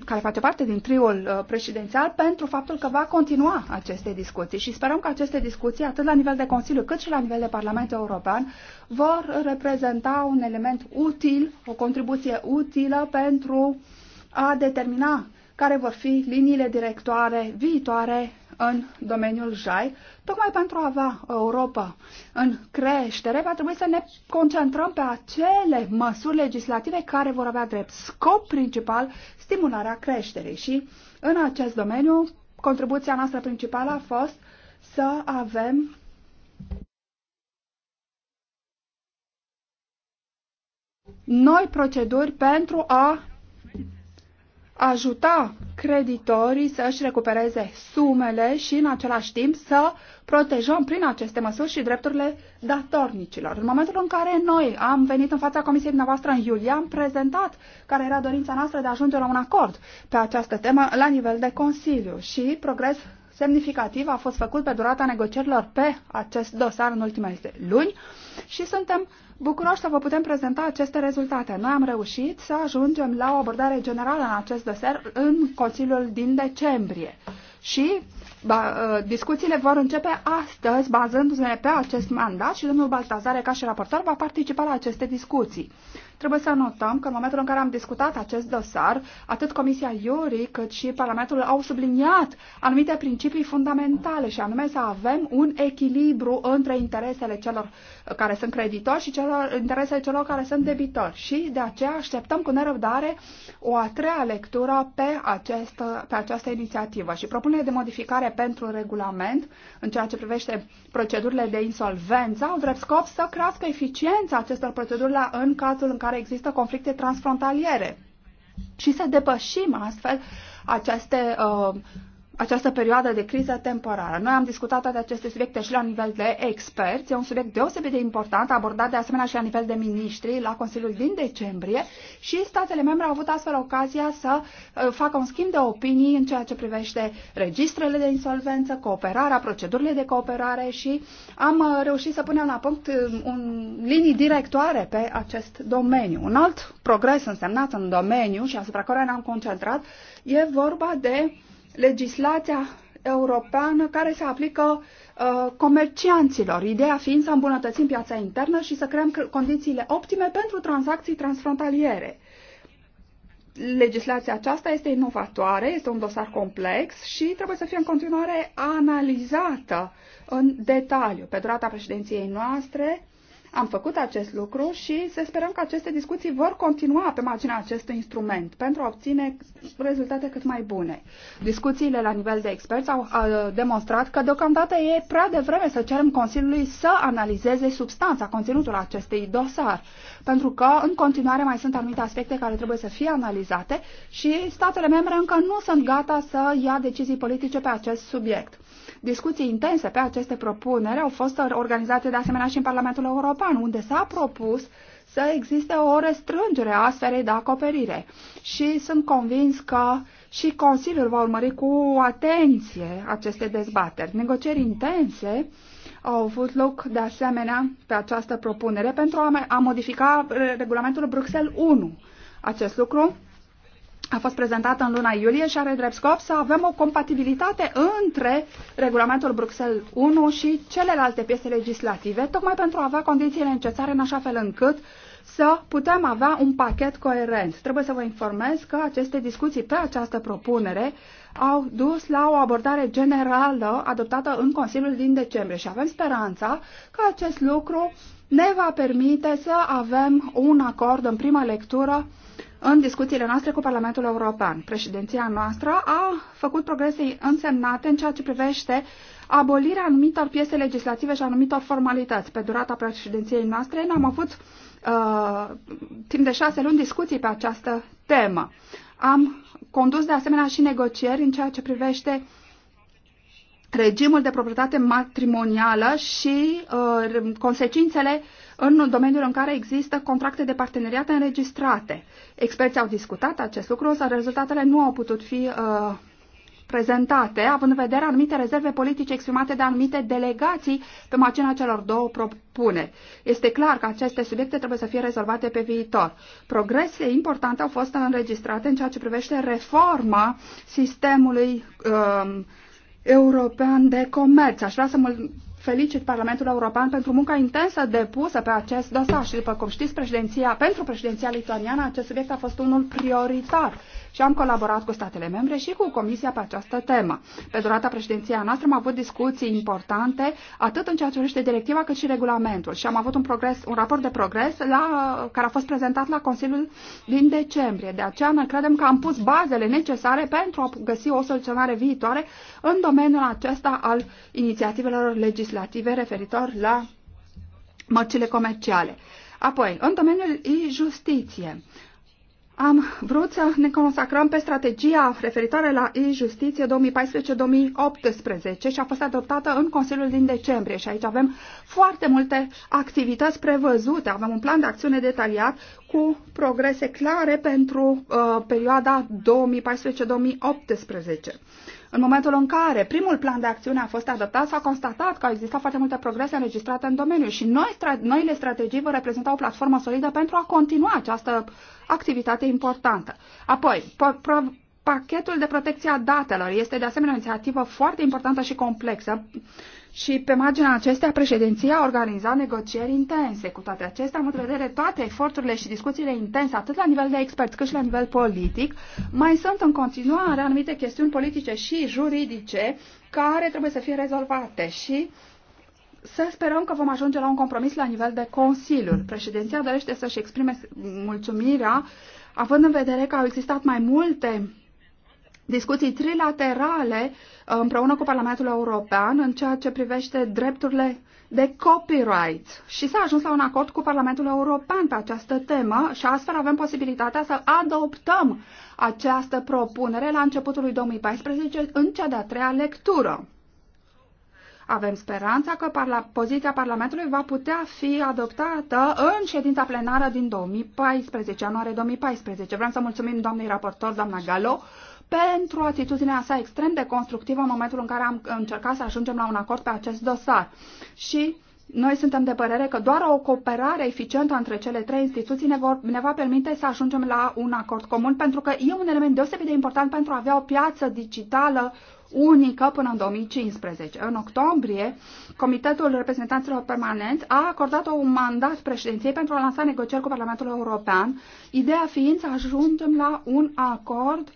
care face parte din triul uh, președințial, pentru faptul că va continua aceste discuții și sperăm că aceste discuții, atât la nivel de Consiliu cât și la nivel de Parlament European, vor reprezenta un element util, o contribuție utilă pentru a determina care vor fi liniile directoare viitoare în domeniul JAI, tocmai pentru a avea Europa în creștere, va trebui să ne concentrăm pe acele măsuri legislative care vor avea drept scop principal stimularea creșterii. Și în acest domeniu, contribuția noastră principală a fost să avem noi proceduri pentru a ajuta creditorii să își recupereze sumele și în același timp să protejăm prin aceste măsuri și drepturile datornicilor. În momentul în care noi am venit în fața comisiei dumneavoastră în iulie, am prezentat care era dorința noastră de a ajunge la un acord pe această temă la nivel de Consiliu și progres semnificativ a fost făcut pe durata negocierilor pe acest dosar în ultimele luni și suntem bucuroși să vă putem prezenta aceste rezultate. Noi am reușit să ajungem la o abordare generală în acest dosar în Consiliul din decembrie și ba, ă, discuțiile vor începe astăzi bazându-ne pe acest mandat și domnul Baltazare ca și raportor va participa la aceste discuții. Trebuie să notăm că în momentul în care am discutat acest dosar, atât Comisia Iuri cât și Parlamentul au subliniat anumite principii fundamentale și anume să avem un echilibru între interesele celor care sunt creditori și celor, interesele celor care sunt debitori. Și de aceea așteptăm cu nerăbdare o a treia lectură pe, acest, pe această inițiativă. Și propunerea de modificare pentru regulament în ceea ce privește procedurile de insolvență au drept scop să crească eficiența acestor proceduri în cazul în care care există conflicte transfrontaliere și să depășim astfel aceste uh, această perioadă de criză temporară. Noi am discutat toate aceste subiecte și la nivel de experți. E un subiect deosebit de important, abordat de asemenea și la nivel de miniștri la Consiliul din decembrie și statele membre au avut astfel ocazia să uh, facă un schimb de opinii în ceea ce privește registrele de insolvență, cooperarea, procedurile de cooperare și am uh, reușit să punem la punct uh, un linii directoare pe acest domeniu. Un alt progres însemnat în domeniu și asupra care ne-am concentrat e vorba de legislația europeană care se aplică uh, comercianților, ideea fiind să îmbunătățim piața internă și să creăm condițiile optime pentru tranzacții transfrontaliere. Legislația aceasta este inovatoare, este un dosar complex și trebuie să fie în continuare analizată în detaliu pe durata președinției noastre am făcut acest lucru și să sperăm că aceste discuții vor continua pe marginea acestui instrument pentru a obține rezultate cât mai bune. Discuțiile la nivel de experți au a, demonstrat că deocamdată e prea devreme să cerem Consiliului să analizeze substanța, conținutul acestei dosar, pentru că în continuare mai sunt anumite aspecte care trebuie să fie analizate și statele membre încă nu sunt gata să ia decizii politice pe acest subiect. Discuții intense pe aceste propuneri au fost organizate de asemenea și în Parlamentul European, unde s-a propus să existe o restrângere a sferei de acoperire. Și sunt convins că și Consiliul va urmări cu atenție aceste dezbateri. Negocieri intense au avut loc de asemenea pe această propunere pentru a, modifica regulamentul Bruxelles 1. Acest lucru a fost prezentată în luna iulie și are drept scop să avem o compatibilitate între regulamentul Bruxelles 1 și celelalte piese legislative, tocmai pentru a avea condițiile necesare în așa fel încât să putem avea un pachet coerent. Trebuie să vă informez că aceste discuții pe această propunere au dus la o abordare generală adoptată în Consiliul din decembrie și avem speranța că acest lucru ne va permite să avem un acord în prima lectură în discuțiile noastre cu Parlamentul European. Președinția noastră a făcut progrese însemnate în ceea ce privește abolirea anumitor piese legislative și anumitor formalități. Pe durata președinției noastre n-am avut uh, timp de șase luni discuții pe această temă. Am condus de asemenea și negocieri în ceea ce privește regimul de proprietate matrimonială și uh, consecințele uh, în domeniul în care există contracte de parteneriat înregistrate. Experții au discutat acest lucru, însă rezultatele nu au putut fi uh, prezentate, având în vedere anumite rezerve politice exprimate de anumite delegații pe macina celor două propuneri. Este clar că aceste subiecte trebuie să fie rezolvate pe viitor. Progrese importante au fost înregistrate în ceea ce privește reforma sistemului uh, european de comerț. Aș vrea să mă felicit Parlamentul European pentru munca intensă depusă pe acest dosar și, după cum știți, președinția, pentru președinția lituaniană acest subiect a fost unul prioritar și am colaborat cu statele membre și cu Comisia pe această temă. Pe durata președinției noastre am avut discuții importante, atât în ceea ce privește directiva, cât și regulamentul. Și am avut un, progres, un raport de progres la, care a fost prezentat la Consiliul din decembrie. De aceea ne credem că am pus bazele necesare pentru a găsi o soluționare viitoare în domeniul acesta al inițiativelor legislative referitor la mărcile comerciale. Apoi, în domeniul e-justiție, am vrut să ne consacrăm pe strategia referitoare la e-justiție 2014-2018 și a fost adoptată în Consiliul din decembrie și aici avem foarte multe activități prevăzute. Avem un plan de acțiune detaliat cu progrese clare pentru uh, perioada 2014-2018. În momentul în care primul plan de acțiune a fost adoptat, s-a constatat că au existat foarte multe progrese înregistrate în domeniu și noi, stra noile strategii vor reprezenta o platformă solidă pentru a continua această activitate importantă. Apoi, pachetul de protecție a datelor este de asemenea o inițiativă foarte importantă și complexă și pe marginea acestea, președinția a organizat negocieri intense. Cu toate acestea, am în vedere toate eforturile și discuțiile intense, atât la nivel de experți cât și la nivel politic. Mai sunt în continuare anumite chestiuni politice și juridice care trebuie să fie rezolvate și să sperăm că vom ajunge la un compromis la nivel de Consiliul. Președinția dorește să-și exprime mulțumirea, având în vedere că au existat mai multe discuții trilaterale uh, împreună cu Parlamentul European în ceea ce privește drepturile de copyright și s-a ajuns la un acord cu Parlamentul European pe această temă și astfel avem posibilitatea să adoptăm această propunere la începutul lui 2014 în cea de-a treia lectură. Avem speranța că parla poziția Parlamentului va putea fi adoptată în ședința plenară din 2014, ianuarie 2014. Vrem să mulțumim doamnei raportor, doamna Galo, pentru atitudinea sa extrem de constructivă în momentul în care am încercat să ajungem la un acord pe acest dosar. Și noi suntem de părere că doar o cooperare eficientă între cele trei instituții ne, vor, ne va permite să ajungem la un acord comun, pentru că e un element deosebit de important pentru a avea o piață digitală unică până în 2015. În octombrie, Comitetul Reprezentanților Permanenți a acordat un mandat președinției pentru a lansa negocieri cu Parlamentul European, ideea fiind să ajungem la un acord uh,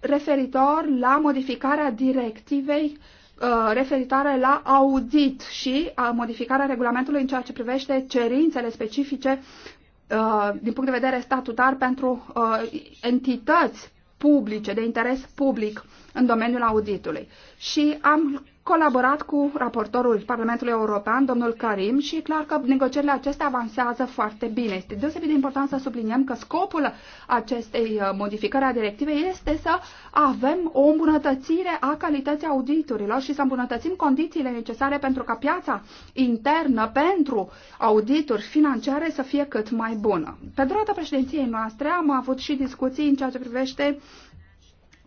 referitor la modificarea directivei uh, referitoare la audit și a uh, modificarea regulamentului în ceea ce privește cerințele specifice uh, din punct de vedere statutar pentru entități publice, de interes public în domeniul auditului. Și am colaborat cu raportorul Parlamentului European, domnul Karim, și e clar că negocierile acestea avansează foarte bine. Este deosebit de important să subliniem că scopul acestei uh, modificări a directivei este să avem o îmbunătățire a calității auditorilor și să îmbunătățim condițiile necesare pentru ca piața internă pentru audituri financiare să fie cât mai bună. Pe durata președinției noastre am avut și discuții în ceea ce privește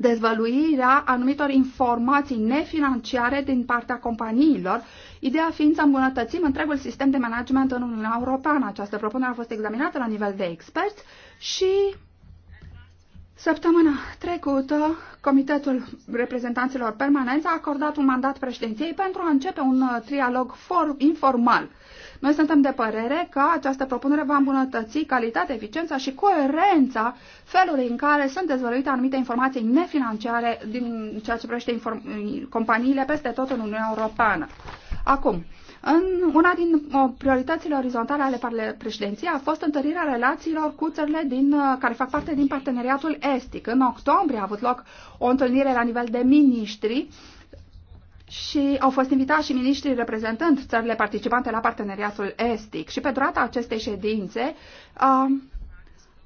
dezvăluirea anumitor informații nefinanciare din partea companiilor, ideea fiind să îmbunătățim întregul sistem de management în Uniunea Europeană. Această propunere a fost examinată la nivel de experți și Săptămâna trecută, Comitetul Reprezentanților Permanenți a acordat un mandat președinției pentru a începe un uh, trialog for, informal noi suntem de părere că această propunere va îmbunătăți calitatea, eficiența și coerența felului în care sunt dezvăluite anumite informații nefinanciare din ceea ce privește companiile peste tot în Uniunea Europeană. Acum, în una din prioritățile orizontale ale președinției a fost întărirea relațiilor cu țările din, uh, care fac parte din parteneriatul estic. În octombrie a avut loc o întâlnire la nivel de miniștri și au fost invitați și miniștrii reprezentând țările participante la parteneriatul estic. Și pe durata acestei ședințe uh,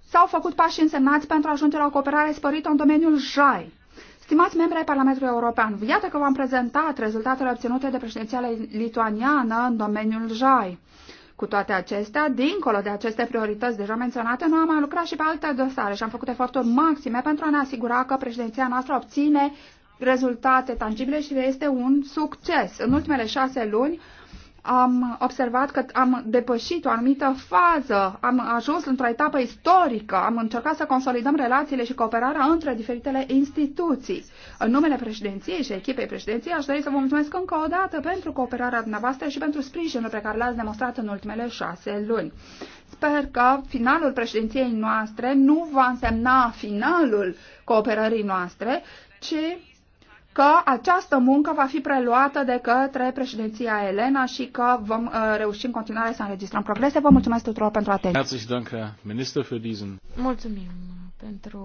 s-au făcut pași însemnați pentru a ajunge la o cooperare sporită în domeniul JAI. Stimați membri ai Parlamentului European, iată că v-am prezentat rezultatele obținute de președinția lituaniană în domeniul JAI. Cu toate acestea, dincolo de aceste priorități deja menționate, noi am mai lucrat și pe alte dosare și am făcut eforturi maxime pentru a ne asigura că președinția noastră obține rezultate tangibile și este un succes. În ultimele șase luni am observat că am depășit o anumită fază, am ajuns într-o etapă istorică, am încercat să consolidăm relațiile și cooperarea între diferitele instituții. În numele președinției și echipei președinției aș dori să vă mulțumesc încă o dată pentru cooperarea dumneavoastră și pentru sprijinul pe care l-ați demonstrat în ultimele șase luni. Sper că finalul președinției noastre nu va însemna finalul cooperării noastre, ci că această muncă va fi preluată de către președinția Elena și că vom uh, reuși în continuare să înregistrăm progrese. Vă mulțumesc tuturor pentru atenție. Mulțumim pentru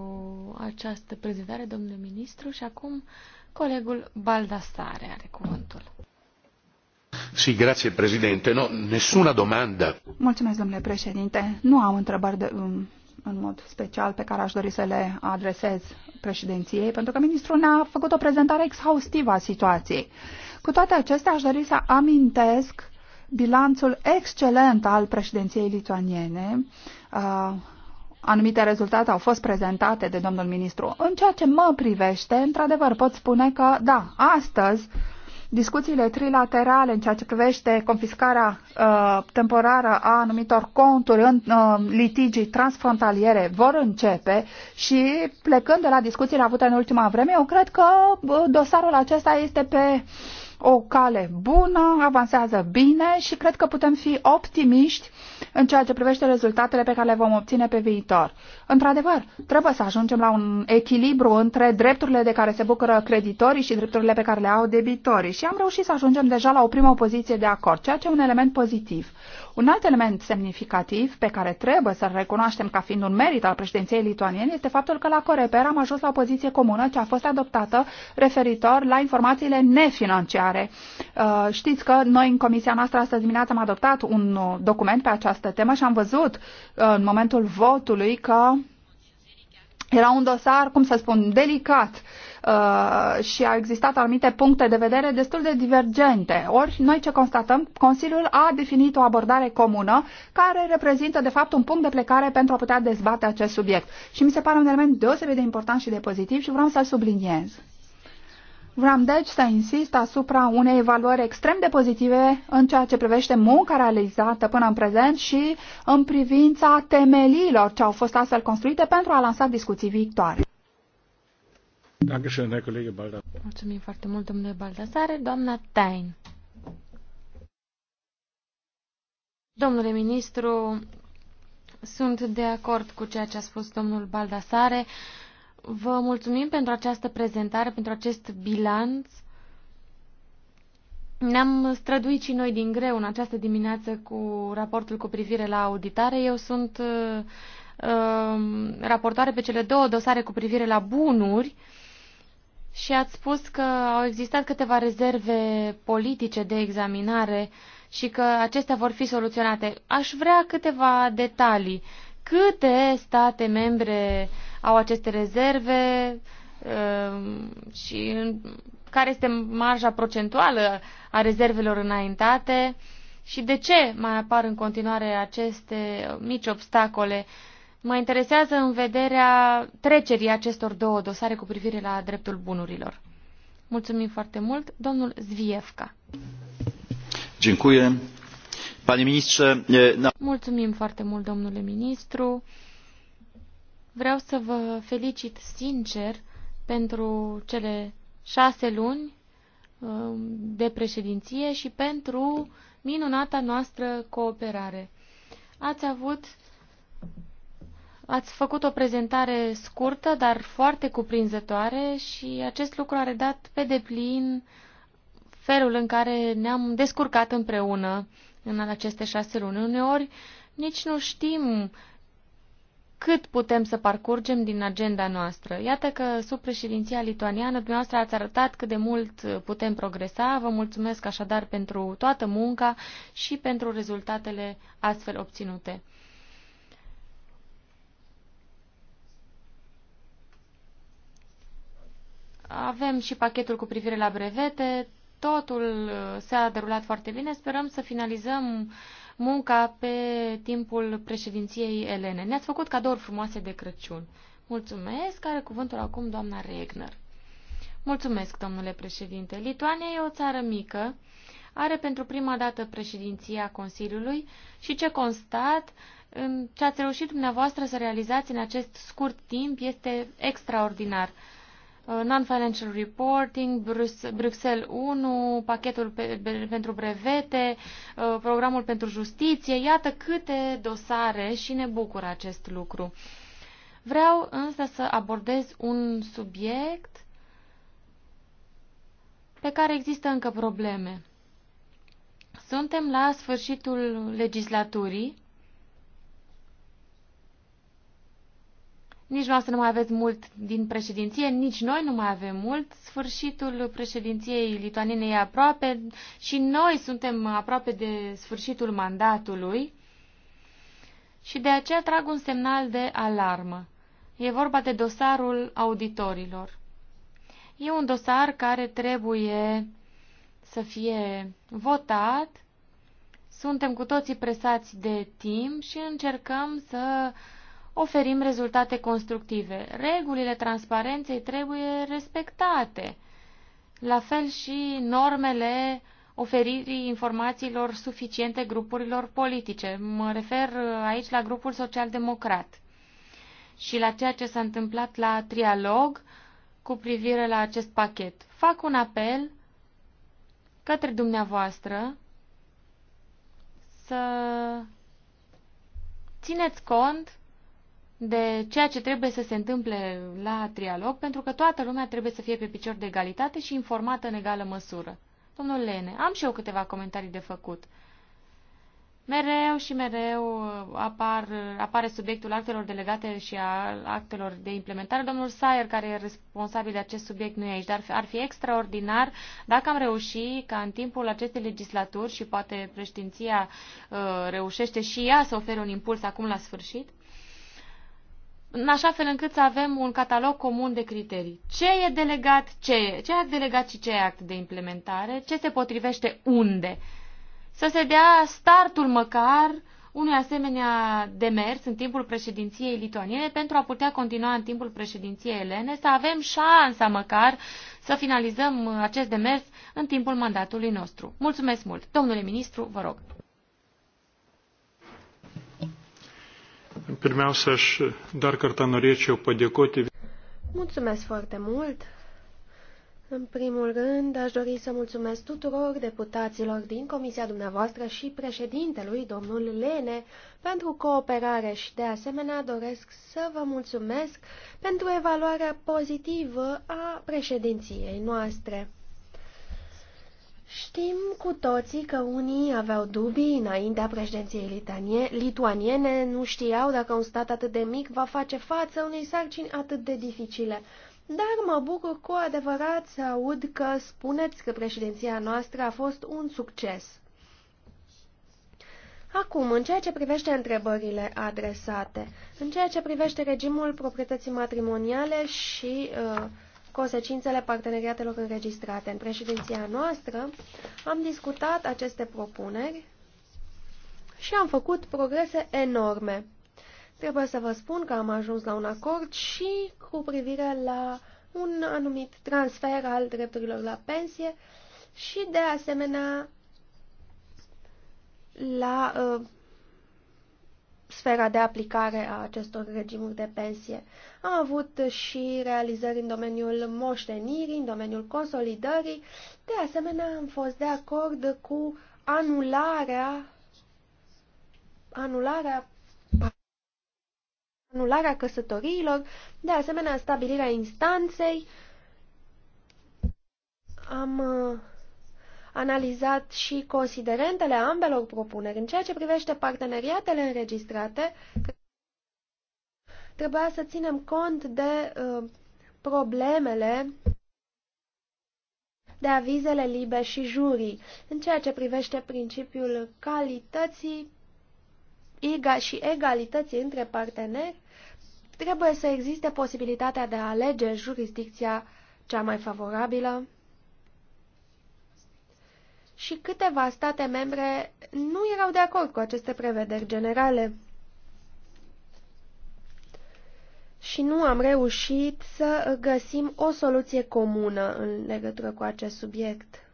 această prezentare, domnule ministru, și acum colegul Baldastare are cuvântul. Sì, grazie Presidente. No, nessuna domanda. Mulțumesc, domnule președinte. Nu am întrebări de, um, în mod special pe care aș dori să le adresez președinției, pentru că ministrul ne-a făcut o prezentare exhaustivă a situației. Cu toate acestea, aș dori să amintesc bilanțul excelent al președinției lituaniene. Uh, anumite rezultate au fost prezentate de domnul ministru. În ceea ce mă privește, într-adevăr pot spune că, da, astăzi Discuțiile trilaterale în ceea ce privește confiscarea uh, temporară a anumitor conturi în uh, litigii transfrontaliere vor începe și plecând de la discuțiile avute în ultima vreme, eu cred că uh, dosarul acesta este pe o cale bună, avansează bine și cred că putem fi optimiști în ceea ce privește rezultatele pe care le vom obține pe viitor. Într-adevăr, trebuie să ajungem la un echilibru între drepturile de care se bucură creditorii și drepturile pe care le au debitorii și am reușit să ajungem deja la o primă poziție de acord, ceea ce e un element pozitiv. Un alt element semnificativ pe care trebuie să-l recunoaștem ca fiind un merit al președinției lituaniene este faptul că la Coreper am ajuns la o poziție comună ce a fost adoptată referitor la informațiile nefinanciare. Uh, știți că noi în comisia noastră astăzi dimineața am adoptat un uh, document pe această temă și am văzut uh, în momentul votului că era un dosar, cum să spun, delicat uh, și au existat anumite puncte de vedere destul de divergente. Ori noi ce constatăm, Consiliul a definit o abordare comună care reprezintă de fapt un punct de plecare pentru a putea dezbate acest subiect. Și mi se pare un element deosebit de important și de pozitiv și vreau să-l subliniez. Vreau deci să insist asupra unei evaluări extrem de pozitive în ceea ce privește munca realizată până în prezent și în privința temeliilor ce au fost astfel construite pentru a lansa discuții viitoare. Mulțumim foarte mult, domnule Baldasare. Doamna Tain. Domnule ministru, sunt de acord cu ceea ce a spus domnul Baldasare. Vă mulțumim pentru această prezentare, pentru acest bilanț. Ne-am străduit și noi din greu în această dimineață cu raportul cu privire la auditare. Eu sunt uh, um, raportoare pe cele două dosare cu privire la bunuri și ați spus că au existat câteva rezerve politice de examinare și că acestea vor fi soluționate. Aș vrea câteva detalii. Uh, câte state membre au aceste rezerve um, și care este marja procentuală a rezervelor înaintate și de ce mai apar în continuare aceste mici obstacole. Mă interesează în vederea trecerii acestor două dosare cu privire la dreptul bunurilor. Mulțumim foarte mult, domnul Zviefka. Dziękuję. Panie ministrze... Mulțumim foarte mult, domnule ministru. Vreau să vă felicit sincer pentru cele șase luni de președinție și pentru minunata noastră cooperare. Ați avut Ați făcut o prezentare scurtă, dar foarte cuprinzătoare și acest lucru a redat pe deplin felul în care ne-am descurcat împreună în aceste șase luni. Uneori nici nu știm cât putem să parcurgem din agenda noastră. Iată că sub președinția lituaniană dumneavoastră ați arătat cât de mult putem progresa. Vă mulțumesc așadar pentru toată munca și pentru rezultatele astfel obținute. Avem și pachetul cu privire la brevete, Totul uh, s-a derulat foarte bine. Sperăm să finalizăm munca pe timpul președinției Elene. Ne-ați făcut cadouri frumoase de Crăciun. Mulțumesc. Are cuvântul acum doamna Regner. Mulțumesc, domnule președinte. Lituania e o țară mică, are pentru prima dată președinția Consiliului și ce constat, ce ați reușit dumneavoastră să realizați în acest scurt timp este extraordinar. Uh, non-financial reporting, Bruxelles 1, pachetul pe, pentru brevete, uh, programul pentru justiție, iată câte dosare și ne bucură acest lucru. Vreau însă să abordez un subiect pe care există încă probleme. Suntem la sfârșitul legislaturii Nici noastră nu mai aveți mult din președinție, nici noi nu mai avem mult. Sfârșitul președinției lituanine e aproape și noi suntem aproape de sfârșitul mandatului și de aceea trag un semnal de alarmă. E vorba de dosarul auditorilor. E un dosar care trebuie să fie votat. Suntem cu toții presați de timp și încercăm să uh, oferim rezultate constructive. Regulile transparenței trebuie respectate. La fel și normele oferirii informațiilor suficiente grupurilor politice. Mă refer aici la grupul social-democrat și la ceea ce s-a întâmplat la trialog cu privire la acest pachet. Fac un apel către dumneavoastră să țineți cont de ceea ce trebuie să se întâmple la trialog, pentru că toată lumea trebuie să fie pe picior de egalitate și informată în egală măsură. Domnul Lene, am și eu câteva comentarii de făcut. Mereu și mereu apar, apare subiectul actelor delegate și al actelor de implementare. Domnul Sayer, care e responsabil de acest subiect, nu e aici, dar ar fi extraordinar dacă am reușit ca în timpul acestei legislaturi și poate preștinția uh, reușește și ea să ofere un impuls acum la sfârșit, în așa fel încât să avem un catalog comun de criterii. Ce e delegat, ce e, ce e act delegat și ce e act de implementare, ce se potrivește unde. Să se dea startul măcar unui asemenea demers în timpul președinției lituaniene pentru a putea continua în timpul președinției elene, să avem șansa măcar să finalizăm acest demers în timpul mandatului nostru. Mulțumesc mult. Domnule ministru, vă rog. Pirmiausia, aš dar kartą norėčiau padėkoti. Mulțumesc foarte mult! În primul rând, aș dori să mulțumesc tuturor deputaților din comisia dumneavoastră și președintelui, domnul Lene, pentru cooperare și, de asemenea, doresc să vă mulțumesc pentru evaluarea pozitivă a președinției noastre. Știm cu toții că unii aveau dubii înaintea președinției lituaniene, nu știau dacă un stat atât de mic va face față unei sarcini atât de dificile. Dar mă bucur cu adevărat să aud că spuneți că președinția noastră a fost un succes. Acum, în ceea ce privește întrebările adresate, în ceea ce privește regimul proprietății matrimoniale și uh, consecințele parteneriatelor înregistrate. În președinția noastră am discutat aceste propuneri și am făcut progrese enorme. Trebuie să vă spun că am ajuns la un acord și cu privire la un anumit transfer al drepturilor la pensie și de asemenea la uh, sfera de aplicare a acestor regimuri de pensie. Am avut și realizări în domeniul moștenirii, în domeniul consolidării. De asemenea, am fost de acord cu anularea anularea anularea căsătoriilor, de asemenea stabilirea instanței. Am analizat și considerentele ambelor propuneri. În ceea ce privește parteneriatele înregistrate, trebuia să ținem cont de uh, problemele de avizele libe și jurii. În ceea ce privește principiul calității și egalității între parteneri, trebuie să existe posibilitatea de a alege jurisdicția cea mai favorabilă și câteva state membre nu erau de acord cu aceste prevederi generale. Și nu am reușit să găsim o soluție comună în legătură cu acest subiect.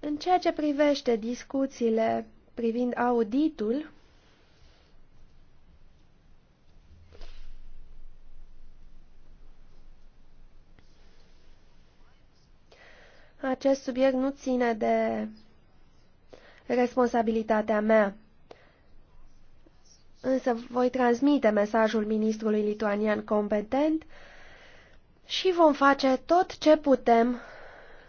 În ceea ce privește discuțiile privind auditul, Acest subiect nu ține de responsabilitatea mea, însă voi transmite mesajul ministrului lituanian competent și vom face tot ce putem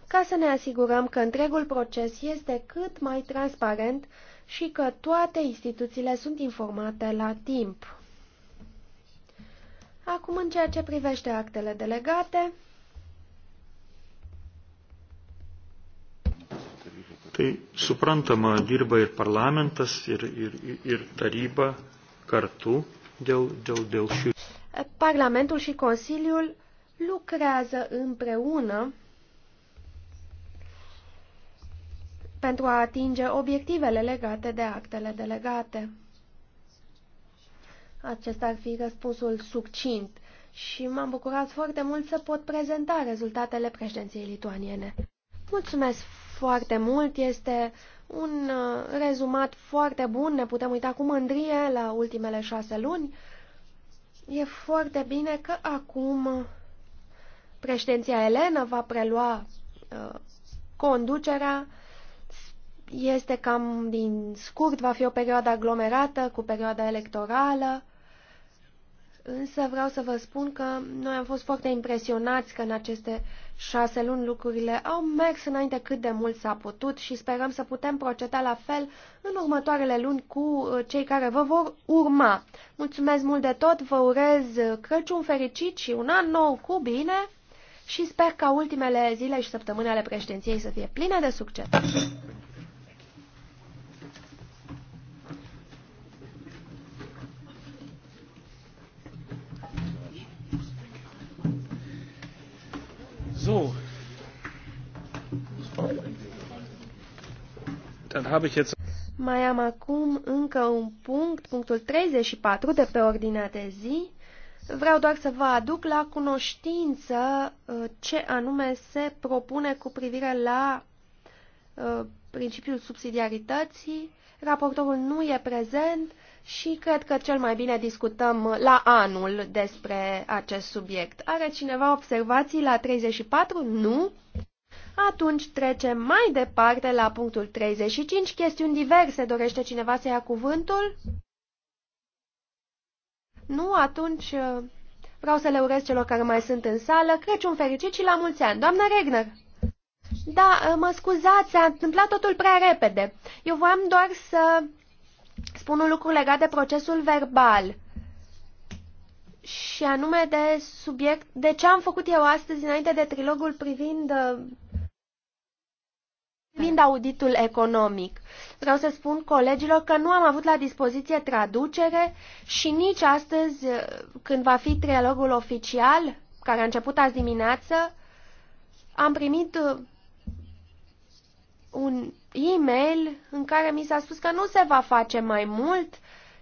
ca să ne asigurăm că întregul proces este cât mai transparent și că toate instituțiile sunt informate la timp. Acum, în ceea ce privește actele delegate, Tai suprantama, dirba ir parlamentas, ir, ir, ir taryba kartu dėl, dėl, dėl šių. Parlamentul și Consiliul lucrează împreună pentru a atinge obiectivele legate de actele delegate. Acesta ar fi răspunsul succint și m-am bucurat foarte mult să pot prezenta rezultatele președinției lituaniene. Mulțumesc foarte mult, este un uh, rezumat foarte bun, ne putem uita cu mândrie la ultimele șase luni. E foarte bine că acum președinția Elena va prelua uh, conducerea. Este cam din scurt, va fi o perioadă aglomerată cu perioada electorală. Însă vreau să vă spun că noi am fost foarte impresionați că în aceste șase luni lucrurile au mers înainte cât de mult s-a putut și sperăm să putem proceda la fel în următoarele luni cu uh, cei care vă vor urma. Mulțumesc mult de tot, vă urez uh, Crăciun fericit și un an nou cu bine și sper ca ultimele zile și săptămâni ale președinției să fie pline de succes. So. Dann habe ich jetzt mai am acum încă un punct, punctul 34 de pe ordinea de zi. Vreau doar să vă aduc la cunoștință uh, ce anume se propune cu privire la uh, principiul subsidiarității, raportorul nu e prezent și cred că cel mai bine discutăm la anul despre acest subiect. Are cineva observații la 34? Nu? Atunci trecem mai departe la punctul 35, chestiuni diverse. Dorește cineva să ia cuvântul? Nu? Atunci uh, vreau să le urez celor care mai sunt în sală. Crăciun fericit și la mulți ani. Doamna Regner! Da, ă, mă scuzați, s-a întâmplat totul prea repede. Eu voiam doar să spun un lucru legat de procesul verbal și anume de subiect, de ce am făcut eu astăzi înainte de trilogul privind ă, privind auditul economic. Vreau să spun colegilor că nu am avut la dispoziție traducere și nici astăzi, ă, când va fi trilogul oficial, care a început azi dimineață, am primit un e-mail în care mi s-a spus că nu se va face mai mult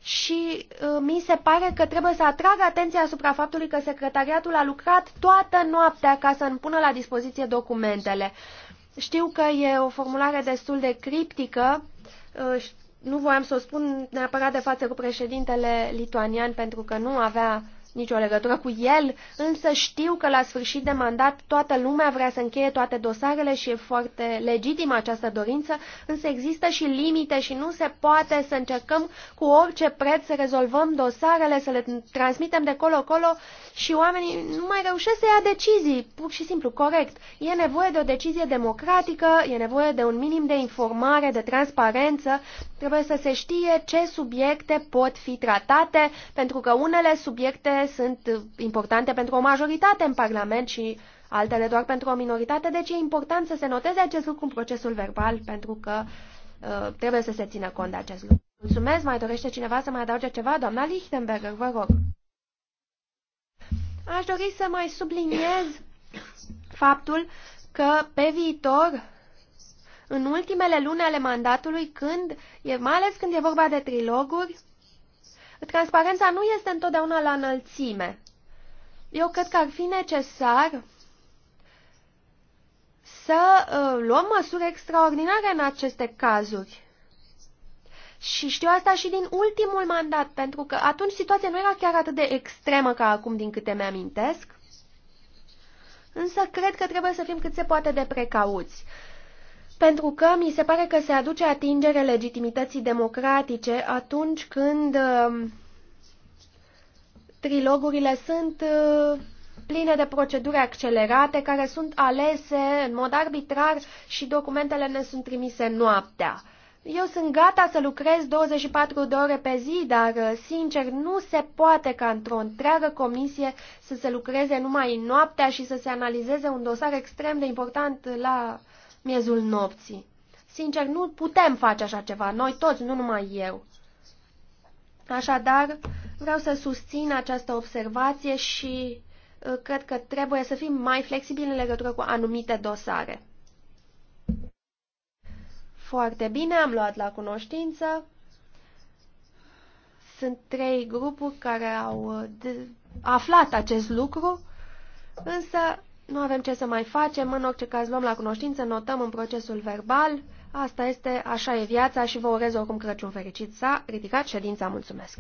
și uh, mi se pare că trebuie să atrag atenția asupra faptului că secretariatul a lucrat toată noaptea ca să îmi pună la dispoziție documentele. Știu că e o formulare destul de criptică, uh, nu voiam să o spun neapărat de față cu președintele lituanian pentru că nu avea uh, nicio legătură cu el, însă știu că la sfârșit de mandat toată lumea vrea să încheie toate dosarele și e foarte legitimă această dorință, însă există și limite și nu se poate să încercăm cu orice preț să rezolvăm dosarele, să le transmitem de colo-colo și oamenii nu mai reușesc să ia decizii, pur și simplu, corect. E nevoie de o decizie democratică, e nevoie de un minim de informare, de transparență, trebuie să se știe ce subiecte pot fi tratate, pentru că unele subiecte sunt importante pentru o majoritate în Parlament și altele doar pentru o minoritate, deci e important să se noteze acest lucru în procesul verbal, pentru că uh, trebuie să se țină cont de acest lucru. Mulțumesc, mai dorește cineva să mai adauge ceva? Doamna Lichtenberger, vă rog. Aș dori să mai subliniez faptul că pe viitor, în ultimele luni ale mandatului, când, mai ales când e vorba de triloguri, transparența nu este întotdeauna la înălțime. Eu cred că ar fi necesar să uh, luăm măsuri extraordinare în aceste cazuri. Și știu asta și din ultimul mandat, pentru că atunci situația nu era chiar atât de extremă ca acum, din câte mi-amintesc. Însă cred că trebuie să fim cât se poate de precauți pentru că mi se pare că se aduce atingere legitimității democratice atunci când uh, trilogurile sunt uh, pline de proceduri accelerate care sunt alese în mod arbitrar și documentele ne sunt trimise noaptea. Eu sunt gata să lucrez 24 de ore pe zi, dar, uh, sincer, nu se poate ca într-o întreagă comisie să se lucreze numai noaptea și să se analizeze un dosar extrem de important la miezul nopții. Sincer, nu putem face așa ceva, noi toți, nu numai eu. Așadar, vreau să susțin această observație și uh, cred că trebuie să fim mai flexibili în legătură cu anumite dosare. Foarte bine, am luat la cunoștință. Sunt trei grupuri care au uh, aflat acest lucru, însă nu avem ce să mai facem, în orice caz luăm la cunoștință, notăm în procesul verbal. Asta este, așa e viața și vă urez oricum Crăciun fericit. S-a ridicat ședința, mulțumesc!